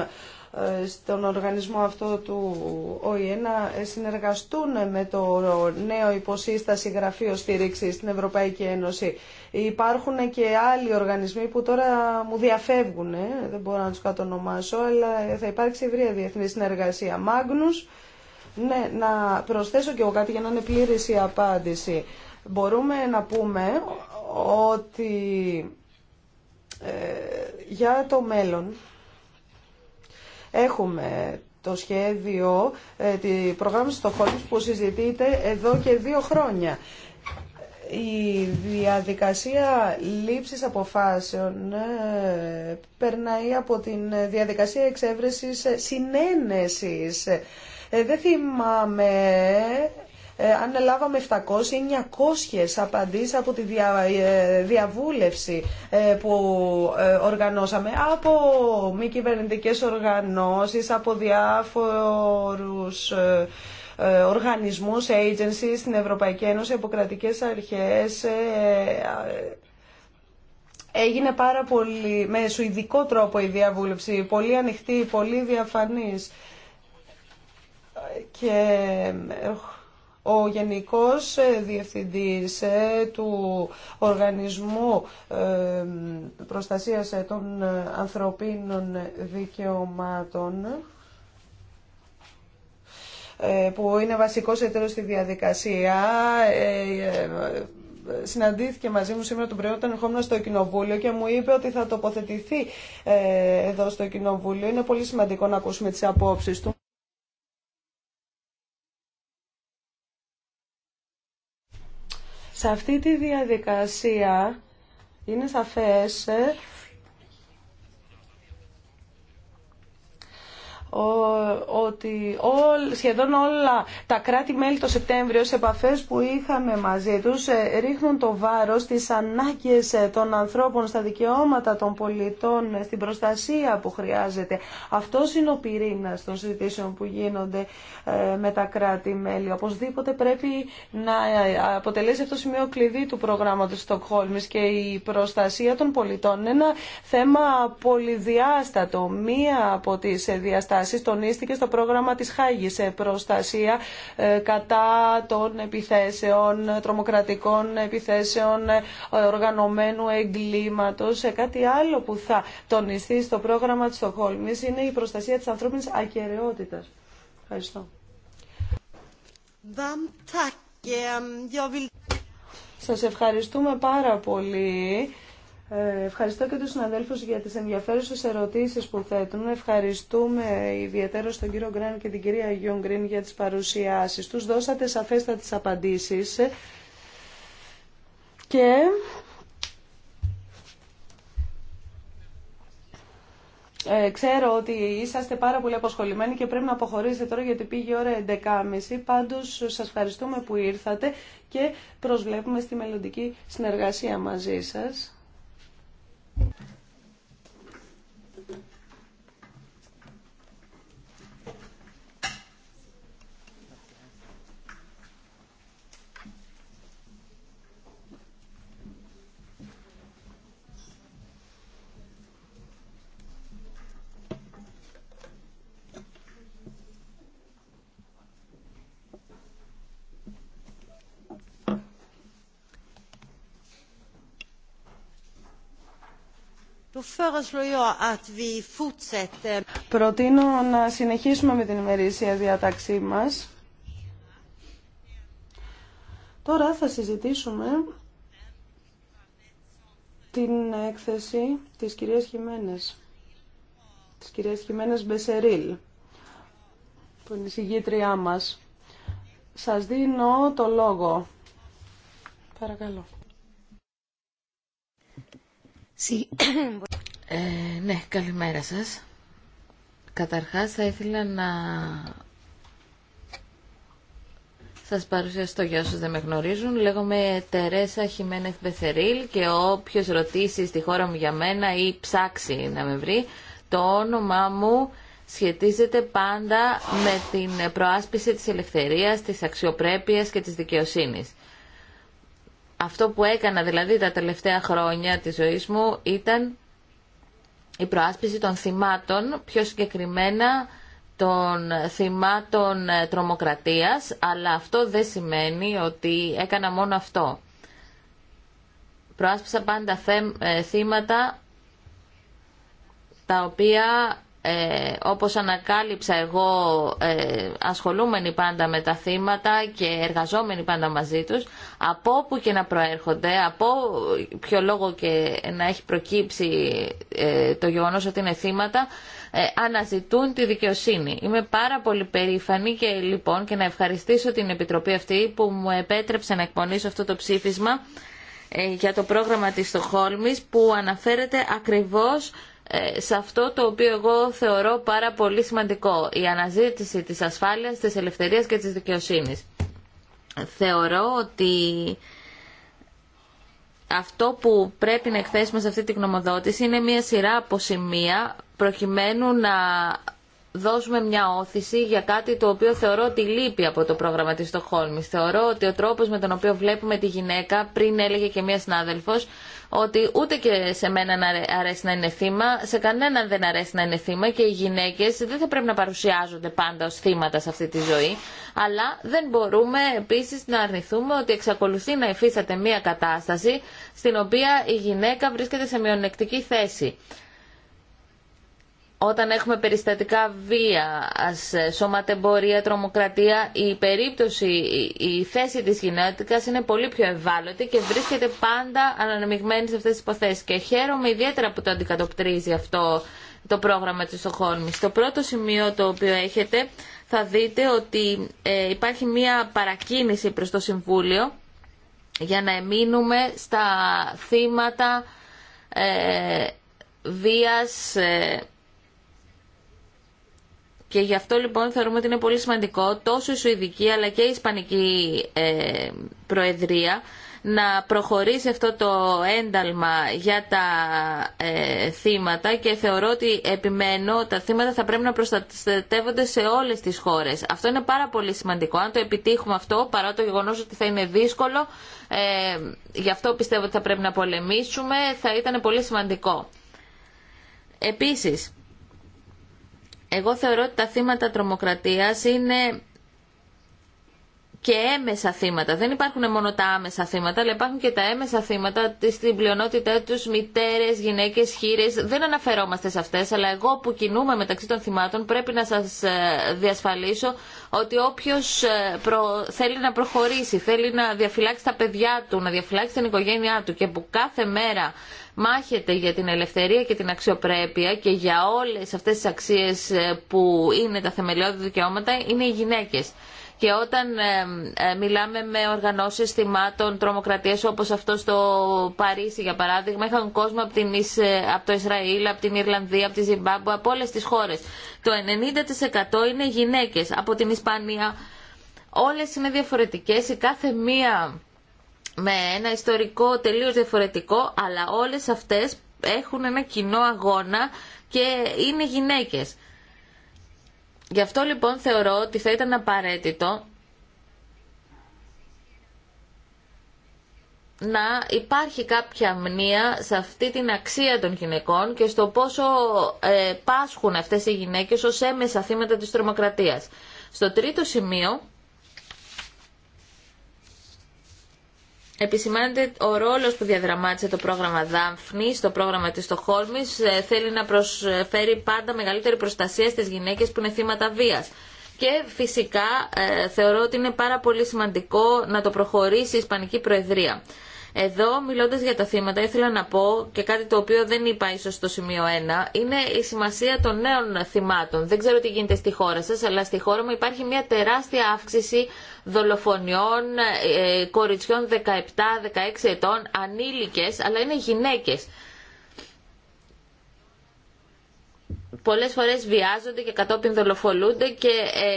ε, στον οργανισμό αυτό του ΟΗΕ να ε, συνεργαστούν με το νέο υποσύσταση γραφείο στήριξη στην Ευρωπαϊκή Ένωση. Υπάρχουν και άλλοι οργανισμοί που τώρα μου διαφεύγουν, ε, δεν μπορώ να τους κατονομάσω, αλλά θα υπάρξει ευρεία διεθνή συνεργασία. Μάγνους, ναι, να προσθέσω και εγώ κάτι για να είναι πλήρης η απάντηση. Μπορούμε να πούμε ότι για το μέλλον Έχουμε το σχέδιο ε, τη τη στο Στοχόλμης που συζητείται εδώ και δύο χρόνια. Η διαδικασία λήψης αποφάσεων ε, περνάει από την διαδικασία εξέβρεσης συνένεσης. Ε, δεν θυμάμαι ε, αν 700 900 απαντήσεις από τη ε, διαβούλευση ε, που οργανώσαμε από μη κυβερνητικέ οργανώσεις, από διάφορους οργανισμούς, agencies στην Ευρωπαϊκή Ένωση, από κρατικές αρχές, Έγινε πάρα πολύ, με σουηδικό τρόπο η διαβούλευση, πολύ ανοιχτή, πολύ διαφανής και ο Γενικός Διευθυντής ε, του Οργανισμού ε, Προστασίας ε, των Ανθρωπίνων Δικαιωμάτων που είναι βασικός εταίρος στη διαδικασία συναντήθηκε μαζί μου σήμερα τον πρωί όταν ερχόμουν στο Κοινοβούλιο και μου είπε ότι θα τοποθετηθεί εδώ στο Κοινοβούλιο. Είναι πολύ σημαντικό να ακούσουμε τις απόψεις του. Σε αυτή τη διαδικασία είναι σαφές ε, ότι ό, σχεδόν όλα τα κράτη-μέλη το Σεπτέμβριο σε επαφές που είχαμε μαζί τους ε, ρίχνουν το βάρος στις ανάγκες ε, των ανθρώπων, στα δικαιώματα των πολιτών, ε, στην προστασία που χρειάζεται. Αυτό είναι πυρήνα των συζητήσεων που γίνονται με τα κράτη-μέλη. Οπωσδήποτε πρέπει να αποτελέσει αυτό το σημείο κλειδί του προγράμματος Στοκχόλμης και η προστασία των πολιτών. Ένα θέμα πολυδιάστατο, μία από τις τονίστηκε στο πρόγραμμα της σε προστασία ε, κατά των επιθέσεων, τρομοκρατικών επιθέσεων, ε, οργανωμένου εγκλήματος. Ε, κάτι άλλο που θα τονιστεί στο πρόγραμμα τη Στοχόλμη είναι η προστασία τη ανθρώπινη ακαιρεότητα. Ευχαριστώ. Σας ευχαριστούμε πάρα πολύ. Ε, ευχαριστώ και τους συναδέλφους για τις ενδιαφέρουσες ερωτήσεις που θέτουν. Ευχαριστούμε ιδιαίτερα τον κύριο Γκράν και την κυρία Γιόγκριν για τις παρουσιάσεις τους. Δώσατε σαφέστα τις απαντήσεις και... Ε, ξέρω ότι είσαστε πάρα πολύ αποσχολημένοι και πρέπει να αποχωρήσετε τώρα γιατί πήγε ώρα 11.30. Πάντως σας ευχαριστούμε που ήρθατε και προσβλέπουμε στη μελλοντική συνεργασία μαζί σας. Υπότιτλοι AUTHORWAVE Ε, Προτείνω να συνεχίσουμε με την ημερήσια διαταξή μας. Τώρα θα συζητήσουμε την έκθεση της κυρίας Χιμένες, της κυρίας Χιμένες Μπεσερίλ, που είναι η συγγήτριά μας. Σας δίνω το λόγο. Παρακαλώ. Ε, ναι, καλημέρα σας. Καταρχάς θα ήθελα να σας παρουσιαστώ για όσους δεν με γνωρίζουν. Λέγομαι Τερέσα Χιμένεθ Μπεθερίλ και όποιος ρωτήσει στη χώρα μου για μένα ή ψάξει να με βρει, το όνομά μου σχετίζεται πάντα με την προάσπιση της ελευθερίας, της αξιοπρέπειας και της δικαιοσύνης. Αυτό που έκανα δηλαδή τα τελευταία χρόνια της ζωής μου ήταν η προάσπιση των θυμάτων, πιο συγκεκριμένα των θυμάτων ε, τρομοκρατίας, αλλά αυτό δεν σημαίνει ότι έκανα μόνο αυτό. Προάσπισα πάντα ε, θύματα τα οποία ε, όπως ανακάλυψα εγώ ε, ασχολούμενοι πάντα με τα θύματα και εργαζόμενοι πάντα μαζί τους από όπου και να προέρχονται από ποιο λόγο και να έχει προκύψει ε, το γεγονός ότι είναι θύματα ε, αναζητούν τη δικαιοσύνη. Είμαι πάρα πολύ περήφανη και λοιπόν και να ευχαριστήσω την Επιτροπή αυτή που μου επέτρεψε να εκπονήσω αυτό το ψήφισμα ε, για το πρόγραμμα της Στοχόλμης που αναφέρεται ακριβώς ε, σε αυτό το οποίο εγώ θεωρώ πάρα πολύ σημαντικό, η αναζήτηση της ασφάλειας, της ελευθερίας και της δικαιοσύνης. Θεωρώ ότι αυτό που πρέπει να εκθέσουμε σε αυτή τη γνωμοδότηση είναι μια σειρά από σημεία προκειμένου να δώσουμε μια όθηση για κάτι το οποίο θεωρώ ότι λείπει από το πρόγραμμα της Στοχόλμης. Θεωρώ ότι ο τρόπος με τον οποίο βλέπουμε τη γυναίκα, πριν έλεγε και μια συνάδελφος, ότι ούτε και σε μένα να αρέσει να είναι θύμα, σε κανέναν δεν αρέσει να είναι θύμα και οι γυναίκες δεν θα πρέπει να παρουσιάζονται πάντα ω θύματα σε αυτή τη ζωή, αλλά δεν μπορούμε επίσης να αρνηθούμε ότι εξακολουθεί να υφίσταται μια κατάσταση στην οποία η γυναίκα βρίσκεται σε μειονεκτική θέση όταν έχουμε περιστατικά βία, ε, σωματεμπορία, τρομοκρατία, η περίπτωση, η θέση της γυναίκας είναι πολύ πιο ευάλωτη και βρίσκεται πάντα ανανεμιγμένη σε αυτές τις υποθέσεις. Και χαίρομαι ιδιαίτερα που το αντικατοπτρίζει αυτό το πρόγραμμα της Στοχόλμης. Στο πρώτο σημείο το οποίο έχετε θα δείτε ότι ε, υπάρχει μία παρακίνηση προς το Συμβούλιο για να εμείνουμε στα θύματα ε, βίας και γι' αυτό λοιπόν θεωρούμε ότι είναι πολύ σημαντικό τόσο η Σουηδική αλλά και η Ισπανική ε, Προεδρία να προχωρήσει αυτό το ένταλμα για τα ε, θύματα και θεωρώ ότι επιμένω τα θύματα θα πρέπει να προστατεύονται σε όλες τις χώρες. Αυτό είναι πάρα πολύ σημαντικό. Αν το επιτύχουμε αυτό, παρά το γεγονός ότι θα είναι δύσκολο, ε, γι' αυτό πιστεύω ότι θα πρέπει να πολεμήσουμε, θα ήταν πολύ σημαντικό. Επίσης, εγώ θεωρώ ότι τα θύματα τρομοκρατίας είναι και έμεσα θύματα. Δεν υπάρχουν μόνο τα άμεσα θύματα, αλλά υπάρχουν και τα έμεσα θύματα στην πλειονότητά του μητέρε, γυναίκε, χείρε. Δεν αναφερόμαστε σε αυτέ, αλλά εγώ που κινούμαι μεταξύ των θυμάτων πρέπει να σα ε, διασφαλίσω ότι όποιο ε, θέλει να προχωρήσει, θέλει να διαφυλάξει τα παιδιά του, να διαφυλάξει την οικογένειά του και που κάθε μέρα μάχεται για την ελευθερία και την αξιοπρέπεια και για όλες αυτές τις αξίες ε, που είναι τα θεμελιώδη δικαιώματα είναι οι γυναίκες. Και όταν ε, ε, μιλάμε με οργανώσεις θυμάτων τρομοκρατίας όπως αυτό στο Παρίσι για παράδειγμα είχαν κόσμο από, την, από το Ισραήλ, από την Ιρλανδία, από τη Ζιμπάμπου, από όλες τις χώρες. Το 90% είναι γυναίκες. Από την Ισπανία όλες είναι διαφορετικές. Η κάθε μία με ένα ιστορικό τελείως διαφορετικό, αλλά όλες αυτές έχουν ένα κοινό αγώνα και είναι γυναίκες. Γι' αυτό λοιπόν θεωρώ ότι θα ήταν απαραίτητο να υπάρχει κάποια μνήα σε αυτή την αξία των γυναικών και στο πόσο ε, πάσχουν αυτές οι γυναίκες ως έμεσα θύματα της τρομοκρατίας. Στο τρίτο σημείο Επισημάνεται ο ρόλο που διαδραμάτισε το πρόγραμμα Δάμφνη στο πρόγραμμα της Στοχόλμη. Ε, θέλει να προσφέρει πάντα μεγαλύτερη προστασία στις γυναίκες που είναι θύματα βίας. Και φυσικά ε, θεωρώ ότι είναι πάρα πολύ σημαντικό να το προχωρήσει η Ισπανική Προεδρία. Εδώ, μιλώντα για τα θύματα, ήθελα να πω και κάτι το οποίο δεν είπα ίσω στο σημείο 1, είναι η σημασία των νέων θυμάτων. Δεν ξέρω τι γίνεται στη χώρα σα, αλλά στη χώρα μου υπάρχει μια τεράστια αύξηση δολοφονιών ε, κοριτσιών 17-16 ετών, ανήλικες, αλλά είναι γυναίκες. Πολλές φορές βιάζονται και κατόπιν δολοφολούνται και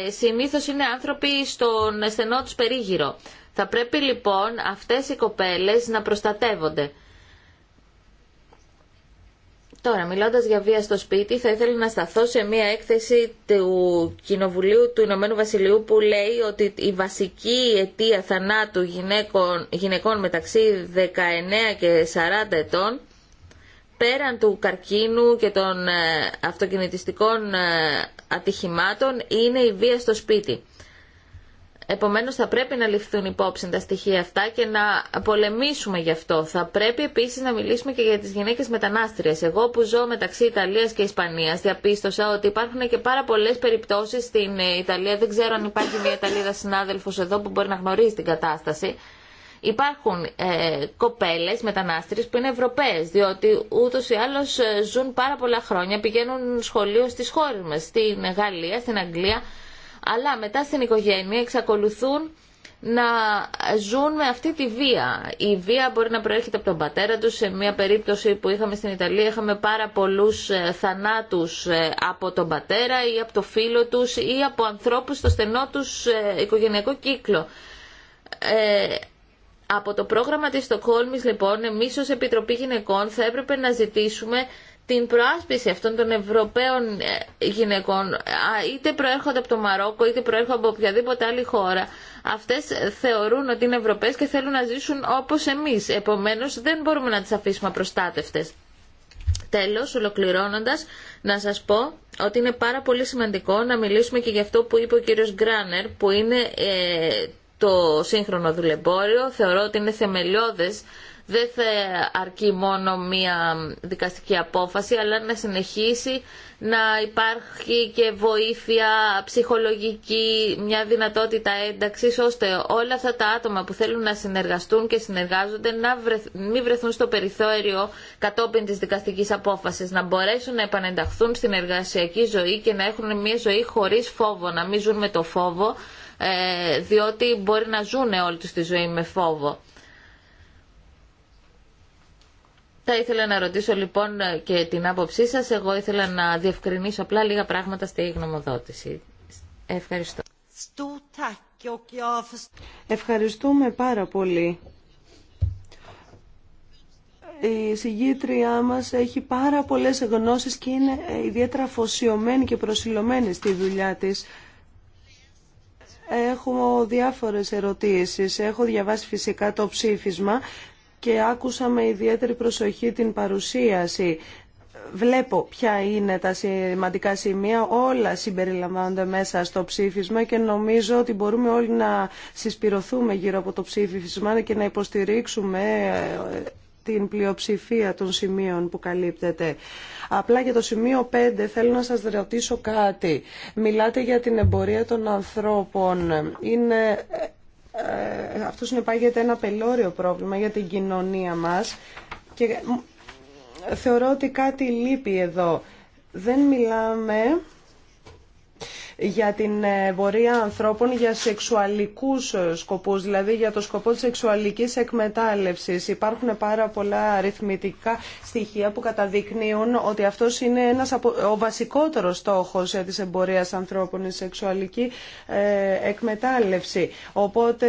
ε, συνήθως είναι άνθρωποι στον στενό τους περίγυρο. Θα πρέπει λοιπόν αυτές οι κοπέλες να προστατεύονται. Τώρα, μιλώντας για βία στο σπίτι, θα ήθελα να σταθώ σε μία έκθεση του Κοινοβουλίου του Ηνωμένου Βασιλείου που λέει ότι η βασική αιτία θανάτου γυναίκων, γυναικών μεταξύ 19 και 40 ετών πέραν του καρκίνου και των ε, αυτοκινητιστικών ε, ατυχημάτων είναι η βία στο σπίτι. Επομένως θα πρέπει να ληφθούν υπόψη τα στοιχεία αυτά και να πολεμήσουμε γι' αυτό. Θα πρέπει επίσης να μιλήσουμε και για τις γυναίκες μετανάστριες. Εγώ που ζω μεταξύ Ιταλίας και Ισπανίας διαπίστωσα ότι υπάρχουν και πάρα πολλές περιπτώσεις στην ε, Ιταλία. Δεν ξέρω αν υπάρχει μια Ιταλίδα συνάδελφος εδώ που μπορεί να γνωρίζει την κατάσταση. Υπάρχουν ε, κοπέλες μετανάστριες που είναι Ευρωπαίες, διότι ούτως ή άλλως ε, ζουν πάρα πολλά χρόνια, πηγαίνουν σχολείο στις χώρες μας, στην Γαλλία, στην Αγγλία αλλά μετά στην οικογένεια εξακολουθούν να ζουν με αυτή τη βία. Η βία μπορεί να προέρχεται από τον πατέρα τους. Σε μια περίπτωση που είχαμε στην Ιταλία είχαμε πάρα πολλούς ε, θανάτους ε, από τον πατέρα ή από το φίλο τους ή από ανθρώπους στο στενό τους ε, οικογενειακό κύκλο. Ε, από το πρόγραμμα της Στοκχόλμης λοιπόν εμείς ως Επιτροπή Γυναικών θα έπρεπε να ζητήσουμε την προάσπιση αυτών των Ευρωπαίων ε, γυναικών, είτε προέρχονται από το Μαρόκο, είτε προέρχονται από οποιαδήποτε άλλη χώρα, αυτές θεωρούν ότι είναι Ευρωπαίες και θέλουν να ζήσουν όπως εμείς. Επομένως, δεν μπορούμε να τις αφήσουμε προστάτευτες. Τέλος, ολοκληρώνοντας, να σας πω ότι είναι πάρα πολύ σημαντικό να μιλήσουμε και για αυτό που είπε ο κύριος Γκράνερ, που είναι ε, το σύγχρονο δουλεμπόριο. Θεωρώ ότι είναι θεμελιώδες δεν θα αρκεί μόνο μία δικαστική απόφαση, αλλά να συνεχίσει να υπάρχει και βοήθεια ψυχολογική, μια δυνατότητα ένταξης, ώστε όλα αυτά τα άτομα που θέλουν να συνεργαστούν και συνεργάζονται να μην βρεθούν στο περιθώριο κατόπιν της δικαστικής απόφασης, να μπορέσουν να επανενταχθούν στην εργασιακή ζωή και να έχουν μια ζωή χωρίς φόβο, να μην ζουν με το φόβο, ε, διότι μπορεί να ζουν όλοι τους τη ζωή με φόβο. Θα ήθελα να ρωτήσω λοιπόν και την άποψή σας. Εγώ ήθελα να διευκρινίσω απλά λίγα πράγματα στη γνωμοδότηση. Ευχαριστώ. Ευχαριστούμε πάρα πολύ. Η συγγήτριά μας έχει πάρα πολλές γνώσεις και είναι ιδιαίτερα αφοσιωμένη και προσιλωμένη στη δουλειά της. Έχω διάφορες ερωτήσεις. Έχω διαβάσει φυσικά το ψήφισμα και άκουσα με ιδιαίτερη προσοχή την παρουσίαση. Βλέπω ποια είναι τα σημαντικά σημεία, όλα συμπεριλαμβάνονται μέσα στο ψήφισμα και νομίζω ότι μπορούμε όλοι να συσπηρωθούμε γύρω από το ψήφισμα και να υποστηρίξουμε ε, την πλειοψηφία των σημείων που καλύπτεται. Απλά για το σημείο 5 θέλω να σας ρωτήσω κάτι. Μιλάτε για την εμπορία των ανθρώπων. Είναι ε, ε, αυτό συνεπάγεται ένα πελώριο πρόβλημα για την κοινωνία μας και θεωρώ ότι κάτι λείπει εδώ. Δεν μιλάμε για την εμπορία ανθρώπων για σεξουαλικούς ε, σκοπούς, δηλαδή για το σκοπό της σεξουαλικής εκμετάλλευσης. Υπάρχουν πάρα πολλά αριθμητικά στοιχεία που καταδεικνύουν ότι αυτός είναι ένας από, ο βασικότερος στόχος ε, της εμπορίας ανθρώπων, η σεξουαλική ε, εκμετάλλευση. Οπότε,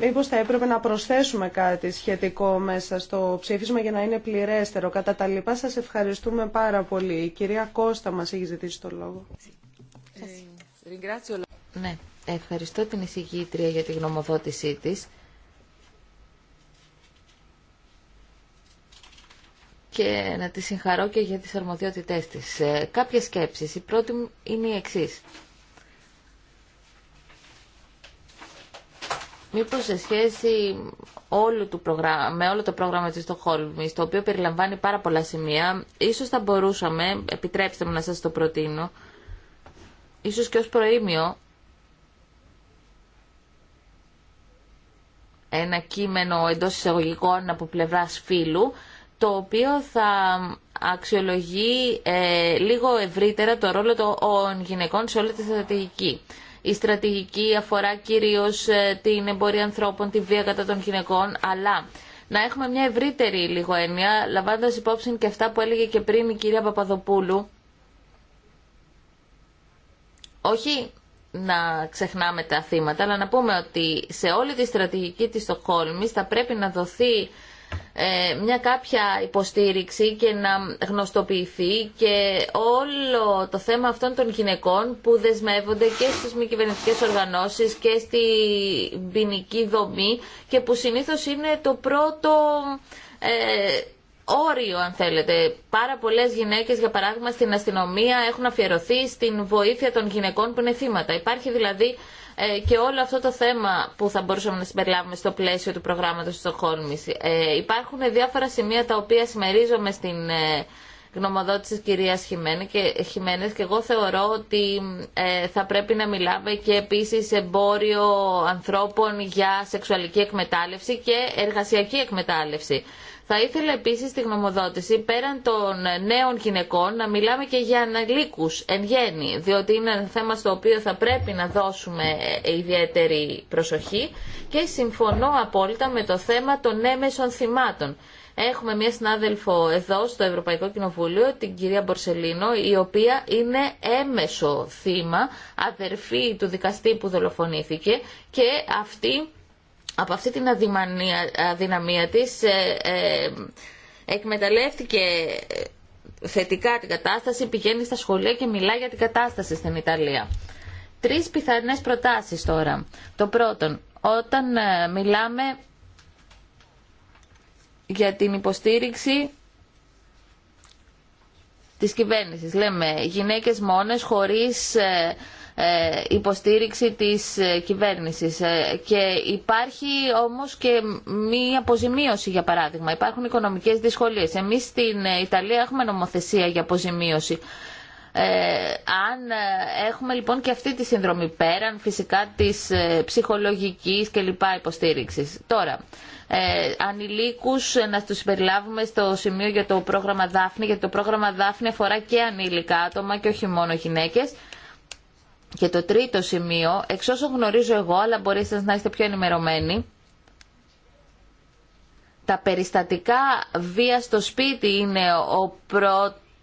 μήπως θα έπρεπε να προσθέσουμε κάτι σχετικό μέσα στο ψήφισμα για να είναι πληρέστερο. Κατά τα λοιπά, σας ευχαριστούμε πάρα πολύ. Η κυρία Κώστα μας έχει ζητήσει το λόγο. Ναι, ευχαριστώ την εισηγήτρια για τη γνωμοδότησή της. και να τη συγχαρώ και για τις αρμοδιότητές της. Ε, κάποιες σκέψεις. Η πρώτη μου είναι η εξής. Μήπως σε σχέση όλου του με όλο το πρόγραμμα της Στοχόλμης, το οποίο περιλαμβάνει πάρα πολλά σημεία, ίσως θα μπορούσαμε, επιτρέψτε μου να σας το προτείνω, ίσως και ως προήμιο, ένα κείμενο εντός εισαγωγικών από πλευράς φύλου, το οποίο θα αξιολογεί ε, λίγο ευρύτερα το ρόλο των γυναικών σε όλη τη στρατηγική. Η στρατηγική αφορά κυρίως ε, την εμπορία ανθρώπων, τη βία κατά των γυναικών, αλλά να έχουμε μια ευρύτερη λίγο έννοια, λαμβάνοντας υπόψη και αυτά που έλεγε και πριν η κυρία Παπαδοπούλου, όχι να ξεχνάμε τα θύματα, αλλά να πούμε ότι σε όλη τη στρατηγική της Στοκόλμης θα πρέπει να δοθεί ε, μια κάποια υποστήριξη και να γνωστοποιηθεί και όλο το θέμα αυτών των γυναικών που δεσμεύονται και στις μη κυβερνητικέ οργανώσεις και στη ποινική δομή και που συνήθως είναι το πρώτο ε, όριο αν θέλετε. Πάρα πολλές γυναίκες για παράδειγμα στην αστυνομία έχουν αφιερωθεί στην βοήθεια των γυναικών που είναι θύματα. Υπάρχει δηλαδή ε, και όλο αυτό το θέμα που θα μπορούσαμε να συμπεριλάβουμε στο πλαίσιο του προγράμματος της Στοχόλμης. Ε, υπάρχουν διάφορα σημεία τα οποία συμμερίζομαι στην ε, γνωμοδότηση της κυρίας Χιμένες και, Χιμένες και εγώ θεωρώ ότι ε, θα πρέπει να μιλάμε και επίσης εμπόριο ανθρώπων για σεξουαλική εκμετάλλευση και εργασιακή εκμετάλλευση. Θα ήθελα επίσης στη γνωμοδότηση πέραν των νέων γυναικών να μιλάμε και για αναλύκου εν γέννη, διότι είναι ένα θέμα στο οποίο θα πρέπει να δώσουμε ε, ιδιαίτερη προσοχή και συμφωνώ απόλυτα με το θέμα των έμεσων θυμάτων. Έχουμε μια συνάδελφο εδώ στο Ευρωπαϊκό Κοινοβούλιο, την κυρία Μπορσελίνο, η οποία είναι έμεσο θύμα, αδερφή του δικαστή που δολοφονήθηκε και αυτή από αυτή την αδυναμία, αδυναμία της ε, ε, εκμεταλλεύτηκε θετικά την κατάσταση, πηγαίνει στα σχολεία και μιλά για την κατάσταση στην Ιταλία. Τρεις πιθανές προτάσεις τώρα. Το πρώτον, όταν ε, μιλάμε για την υποστήριξη της κυβέρνησης. Λέμε γυναίκες μόνες χωρίς ε, ε, υποστήριξη της ε, κυβέρνησης. Ε, και υπάρχει όμως και μία αποζημίωση, για παράδειγμα. Υπάρχουν οικονομικές δυσκολίες. Εμείς στην Ιταλία έχουμε νομοθεσία για αποζημίωση. αν έχουμε λοιπόν και αυτή τη συνδρομή πέραν φυσικά της ψυχολογικής και λοιπά υποστήριξης. Τώρα, ε, ανηλίκους να τους συμπεριλάβουμε στο σημείο για το πρόγραμμα Δάφνη, γιατί το πρόγραμμα Δάφνη αφορά και ανήλικα άτομα και όχι μόνο γυναίκες και το τρίτο σημείο, εξ όσων γνωρίζω εγώ, αλλά μπορείτε να είστε πιο ενημερωμένοι, τα περιστατικά βία στο σπίτι είναι ο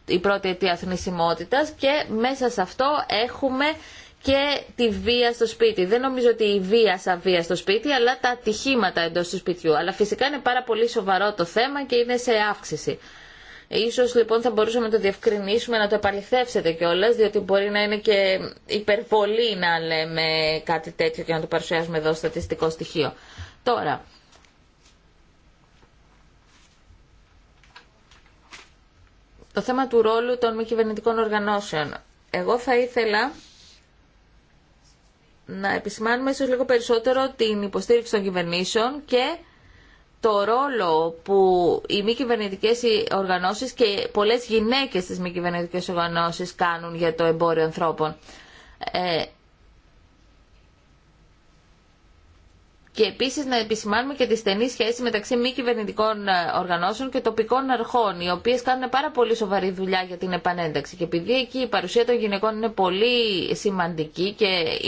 η πρώτη αιτία θνησιμότητας και μέσα σε αυτό έχουμε και τη βία στο σπίτι. Δεν νομίζω ότι η βία σαν βία στο σπίτι, αλλά τα ατυχήματα εντός του σπιτιού. Αλλά φυσικά είναι πάρα πολύ σοβαρό το θέμα και είναι σε αύξηση. Ίσως λοιπόν θα μπορούσαμε να το διευκρινίσουμε, να το επαληθεύσετε κιόλα, διότι μπορεί να είναι και υπερβολή να λέμε κάτι τέτοιο και να το παρουσιάζουμε εδώ στατιστικό στοιχείο. Τώρα, το θέμα του ρόλου των μη κυβερνητικών οργανώσεων. Εγώ θα ήθελα να επισημάνουμε ίσως λίγο περισσότερο την υποστήριξη των κυβερνήσεων και το ρόλο που οι μη κυβερνητικέ οργανώσεις και πολλές γυναίκες στις μη κυβερνητικέ οργανώσεις κάνουν για το εμπόριο ανθρώπων. Ε, και επίσης να επισημάνουμε και τη στενή σχέση μεταξύ μη κυβερνητικών ε, οργανώσεων και τοπικών αρχών, οι οποίες κάνουν πάρα πολύ σοβαρή δουλειά για την επανένταξη. Και επειδή εκεί η παρουσία των γυναικών είναι πολύ σημαντική και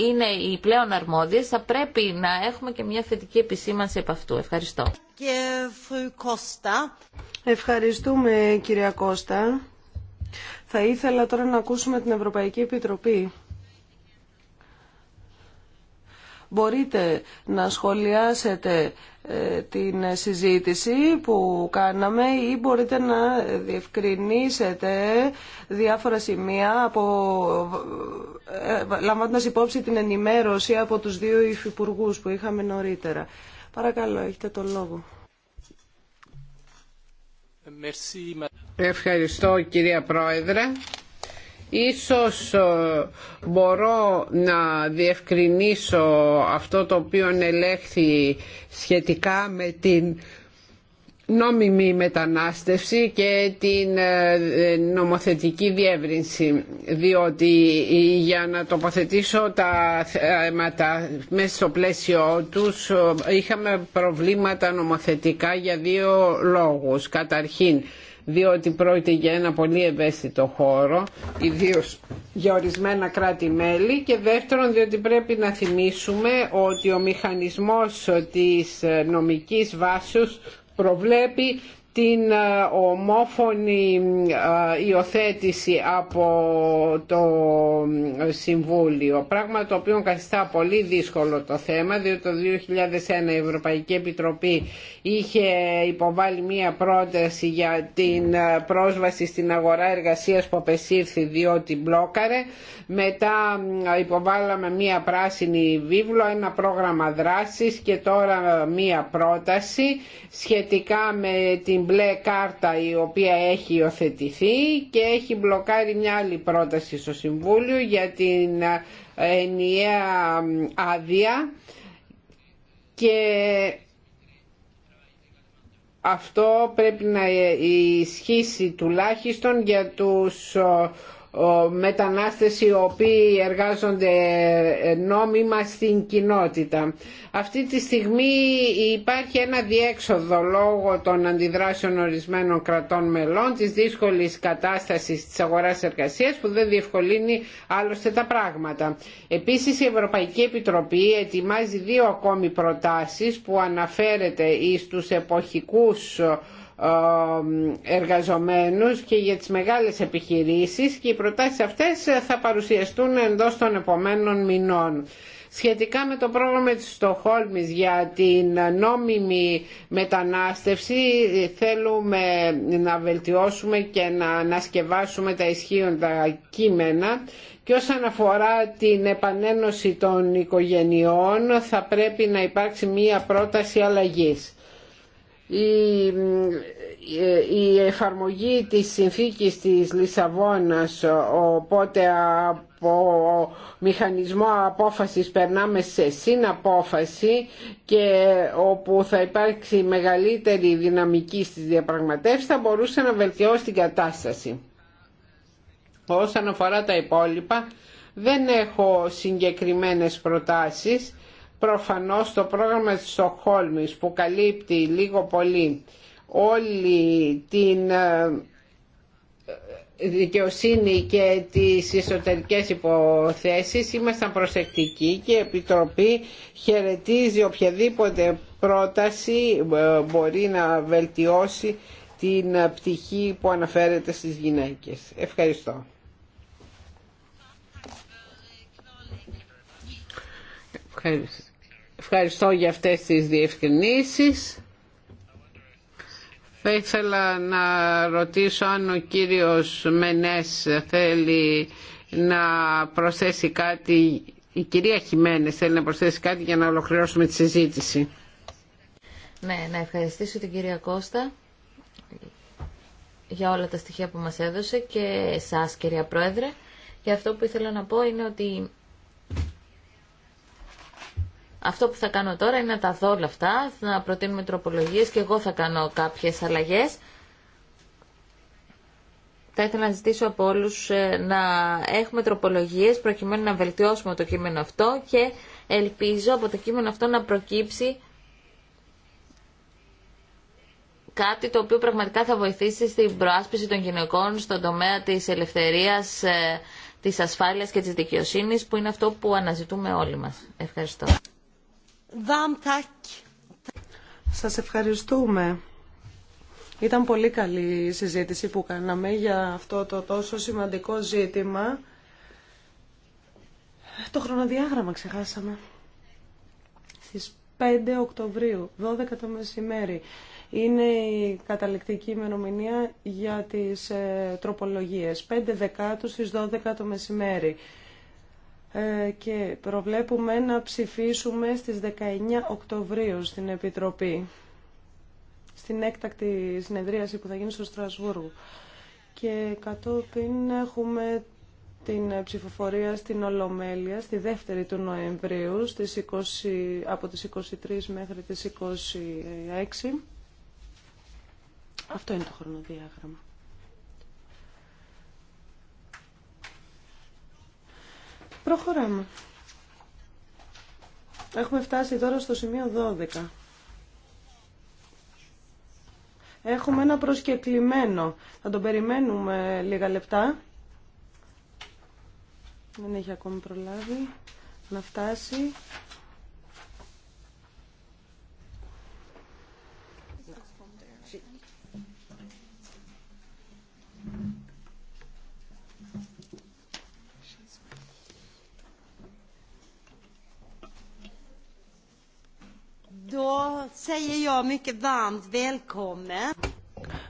είναι οι πλέον αρμόδιες, θα πρέπει να έχουμε και μια θετική επισήμανση από αυτού. Ευχαριστώ. Ευχαριστούμε κυρία Κώστα. Θα ήθελα τώρα να ακούσουμε την Ευρωπαϊκή Επιτροπή. μπορείτε να σχολιάσετε ε, την συζήτηση που κάναμε ή μπορείτε να διευκρινίσετε διάφορα σημεία από, ε, ε, λαμβάνοντας υπόψη την ενημέρωση από τους δύο υφυπουργούς που είχαμε νωρίτερα. Παρακαλώ, έχετε τον λόγο. Ευχαριστώ κυρία Πρόεδρε. Ίσως ε, μπορώ να διευκρινίσω αυτό το οποίο ελέγχθη σχετικά με την νόμιμη μετανάστευση και την ε, ε, νομοθετική διεύρυνση διότι για να τοποθετήσω τα θέματα μέσα στο πλαίσιο τους είχαμε προβλήματα νομοθετικά για δύο λόγους. Καταρχήν διότι πρόκειται για ένα πολύ ευαίσθητο χώρο, ιδίω για ορισμένα κράτη-μέλη και δεύτερον διότι πρέπει να θυμίσουμε ότι ο μηχανισμός της νομικής βάσης προβλέπει την ε, ομόφωνη ε, υιοθέτηση από το Συμβούλιο. Πράγμα το οποίο καθιστά πολύ δύσκολο το θέμα, διότι το 2001 η Ευρωπαϊκή Επιτροπή είχε υποβάλει μία πρόταση για την ε, πρόσβαση στην αγορά εργασίας που απεσήρθη διότι μπλόκαρε. Μετά υποβάλαμε μία πράσινη βίβλο, ένα πρόγραμμα δράσης και τώρα μία πρόταση σχετικά με την μπλε κάρτα η οποία έχει υιοθετηθεί και έχει μπλοκάρει μια άλλη πρόταση στο Συμβούλιο για την ε, ενιαία άδεια και αυτό πρέπει να ε, ισχύσει τουλάχιστον για τους ε, μετανάστες οι οποίοι εργάζονται νόμιμα στην κοινότητα. Αυτή τη στιγμή υπάρχει ένα διέξοδο λόγω των αντιδράσεων ορισμένων κρατών μελών, της δύσκολης κατάστασης της αγοράς εργασίας που δεν διευκολύνει άλλωστε τα πράγματα. Επίσης η Ευρωπαϊκή Επιτροπή ετοιμάζει δύο ακόμη προτάσεις που αναφέρεται τους εποχικούς εργαζομένους και για τις μεγάλες επιχειρήσεις και οι προτάσεις αυτές θα παρουσιαστούν εντός των επόμενων μηνών. Σχετικά με το πρόγραμμα της Στοχόλμης για την νόμιμη μετανάστευση θέλουμε να βελτιώσουμε και να ανασκευάσουμε τα ισχύοντα κείμενα και όσον αφορά την επανένωση των οικογενειών θα πρέπει να υπάρξει μία πρόταση αλλαγής η, εφαρμογή της συνθήκης της Λισαβόνας οπότε από μηχανισμό απόφασης περνάμε σε συναπόφαση και όπου θα υπάρξει μεγαλύτερη δυναμική στις διαπραγματεύσεις θα μπορούσε να βελτιώσει την κατάσταση. Όσον αφορά τα υπόλοιπα δεν έχω συγκεκριμένες προτάσεις Προφανώς το πρόγραμμα της Στοχόλμης που καλύπτει λίγο πολύ όλη την ε, ε, δικαιοσύνη και τις εσωτερικές υποθέσεις ήμασταν προσεκτικοί και η Επιτροπή χαιρετίζει οποιαδήποτε πρόταση ε, μπορεί να βελτιώσει την πτυχή που αναφέρεται στις γυναίκες. Ευχαριστώ. Ευχαριστώ. Ευχαριστώ για αυτές τις διευκρινήσεις. Θα ήθελα να ρωτήσω αν ο κύριος Μενές θέλει να προσθέσει κάτι, η κυρία Χιμένες θέλει να προσθέσει κάτι για να ολοκληρώσουμε τη συζήτηση. Ναι, να ευχαριστήσω την κυρία Κώστα για όλα τα στοιχεία που μας έδωσε και εσάς κυρία Πρόεδρε. Και αυτό που ήθελα να πω είναι ότι αυτό που θα κάνω τώρα είναι να τα δω όλα αυτά, να προτείνουμε τροπολογίες και εγώ θα κάνω κάποιες αλλαγές. Θα ήθελα να ζητήσω από όλους ε, να έχουμε τροπολογίες προκειμένου να βελτιώσουμε το κείμενο αυτό και ελπίζω από το κείμενο αυτό να προκύψει κάτι το οποίο πραγματικά θα βοηθήσει στην προάσπιση των γυναικών στον τομέα της ελευθερίας, ε, της ασφάλειας και της δικαιοσύνης που είναι αυτό που αναζητούμε όλοι μας. Ευχαριστώ. Σας ευχαριστούμε. Ήταν πολύ καλή η συζήτηση που κάναμε για αυτό το τόσο σημαντικό ζήτημα. Το χρονοδιάγραμμα ξεχάσαμε. Στις 5 Οκτωβρίου, 12 το μεσημέρι, είναι η καταληκτική ημερομηνία για τις ε, τροπολογίες. 5 Δεκάτου στις 12 το μεσημέρι. Ε, και προβλέπουμε να ψηφίσουμε στις 19 Οκτωβρίου στην Επιτροπή, στην έκτακτη συνεδρίαση που θα γίνει στο Στρασβούργο. Και κατόπιν έχουμε την ψηφοφορία στην Ολομέλεια, στη 2η του Νοεμβρίου, στις 20, από τις 23 μέχρι τις 26. Αυτό είναι το χρονοδιάγραμμα. Προχωράμε. Έχουμε φτάσει τώρα στο σημείο 12. Έχουμε ένα προσκεκλημένο. Θα τον περιμένουμε λίγα λεπτά. Δεν έχει ακόμη προλάβει να φτάσει.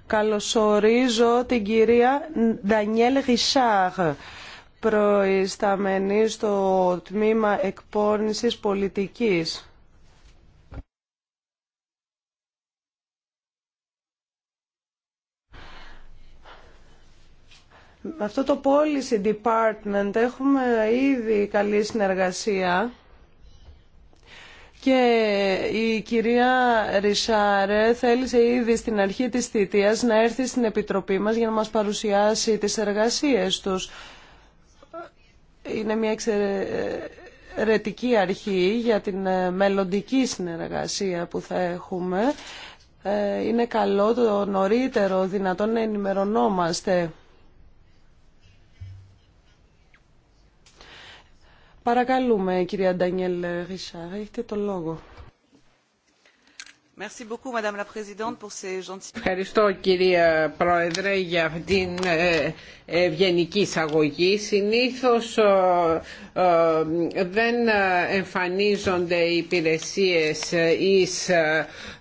Καλωσορίζω την κυρία Ντανιέλ Ρισάρ, προϊσταμένη στο τμήμα εκπόνησης πολιτικής. Με αυτό το policy department έχουμε ήδη καλή συνεργασία. Και η κυρία Ρισάρε θέλησε ήδη στην αρχή της θητείας να έρθει στην Επιτροπή μας για να μας παρουσιάσει τις εργασίες τους. Είναι μια εξαιρετική αρχή για την ε, μελλοντική συνεργασία που θα έχουμε. Ε, είναι καλό το νωρίτερο δυνατόν να ενημερωνόμαστε Παρακαλούμε, κυρία Ντανιέλ Ρισάρ, έχετε το λόγο. Ευχαριστώ κυρία Πρόεδρε για αυτήν ε, ευγενική εισαγωγή. Συνήθως δεν εμφανίζονται οι υπηρεσίες εις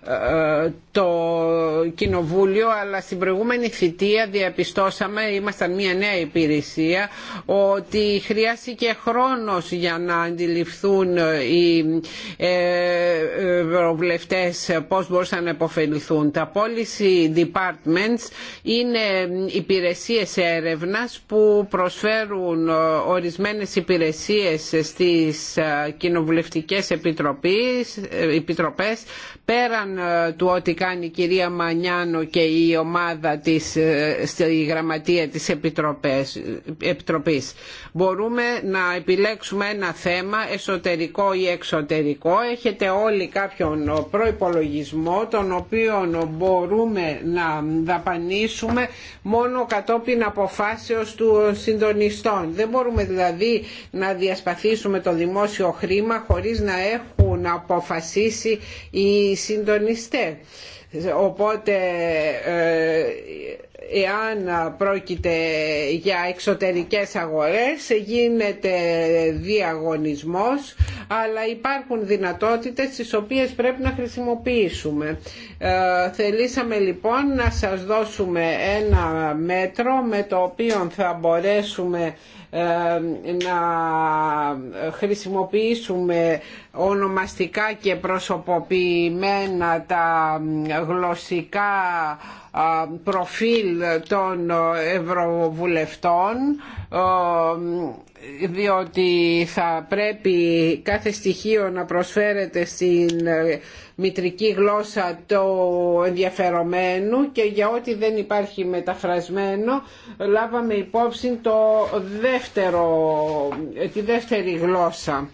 ε, το Κοινοβούλιο αλλά στην προηγούμενη θητεία διαπιστώσαμε, ήμασταν μια νέα υπηρεσία ότι χρειάστηκε χρόνος για να αντιληφθούν οι προβλεφτές ε, πώς μπορούσαν να επωφεληθούν. Τα policy departments είναι υπηρεσίες έρευνας που προσφέρουν ε, ορισμένες υπηρεσίες στις κοινοβουλευτικές επιτροπές πέραν ε, του ό,τι κάνει η κυρία Μανιάνο και η ομάδα της ε, στη γραμματεία της ε, Επιτροπής. Μπορούμε να επιλέξουμε ένα θέμα εσωτερικό ή εξωτερικό. Έχετε όλοι κάποιον προϋπολογισμό τον οποίο μπορούμε να δαπανίσουμε μόνο κατόπιν αποφάσεως του συντονιστών. Δεν μπορούμε δηλαδή να διασπαθήσουμε το δημόσιο χρήμα χωρίς να έχουν αποφασίσει οι συντονιστές. Οπότε ε, εάν πρόκειται για εξωτερικές αγορές γίνεται διαγωνισμός αλλά υπάρχουν δυνατότητες τις οποίες πρέπει να χρησιμοποιήσουμε. Ε, θελήσαμε λοιπόν να σας δώσουμε ένα μέτρο με το οποίο θα μπορέσουμε ε, να χρησιμοποιήσουμε ονομαστικά και προσωποποιημένα τα γλωσσικά προφίλ των ευρωβουλευτών διότι θα πρέπει κάθε στοιχείο να προσφέρεται στην ε, μητρική γλώσσα το ενδιαφερομένου και για ό,τι δεν υπάρχει μεταφρασμένο λάβαμε υπόψη το δεύτερο, ε, τη δεύτερη γλώσσα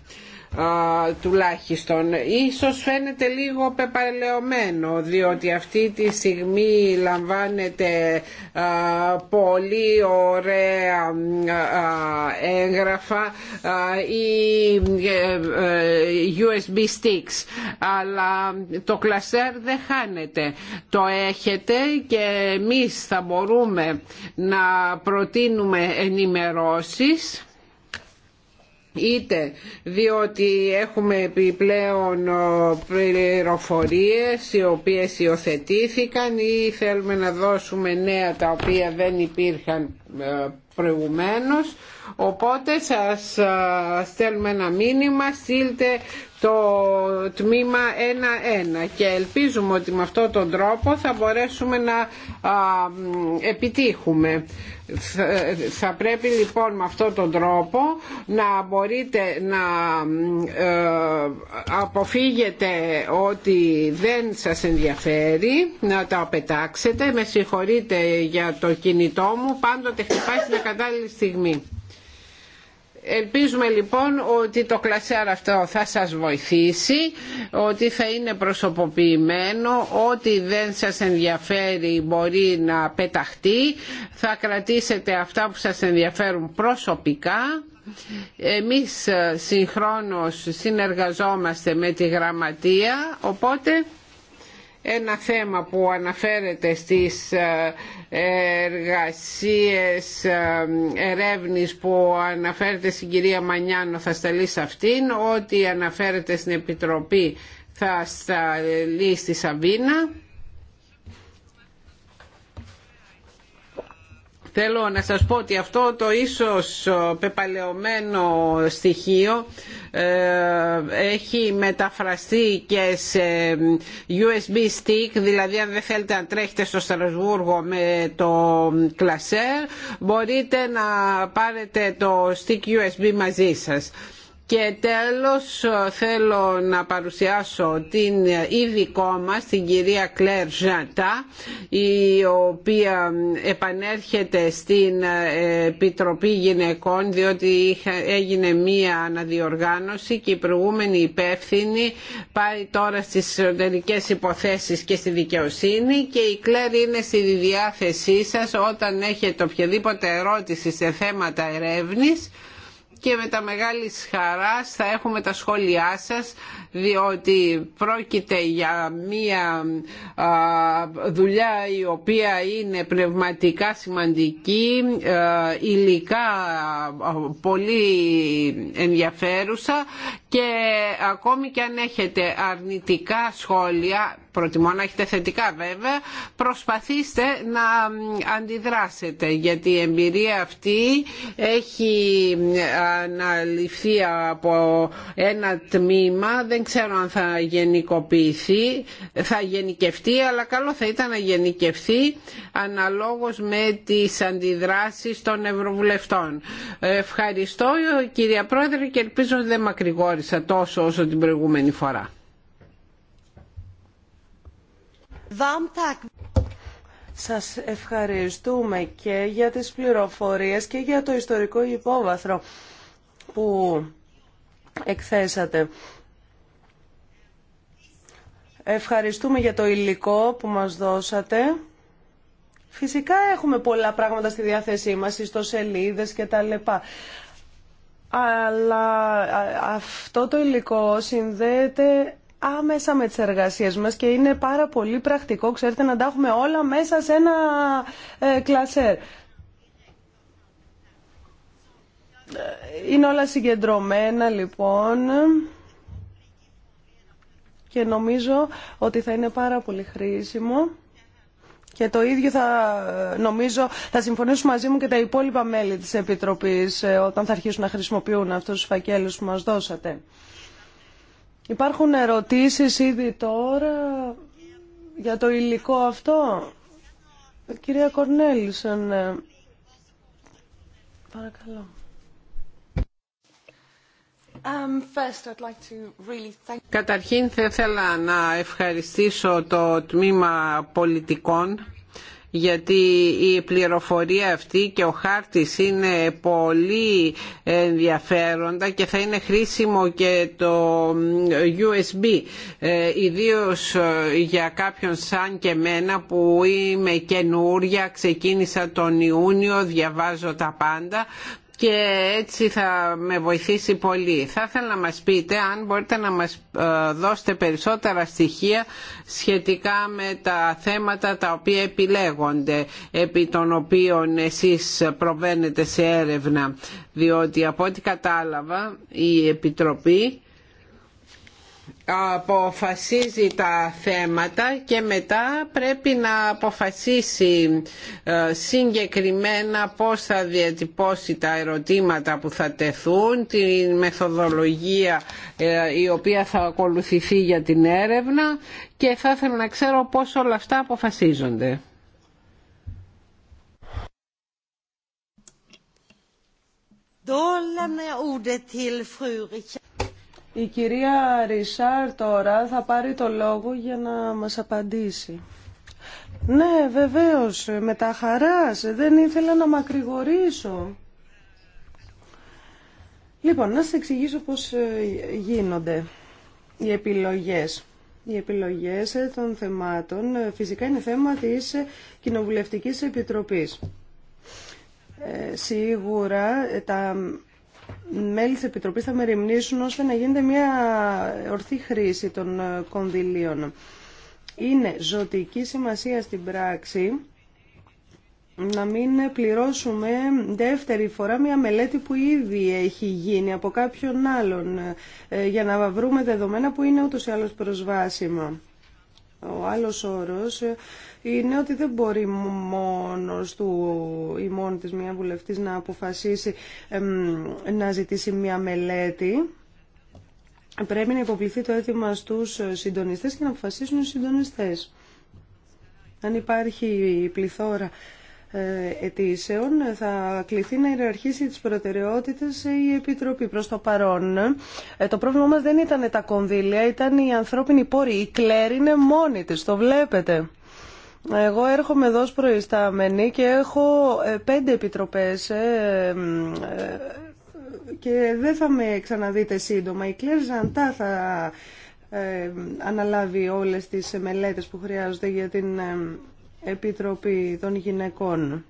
τουλάχιστον. Ίσως φαίνεται λίγο πεπαλαιωμένο διότι αυτή τη στιγμή λαμβάνεται πολύ ωραία έγγραφα ή ε, ε, USB sticks αλλά το κλασέρ δεν χάνεται. Το έχετε και εμείς θα μπορούμε να προτείνουμε ενημερώσεις είτε διότι έχουμε επιπλέον πληροφορίες οι οποίες υιοθετήθηκαν ή θέλουμε να δώσουμε νέα τα οποία δεν υπήρχαν ε, προηγουμένως οπότε σας ε, στέλνουμε ένα μήνυμα στείλτε το τμήμα 1-1 και ελπίζουμε ότι με αυτόν τον τρόπο θα μπορέσουμε να επιτύχουμε. Θα πρέπει λοιπόν με αυτόν τον τρόπο να μπορείτε να ε, αποφύγετε ότι δεν σας ενδιαφέρει, να τα πετάξετε. Με συγχωρείτε για το κινητό μου, πάντοτε χτυπάει στην κατάλληλη στιγμή. Ελπίζουμε λοιπόν ότι το κλασσάρ αυτό θα σας βοηθήσει, ότι θα είναι προσωποποιημένο, ότι δεν σας ενδιαφέρει μπορεί να πεταχτεί, θα κρατήσετε αυτά που σας ενδιαφέρουν προσωπικά. Εμείς ε, συγχρόνως συνεργαζόμαστε με τη γραμματεία, οπότε ένα θέμα που αναφέρεται στις ε, εργασίες ε, ερεύνης που αναφέρεται στην κυρία Μανιάνο θα σταλεί σε αυτήν, ό,τι αναφέρεται στην Επιτροπή θα σταλεί στη Σαβίνα. Θέλω να σας πω ότι αυτό το ίσως πεπαλαιωμένο στοιχείο ε, έχει μεταφραστεί και σε USB stick, δηλαδή αν δεν θέλετε να τρέχετε στο Στρασβούργο με το κλασέρ, μπορείτε να πάρετε το stick USB μαζί σας. Και τέλος ε, θέλω να παρουσιάσω την ε, ειδικό μας, την κυρία Κλέρ Ζαντά, η οποία επανέρχεται στην ε, Επιτροπή Γυναικών, διότι έγινε μία αναδιοργάνωση και η προηγούμενη υπεύθυνη πάει τώρα στις εσωτερικέ υποθέσεις και στη δικαιοσύνη και η Κλέρ είναι στη διάθεσή σας όταν έχετε οποιαδήποτε ερώτηση σε θέματα ερεύνης και με τα μεγάλη χαράς θα έχουμε τα σχόλιά σας διότι πρόκειται για μία δουλειά η οποία είναι πνευματικά σημαντική, υλικά πολύ ενδιαφέρουσα και ακόμη και αν έχετε αρνητικά σχόλια, προτιμώ να έχετε θετικά βέβαια, προσπαθήστε να αντιδράσετε γιατί η εμπειρία αυτή έχει ληφθεί από ένα τμήμα, δεν ξέρω αν θα γενικοποιηθεί, θα γενικευτεί, αλλά καλό θα ήταν να γενικευτεί αναλόγως με τις αντιδράσεις των Ευρωβουλευτών. Ευχαριστώ κυρία Πρόεδρε και ελπίζω ότι δεν μακρηγόρησα τόσο όσο την προηγούμενη φορά. Σας ευχαριστούμε και για τις πληροφορίες και για το ιστορικό υπόβαθρο που εκθέσατε. Ευχαριστούμε για το υλικό που μας δώσατε. Φυσικά έχουμε πολλά πράγματα στη διάθεσή μας, ιστοσελίδες και τα λεπά. Αλλά αυτό το υλικό συνδέεται άμεσα με τις εργασίες μας και είναι πάρα πολύ πρακτικό, ξέρετε, να τα έχουμε όλα μέσα σε ένα ε, κλασέρ. Είναι όλα συγκεντρωμένα λοιπόν και νομίζω ότι θα είναι πάρα πολύ χρήσιμο και το ίδιο θα νομίζω θα συμφωνήσουν μαζί μου και τα υπόλοιπα μέλη της Επιτροπής ε, όταν θα αρχίσουν να χρησιμοποιούν αυτούς τους φακέλους που μας δώσατε. Υπάρχουν ερωτήσεις ήδη τώρα για το υλικό αυτό. Κυρία Κορνέλισον, ε, παρακαλώ. Um, Καταρχήν θα ήθελα να ευχαριστήσω το τμήμα πολιτικών γιατί η πληροφορία αυτή και ο χάρτης είναι πολύ ενδιαφέροντα και θα είναι χρήσιμο και το USB ε, ιδίως ε, για κάποιον σαν και μένα που είμαι καινούρια ξεκίνησα τον Ιούνιο διαβάζω τα πάντα και έτσι θα με βοηθήσει πολύ. Θα ήθελα να μας πείτε αν μπορείτε να μας ε, δώσετε περισσότερα στοιχεία σχετικά με τα θέματα τα οποία επιλέγονται επί των οποίων εσείς προβαίνετε σε έρευνα διότι από ό,τι κατάλαβα η Επιτροπή αποφασίζει τα θέματα και μετά πρέπει να αποφασίσει ε, συγκεκριμένα πώς θα διατυπώσει τα ερωτήματα που θα τεθούν, τη μεθοδολογία ε, η οποία θα ακολουθηθεί για την έρευνα και θα ήθελα να ξέρω πώς όλα αυτά αποφασίζονται. Η κυρία Ρισάρ τώρα θα πάρει το λόγο για να μας απαντήσει. Ναι, βεβαίως, με τα χαράς. Δεν ήθελα να μακρηγορήσω. Λοιπόν, να σας εξηγήσω πώς ε, γίνονται οι επιλογές. Οι επιλογές ε, των θεμάτων ε, φυσικά είναι θέμα της Κοινοβουλευτικής Επιτροπής. σίγουρα τα μέλη της Επιτροπής θα μεριμνήσουν ώστε να γίνεται μια ορθή χρήση των ε, κονδυλίων. Είναι ζωτική σημασία στην πράξη να μην πληρώσουμε δεύτερη φορά μια μελέτη που ήδη έχει γίνει από κάποιον άλλον ε, για να βρούμε δεδομένα που είναι ούτως ή άλλως προσβάσιμα. Ο άλλος όρος είναι ότι δεν μπορεί μόνος του ή μόνη της μια βουλευτής να αποφασίσει να ζητήσει μια μελέτη. Πρέπει να υποβληθεί το αίτημα στους συντονιστές και να αποφασίσουν οι συντονιστές. Αν υπάρχει πληθώρα ε, αιτήσεων θα κληθεί να ιεραρχήσει τις προτεραιότητες η Επιτροπή προς το παρόν. Ε, το πρόβλημα μας δεν ήταν τα κονδύλια, ήταν οι ανθρώπινοι πόροι. Η Κλέρ είναι μόνη της, το βλέπετε. Εγώ έρχομαι εδώ ως προϊστάμενη και έχω ε, πέντε επιτροπές και δεν θα με ξαναδείτε σύντομα. Η Κλέρ Ζαντά θα αναλάβει όλες τις μελέτες που χρειάζονται για την Επιτροπή των Γυναικών.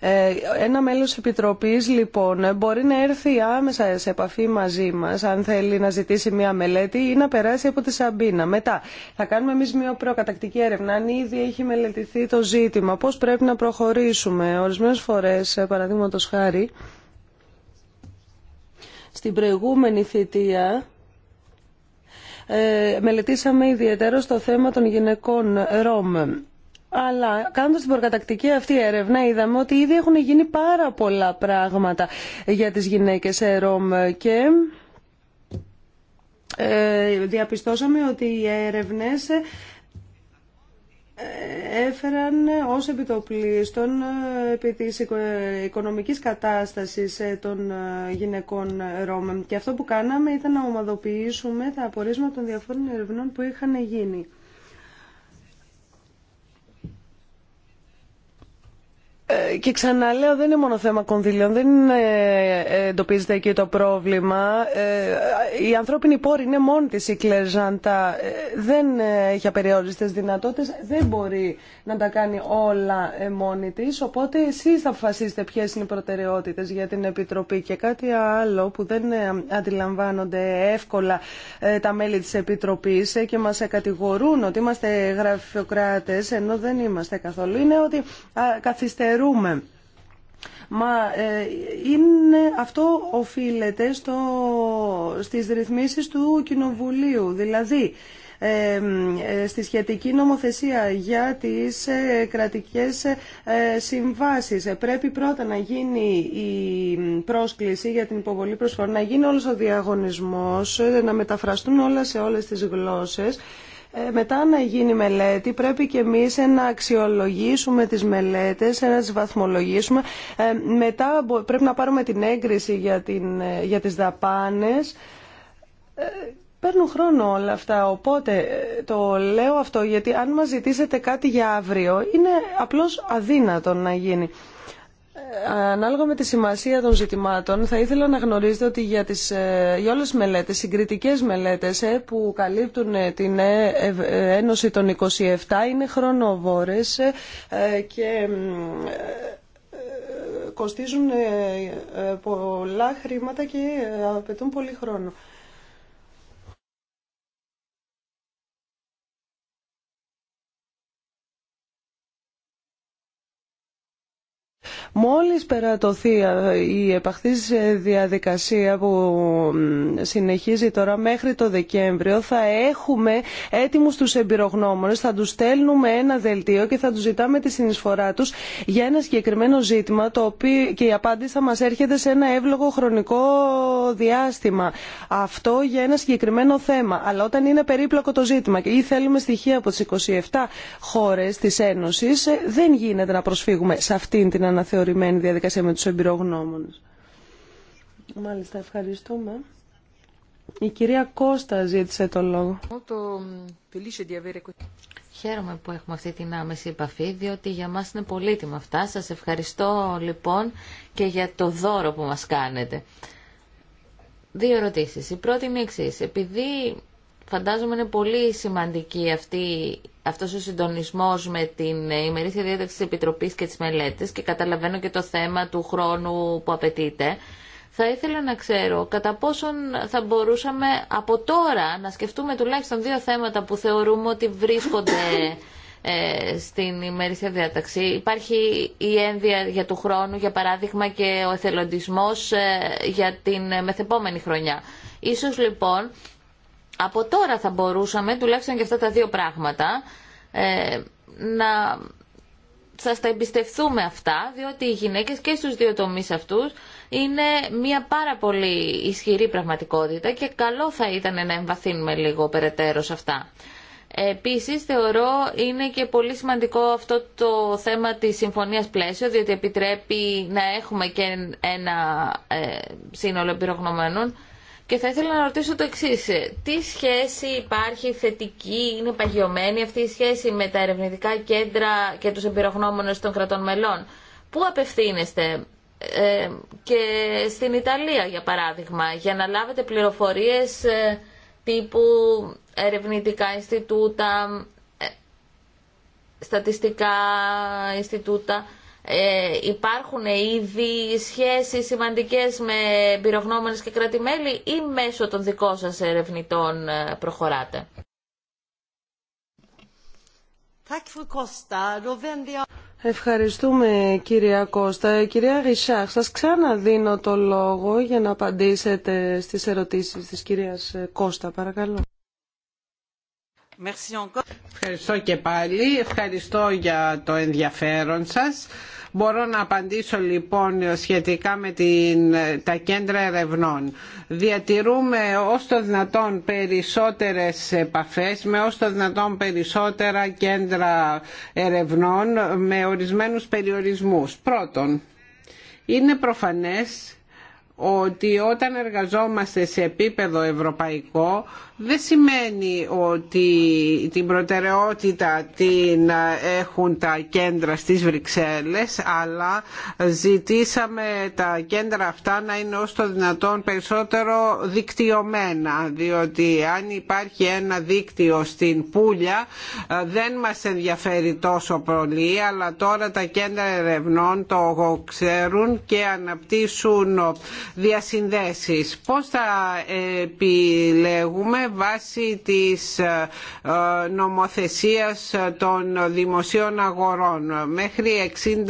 Ε, ένα μέλος επιτροπής λοιπόν μπορεί να έρθει άμεσα σε επαφή μαζί μας αν θέλει να ζητήσει μια μελέτη ή να περάσει από τη Σαμπίνα. Μετά θα κάνουμε εμείς μια προκατακτική έρευνα αν ήδη έχει μελετηθεί το ζήτημα, πώς πρέπει να προχωρήσουμε. Ορισμένες φορές, ε, παραδείγματος χάρη, στην προηγούμενη θητεία ε, μελετήσαμε ιδιαίτερο στο θέμα των γυναικών ΡΟΜ. Αλλά κάνοντας την προκατακτική αυτή έρευνα είδαμε ότι ήδη έχουν γίνει πάρα πολλά πράγματα για τις γυναίκες ΡΟΜ και ε, διαπιστώσαμε ότι οι έρευνες έφεραν ως επιτοπλίστων ε, επί της ε, οικονομικής κατάστασης ε, των γυναικών Ρώμων. Και αυτό που κάναμε ήταν να ομαδοποιήσουμε τα απορίσματα των διαφόρων ερευνών που είχαν γίνει. και ξαναλέω δεν είναι μόνο θέμα κονδύλιων, δεν ε, εντοπίζεται εκεί το πρόβλημα. Η ε, ανθρώπινη πόρη είναι μόνη της η Κλεζάντα, ε, δεν έχει απεριόριστες δυνατότητες, δεν μπορεί να τα κάνει όλα μόνη της, οπότε εσείς θα αποφασίσετε ποιες είναι οι προτεραιότητες για την Επιτροπή και κάτι άλλο που δεν αντιλαμβάνονται εύκολα τα μέλη της Επιτροπής και μας κατηγορούν ότι είμαστε γραφειοκράτες, ενώ δεν είμαστε καθόλου, είναι ότι καθυστερούμε Μα ε, είναι, αυτό οφείλεται στο, στις ρυθμίσεις του Κοινοβουλίου. Δηλαδή, ε, ε στη σχετική νομοθεσία για τις ε, κρατικές συμβάσεις. Πρέπει πρώτα να γίνει η πρόσκληση για την υποβολή προσφορών, να γίνει όλος ο διαγωνισμός, να μεταφραστούν όλα σε όλες τις γλώσσες ε, μετά να γίνει μελέτη πρέπει και εμείς να αξιολογήσουμε τις μελέτες, να τις βαθμολογήσουμε. Ε, μετά πρέπει να πάρουμε την έγκριση για, την, ε, για τις δαπάνες. Παίρνουν χρόνο όλα αυτά, οπότε το λέω αυτό γιατί αν μας ζητήσετε κάτι για αύριο είναι απλώς αδύνατο να γίνει. Ε, ανάλογα με τη σημασία των ζητημάτων, θα ήθελα να γνωρίζετε ότι για, τις, ε, για όλες τις μελέτες, συγκριτικές μελέτες ε, που καλύπτουν την Ένωση των 27 είναι χρονοβόρες και κοστίζουν πολλά χρήματα και απαιτούν πολύ χρόνο. Μόλις περατωθεί ε, η επαχθής ε, διαδικασία που συνεχίζει τώρα μέχρι το Δεκέμβριο, θα έχουμε έτοιμους τους εμπειρογνώμονες, θα τους στέλνουμε ένα δελτίο και θα τους ζητάμε τη συνεισφορά τους για ένα συγκεκριμένο ζήτημα το οποίο και η απάντηση θα μας έρχεται σε ένα εύλογο χρονικό διάστημα. Αυτό για ένα συγκεκριμένο θέμα. Αλλά όταν είναι περίπλοκο το ζήτημα ή θέλουμε στοιχεία από τις 27 χώρες της Ένωσης, ε, δεν γίνεται να προσφύγουμε σε αυτήν την αναθεωρία θεωρημένη διαδικασία με τους εμπειρογνώμονες. Μάλιστα, ευχαριστούμε. Η κυρία Κώστα ζήτησε το λόγο. Χαίρομαι που έχουμε αυτή την άμεση επαφή, διότι για μας είναι πολύτιμα αυτά. Σας ευχαριστώ λοιπόν και για το δώρο που μας κάνετε. Δύο ερωτήσεις. Η πρώτη είναι εξής. Επειδή φαντάζομαι είναι πολύ σημαντική αυτή αυτός ο συντονισμός με την ημερήσια διάταξη της Επιτροπής και τις μελέτες και καταλαβαίνω και το θέμα του χρόνου που απαιτείται. Θα ήθελα να ξέρω κατά πόσον θα μπορούσαμε από τώρα να σκεφτούμε τουλάχιστον δύο θέματα που θεωρούμε ότι βρίσκονται ε, στην ημερήσια διάταξη. Υπάρχει η ένδια για του χρόνου, για παράδειγμα, και ο εθελοντισμός ε, για την μεθεπόμενη χρονιά. Ίσως λοιπόν από τώρα θα μπορούσαμε, τουλάχιστον και αυτά τα δύο πράγματα, ε, να σας τα εμπιστευτούμε αυτά, διότι οι γυναίκες και στους δύο τομείς αυτούς είναι μια πάρα πολύ ισχυρή πραγματικότητα και καλό θα ήταν να εμβαθύνουμε λίγο περαιτέρω σε αυτά. Επίσης, θεωρώ είναι και πολύ σημαντικό αυτό το θέμα της συμφωνίας πλαίσιο, διότι επιτρέπει να έχουμε και ένα ε, σύνολο πυρογνωμένων και θα ήθελα να ρωτήσω το εξή. Ε, τι σχέση υπάρχει θετική, είναι παγιωμένη αυτή η σχέση με τα ερευνητικά κέντρα και τους εμπειρογνώμονες των κρατών μελών. Πού απευθύνεστε ε, και στην Ιταλία για παράδειγμα για να λάβετε πληροφορίες ε, τύπου ερευνητικά Ινστιτούτα, στατιστικά Ινστιτούτα ε, υπάρχουν ήδη σχέσεις σημαντικές με πυρογνώμενες και κρατημέλη ή μέσω των δικών σας ερευνητών ε, προχωράτε. Ευχαριστούμε κυρία Κώστα. Ε, κυρία Γησάχ, σας ξαναδίνω το λόγο για να απαντήσετε στις ερωτήσεις της κυρίας ε, Κώστα. Παρακαλώ. Ευχαριστώ και πάλι. Ευχαριστώ για το ενδιαφέρον σας. Μπορώ να απαντήσω λοιπόν σχετικά με την, τα κέντρα ερευνών. Διατηρούμε ως το δυνατόν περισσότερες επαφές με ως το δυνατόν περισσότερα κέντρα ερευνών με ορισμένους περιορισμούς. Πρώτον, είναι προφανές ότι όταν εργαζόμαστε σε επίπεδο ευρωπαϊκό δεν σημαίνει ότι την προτεραιότητα την έχουν τα κέντρα στις Βρυξέλλες αλλά ζητήσαμε τα κέντρα αυτά να είναι όσο το δυνατόν περισσότερο δικτυωμένα διότι αν υπάρχει ένα δίκτυο στην Πούλια δεν μας ενδιαφέρει τόσο πολύ αλλά τώρα τα κέντρα ερευνών το ξέρουν και αναπτύσσουν διασυνδέσεις. Πώς θα επιλέγουμε βάσει της ε, ε, νομοθεσίας των δημοσίων αγορών. Μέχρι 60.000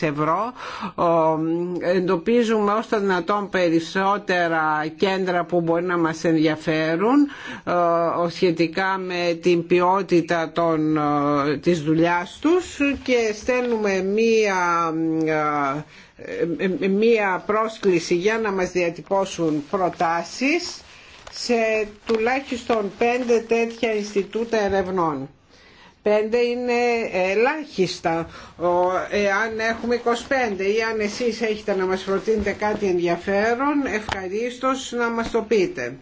ευρώ εντοπίζουμε ως το δυνατόν περισσότερα κέντρα που μπορεί να μας ενδιαφέρουν ε, σχετικά με την ποιότητα των, της δουλειάς τους και στέλνουμε μία μία πρόσκληση για να μας διατυπώσουν προτάσεις σε τουλάχιστον πέντε τέτοια Ινστιτούτα ερευνών. Πέντε είναι ελάχιστα, Αν έχουμε 25 ή αν εσείς έχετε να μας προτείνετε κάτι ενδιαφέρον, ευχαρίστως να μας το πείτε.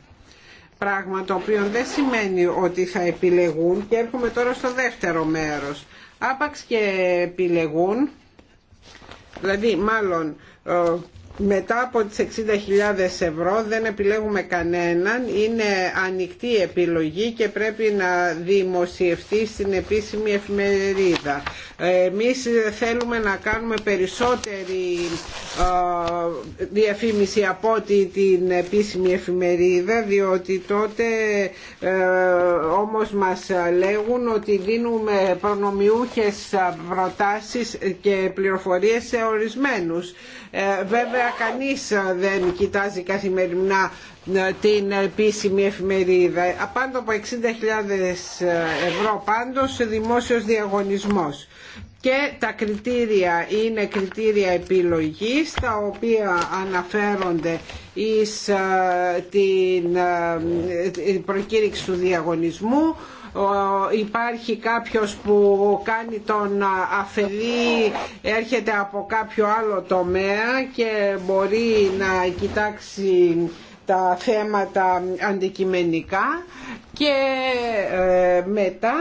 Πράγμα το οποίο δεν σημαίνει ότι θα επιλεγούν και έρχομαι τώρα στο δεύτερο μέρος. Άπαξ και επιλεγούν, δηλαδή μάλλον μετά από τις 60.000 ευρώ δεν επιλέγουμε κανέναν, είναι ανοιχτή επιλογή και πρέπει να δημοσιευτεί στην επίσημη εφημερίδα. Εμείς θέλουμε να κάνουμε περισσότερη διαφήμιση από την επίσημη εφημερίδα διότι τότε ε, όμως μας λέγουν ότι δίνουμε προνομιούχες προτάσεις και πληροφορίες σε ορισμένους ε, βέβαια κανείς ε, δεν κοιτάζει καθημερινά ε, την επίσημη εφημερίδα. Απάντω από 60.000 ευρώ πάντως σε δημόσιος διαγωνισμός. Και τα κριτήρια είναι κριτήρια επιλογής τα οποία αναφέρονται εις την προκήρυξη του διαγωνισμού υπάρχει κάποιος που κάνει τον αφελή έρχεται από κάποιο άλλο τομέα και μπορεί να κοιτάξει τα θέματα αντικειμενικά και ε, μετά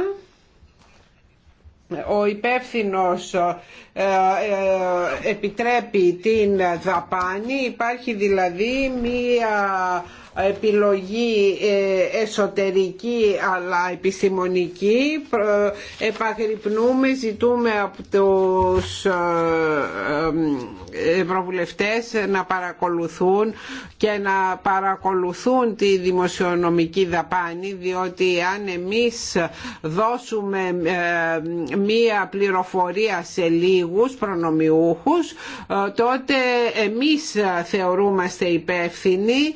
ο υπεύθυνος ε, ε, επιτρέπει την δαπάνη, υπάρχει δηλαδή μία επιλογή ε, εσωτερική αλλά επιστημονική επαγρυπνούμε, ζητούμε από τους προβουλευτές ε, ε, να παρακολουθούν και να παρακολουθούν τη δημοσιονομική δαπάνη διότι αν εμείς δώσουμε μία πληροφορία σε λίγους προνομιούχους τότε εμείς θεωρούμαστε υπεύθυνοι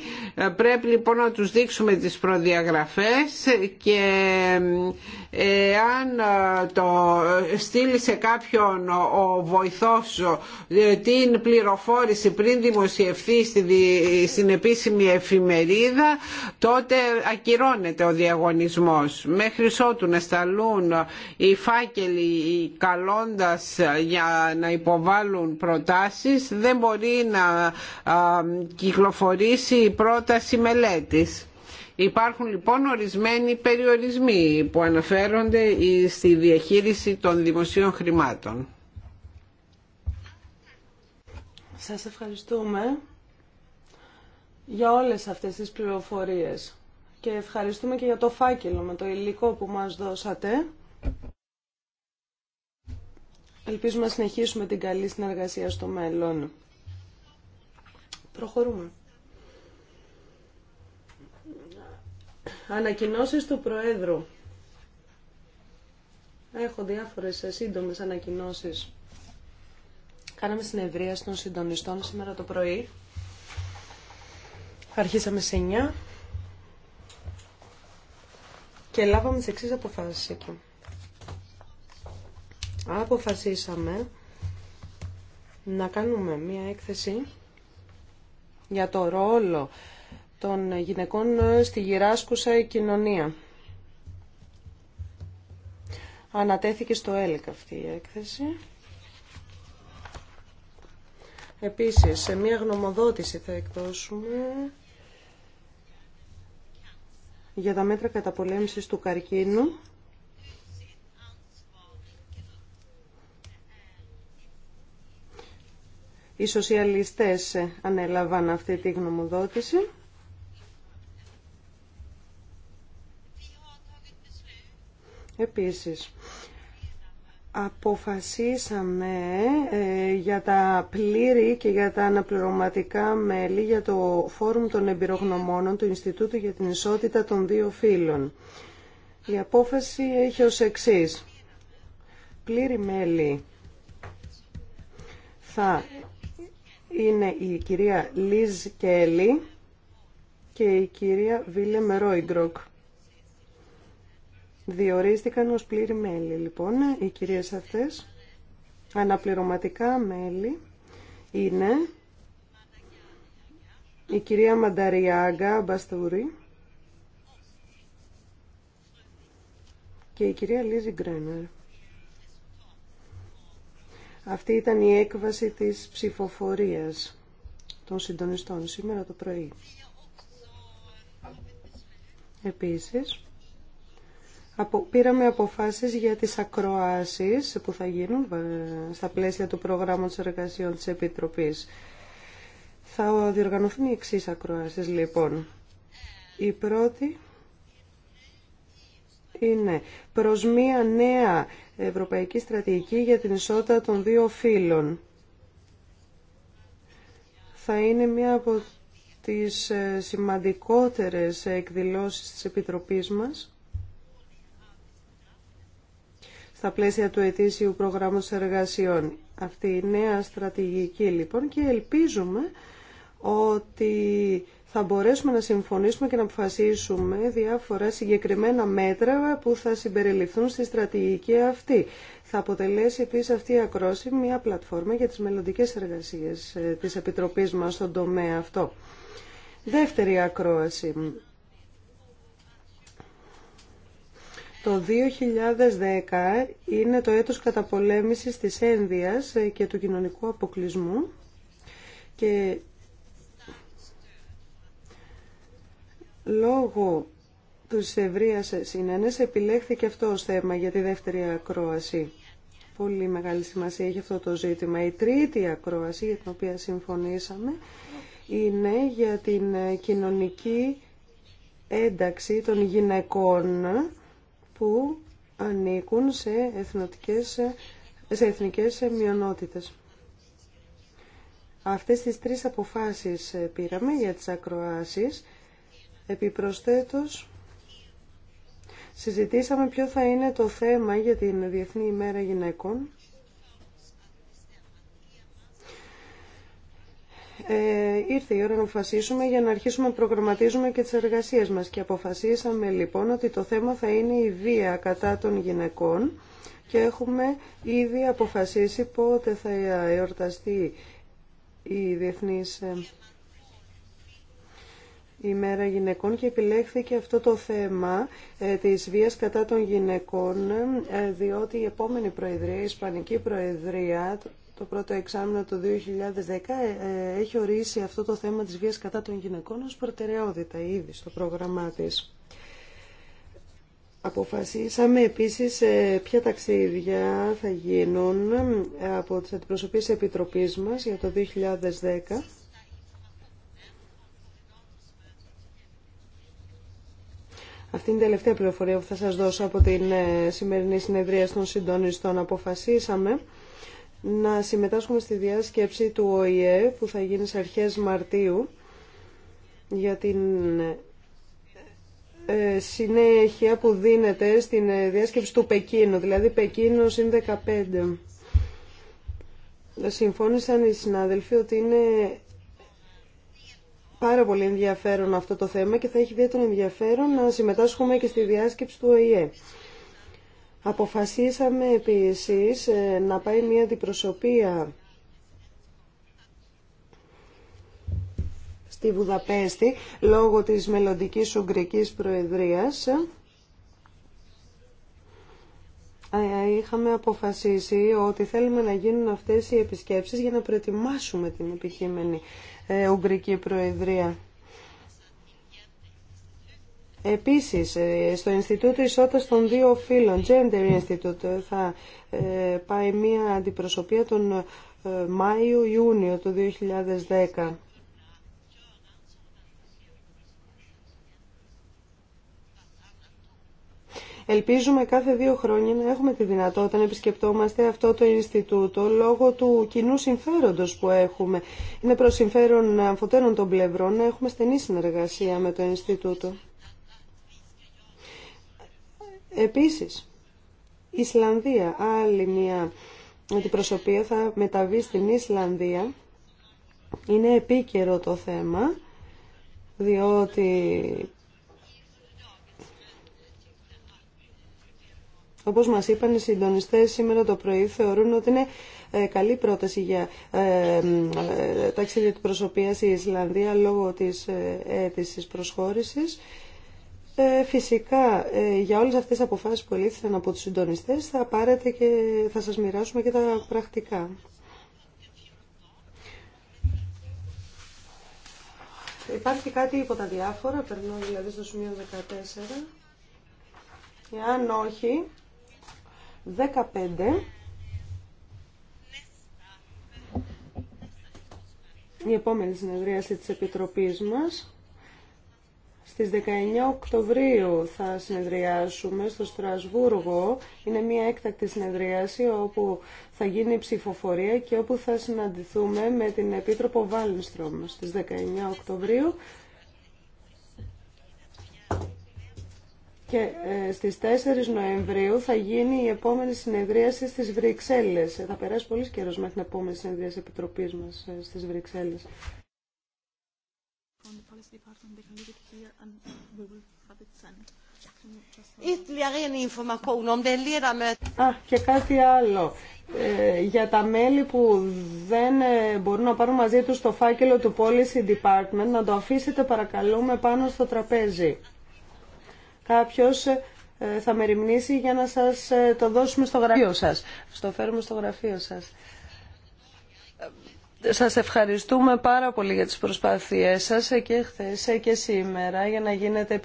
Πρέπει λοιπόν να τους δείξουμε τις προδιαγραφές και εάν ε, το ε, στείλει σε κάποιον ο βοηθός ε, την πληροφόρηση πριν δημοσιευθεί στην επίσημη εφημερίδα τότε ακυρώνεται ο διαγωνισμός μέχρι ότου να σταλούν οι φάκελοι καλώντας για να υποβάλουν προτάσεις δεν μπορεί να κυκλοφορήσει η πρόταση μελέτης. Υπάρχουν λοιπόν ορισμένοι περιορισμοί που αναφέρονται στη διαχείριση των δημοσίων χρημάτων. Σας ευχαριστούμε για όλες αυτές τις πληροφορίες και ευχαριστούμε και για το φάκελο με το υλικό που μας δώσατε. Ελπίζουμε να συνεχίσουμε την καλή συνεργασία στο μέλλον. Προχωρούμε. Ανακοινώσει του Προέδρου. Έχω διάφορες σύντομε ανακοινώσεις. Κάναμε συνεδρία των συντονιστών σήμερα το πρωί. Αρχίσαμε σε 9 και λάβαμε τις αποφάσεις εκεί. Αποφασίσαμε να κάνουμε μία έκθεση για το ρόλο των γυναικών στη γυράσκουσα κοινωνία. Ανατέθηκε στο ΕΛΚ αυτή η έκθεση. Επίσης, σε μία γνωμοδότηση θα εκδώσουμε για τα μέτρα καταπολέμησης του καρκίνου. Οι σοσιαλιστές ανέλαβαν αυτή τη γνωμοδότηση. Επίσης, αποφασίσαμε ε, για τα πλήρη και για τα αναπληρωματικά μέλη για το Φόρουμ των Εμπειρογνωμόνων του Ινστιτούτου για την Ισότητα των Δύο Φύλων. Η απόφαση έχει ως εξής. Πλήρη μέλη θα είναι η κυρία Λίζ Κέλλη και η κυρία Βίλε Μερόιγκροκ. Διορίστηκαν ως πλήρη μέλη, λοιπόν, οι κυρίες αυτές. Αναπληρωματικά μέλη είναι η κυρία Μανταριάγκα Μπαστούρη και η κυρία Λίζη Γκρένερ. Αυτή ήταν η έκβαση της ψηφοφορίας των συντονιστών σήμερα το πρωί. Επίσης, απο, πήραμε αποφάσεις για τις ακροάσεις που θα γίνουν ε, στα πλαίσια του προγράμματος εργασιών της Επιτροπής. Θα διοργανωθούν οι εξή ακροάσεις λοιπόν. Η πρώτη είναι προς μία νέα ευρωπαϊκή στρατηγική για την ισότητα των δύο φύλων. Θα είναι μία από τις ε, σημαντικότερες εκδηλώσεις της Επιτροπής μας στα πλαίσια του ετήσιου προγράμματος εργασιών. Αυτή η νέα στρατηγική λοιπόν και ελπίζουμε ότι θα μπορέσουμε να συμφωνήσουμε και να αποφασίσουμε διάφορα συγκεκριμένα μέτρα που θα συμπεριληφθούν στη στρατηγική αυτή. Θα αποτελέσει επίσης αυτή η ακρόση μια πλατφόρμα για τις μελλοντικές εργασίες ε, της Επιτροπής μας στον τομέα αυτό. Δεύτερη ακρόαση Το 2010 είναι το έτος καταπολέμησης της ένδυας ε, και του κοινωνικού αποκλεισμού και λόγω τους ευρεία συνένες επιλέχθηκε αυτό ως θέμα για τη δεύτερη ακρόαση. Πολύ μεγάλη σημασία έχει αυτό το ζήτημα. Η τρίτη ακρόαση για την οποία συμφωνήσαμε είναι για την κοινωνική ένταξη των γυναικών που ανήκουν σε, εθνοτικές, σε εθνικές μειονότητες. Αυτές τις τρεις αποφάσεις πήραμε για τις ακροάσεις. Επιπροσθέτως, συζητήσαμε ποιο θα είναι το θέμα για την Διεθνή ημέρα γυναικών Ε, ήρθε η ώρα να αποφασίσουμε για να αρχίσουμε να προγραμματίζουμε και τις εργασίες μας και αποφασίσαμε λοιπόν ότι το θέμα θα είναι η βία κατά των γυναικών και έχουμε ήδη αποφασίσει πότε θα εορταστεί η Διεθνής ε, ημέρα γυναικών και επιλέχθηκε αυτό το θέμα ε, της βίας κατά των γυναικών διότι η επόμενη Προεδρία, η Ισπανική Προεδρία το πρώτο εξάμεινο το 2010 ε, ε, έχει ορίσει αυτό το θέμα της βίας κατά των γυναικών ως προτεραιότητα ήδη στο πρόγραμμά της. Αποφασίσαμε επίσης ε, ποια ταξίδια θα γίνουν από τις αντιπροσωπείς επιτροπής μας για το 2010. Αυτή είναι η τελευταία πληροφορία που θα σας δώσω από την σημερινή συνεδρία των συντονιστών. Αποφασίσαμε να συμμετάσχουμε στη διάσκεψη του ΟΗΕ που θα γίνει σε αρχές Μαρτίου για την ε, συνέχεια που δίνεται στην ε, διάσκεψη του Πεκίνου, δηλαδή Πεκίνο συν 15. Συμφώνησαν οι συνάδελφοι ότι είναι πάρα πολύ ενδιαφέρον αυτό το θέμα και θα έχει ιδιαίτερο ενδιαφέρον να συμμετάσχουμε και στη διάσκεψη του ΟΗΕ. Αποφασίσαμε επίσης ε, να πάει μια αντιπροσωπεία στη Βουδαπέστη λόγω της μελλοντικής Ουγγρικής Προεδρίας. Είχαμε αποφασίσει ότι θέλουμε να γίνουν αυτές οι επισκέψεις για να προετοιμάσουμε την επιχείμενη ε, Ουγγρική Προεδρία. Επίσης, ε, στο Ινστιτούτο Ισότητας των Δύο Φύλων, Gender Institute, ε, θα ε, πάει μία αντιπροσωπεία τον Μάιο-Ιούνιο του 2010. Ελπίζουμε κάθε δύο χρόνια να έχουμε τη δυνατότητα να επισκεπτόμαστε αυτό το Ινστιτούτο λόγω του κοινού συμφέροντος που έχουμε. Είναι προς συμφέρον αμφωτέρων των πλευρών να έχουμε στενή συνεργασία με το Ινστιτούτο. Επίσης, Ισλανδία, άλλη μια αντιπροσωπεία θα μεταβεί στην Ισλανδία. Είναι επίκαιρο το θέμα, διότι Όπως μας είπαν οι συντονιστές σήμερα το πρωί θεωρούν ότι είναι ε, καλή πρόταση για ε, ε ταξίδια του προσωπίας η Ισλανδία λόγω της ε, αίτησης προσχώρησης. Ε, φυσικά, ε, για όλες αυτές τις αποφάσεις που ελήφθησαν από τους συντονιστές θα πάρετε και θα σας μοιράσουμε και τα πρακτικά. Υπάρχει κάτι υπό τα διάφορα, περνώ δηλαδή στο σημείο 14. Εάν όχι, 15. Η επόμενη συνεδρίαση της Επιτροπής μας στις 19 Οκτωβρίου θα συνεδριάσουμε στο Στρασβούργο. Είναι μια έκτακτη συνεδρίαση όπου θα γίνει ψηφοφορία και όπου θα συναντηθούμε με την Επίτροπο Βάλινστρομ στις 19 Οκτωβρίου. Και ε, στις 4 Νοεμβρίου θα γίνει η επόμενη συνεδρίαση στις Βρυξέλλες. Ε, θα περάσει πολύ καιρός μέχρι την επόμενη συνεδρίαση Επιτροπής μας ε, στις Βρυξέλλες from the policy department. They can leave it here and we will have it sent. και κάτι άλλο. Ε, για τα μέλη που δεν ε, μπορούν να πάρουν μαζί τους το φάκελο του Policy Department, να το αφήσετε παρακαλούμε πάνω στο τραπέζι. Κάποιος ε, θα μεριμνήσει για να σας το δώσουμε στο γραφείο σας. Στο φέρουμε στο γραφείο σας. Σας ευχαριστούμε πάρα πολύ για τις προσπάθειές σας και χθες και σήμερα για να γίνεται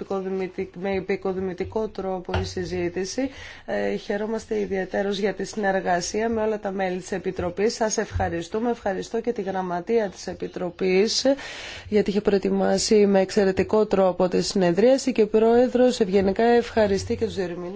με επικοδημητικό τρόπο η συζήτηση. Ε, χαιρόμαστε ιδιαίτερως για τη συνεργασία με όλα τα μέλη της Επιτροπής. Σας ευχαριστούμε. Ευχαριστώ και τη γραμματεία της Επιτροπής γιατί είχε προετοιμάσει με εξαιρετικό τρόπο τη συνεδρίαση και ο Πρόεδρος ευγενικά ευχαριστεί και τους Ερμηνείς.